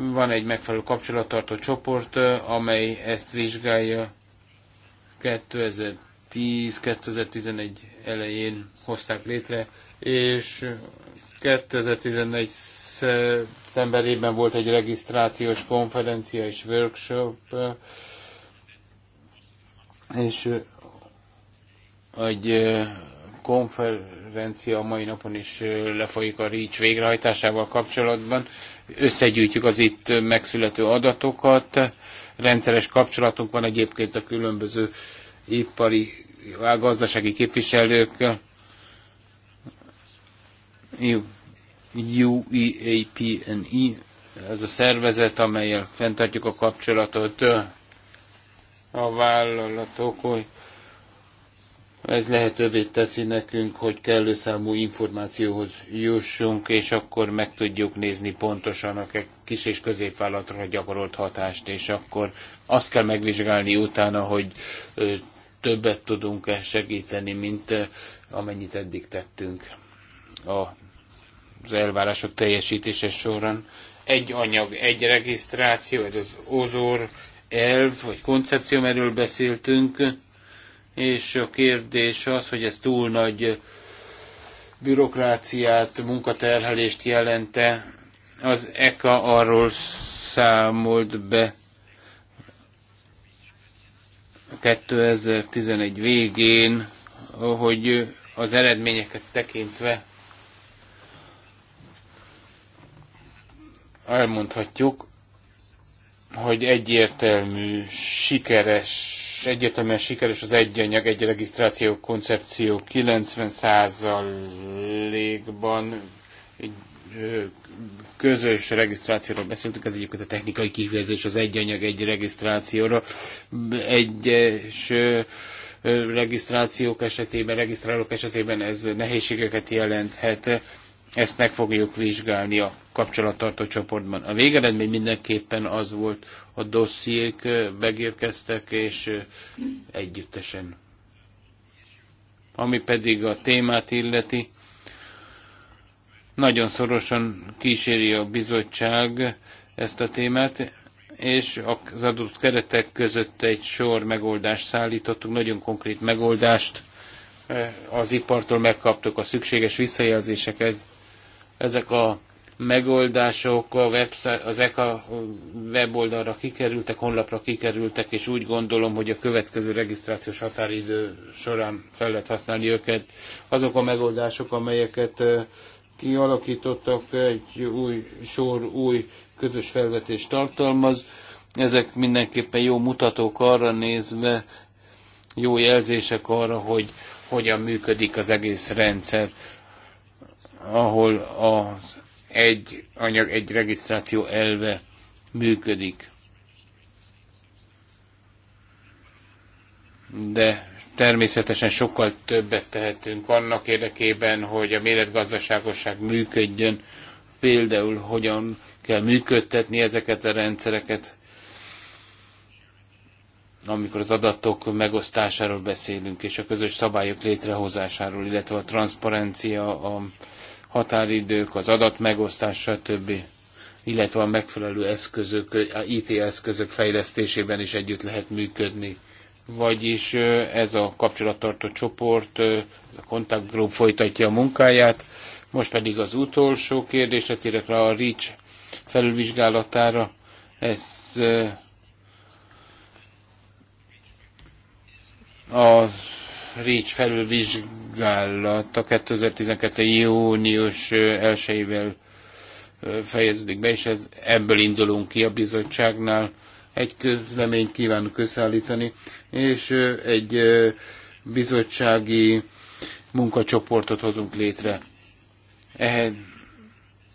van egy megfelelő kapcsolattartó csoport, amely ezt vizsgálja. 2010-2011 elején hozták létre, és 2011 szeptemberében volt egy regisztrációs konferencia és workshop, és egy konferencia a mai napon is lefolyik a REACH végrehajtásával kapcsolatban. Összegyűjtjük az itt megszülető adatokat. Rendszeres kapcsolatunk van egyébként a különböző ipari, gazdasági képviselőkkel. UEAPNI, e, ez a szervezet, amelyel fenntartjuk a kapcsolatot a vállalatok, hogy ez lehetővé teszi nekünk, hogy kellő számú információhoz jussunk, és akkor meg tudjuk nézni pontosan a kis és középvállalatra gyakorolt hatást, és akkor azt kell megvizsgálni utána, hogy többet tudunk-e segíteni, mint amennyit eddig tettünk az elvárások teljesítése során. Egy anyag, egy regisztráció, ez az OZOR elv, vagy koncepció, merről beszéltünk, és a kérdés az, hogy ez túl nagy bürokráciát, munkaterhelést jelente. Az ECA arról számolt be 2011 végén, hogy az eredményeket tekintve elmondhatjuk, hogy egyértelmű, sikeres, egyértelműen sikeres az egy anyag, egy regisztráció koncepció 90%-ban közös regisztrációról beszéltük, ez egyébként a technikai kifejezés az egy anyag, egy regisztrációra. Egyes regisztrációk esetében, regisztrálók esetében ez nehézségeket jelenthet. Ezt meg fogjuk vizsgálni a kapcsolattartó csoportban. A végeredmény mindenképpen az volt, a dossziék megérkeztek, és együttesen. Ami pedig a témát illeti, nagyon szorosan kíséri a bizottság ezt a témát, és az adott keretek között egy sor megoldást szállítottunk, nagyon konkrét megoldást. Az ipartól megkaptuk a szükséges visszajelzéseket, ezek a megoldások a web az e a weboldalra kikerültek, honlapra kikerültek, és úgy gondolom, hogy a következő regisztrációs határidő során fel lehet használni őket. Azok a megoldások, amelyeket kialakítottak, egy új sor új közös felvetés tartalmaz. Ezek mindenképpen jó mutatók arra nézve, jó jelzések arra, hogy hogyan működik az egész rendszer ahol az egy anyag, egy regisztráció elve működik. De természetesen sokkal többet tehetünk annak érdekében, hogy a méretgazdaságosság működjön, például hogyan kell működtetni ezeket a rendszereket, amikor az adatok megosztásáról beszélünk, és a közös szabályok létrehozásáról, illetve a transzparencia, a határidők, az adatmegosztás, stb. Illetve a megfelelő eszközök, a IT eszközök fejlesztésében is együtt lehet működni. Vagyis ez a kapcsolattartó csoport, ez a contact group folytatja a munkáját. Most pedig az utolsó kérdésre térek rá a REACH felülvizsgálatára. Ez a REACH felülvizsgálatára vizsgálat a 2012. június 1-ével fejeződik be, és ez, ebből indulunk ki a bizottságnál. Egy közleményt kívánok összeállítani, és egy bizottsági munkacsoportot hozunk létre. Ehhez,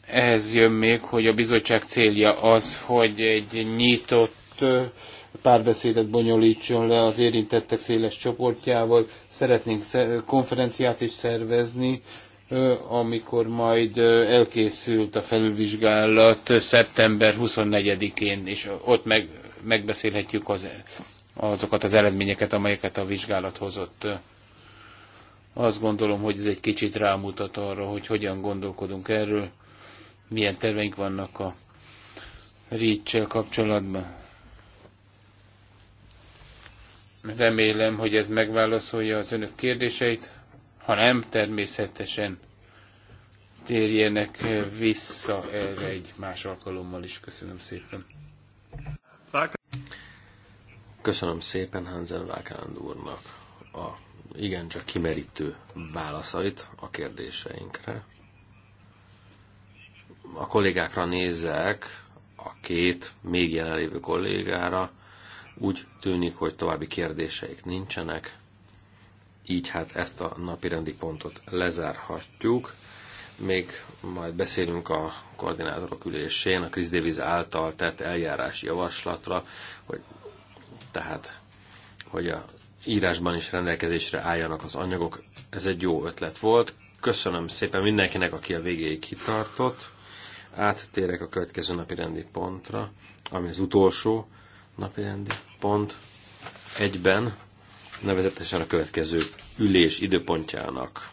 ehhez jön még, hogy a bizottság célja az, hogy egy nyitott párbeszédet bonyolítson le az érintettek széles csoportjával. Szeretnénk konferenciát is szervezni, amikor majd elkészült a felülvizsgálat szeptember 24-én, és ott meg, megbeszélhetjük az, azokat az eredményeket, amelyeket a vizsgálat hozott. Azt gondolom, hogy ez egy kicsit rámutat arra, hogy hogyan gondolkodunk erről, milyen terveink vannak a rícsel kapcsolatban Remélem, hogy ez megválaszolja az önök kérdéseit. Ha nem, természetesen térjenek vissza erre egy más alkalommal is. Köszönöm szépen. Köszönöm szépen Hansen Vákáland úrnak a igencsak kimerítő válaszait a kérdéseinkre. A kollégákra nézek, a két még jelenlévő kollégára, úgy tűnik, hogy további kérdéseik nincsenek, így hát ezt a napirendi pontot lezárhatjuk. Még majd beszélünk a koordinátorok ülésén a Chris Davis által tett eljárási javaslatra, hogy tehát, hogy a írásban is rendelkezésre álljanak az anyagok. Ez egy jó ötlet volt. Köszönöm szépen mindenkinek, aki a végéig kitartott. Áttérek a következő napi rendi pontra, ami az utolsó napi rendi pont egyben, nevezetesen a következő ülés időpontjának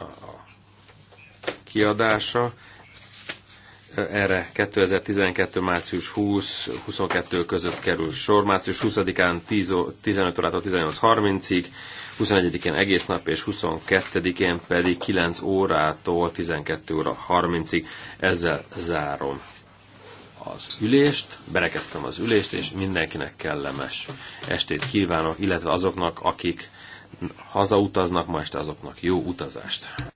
a kiadása. Erre 2012. március 20-22 között kerül sor. Március 20-án 15 órától 18.30-ig, 21-én egész nap, és 22-én pedig 9 órától 12 óra 30-ig. Ezzel zárom az ülést, berekeztem az ülést, és mindenkinek kellemes estét kívánok, illetve azoknak, akik hazautaznak ma este, azoknak jó utazást.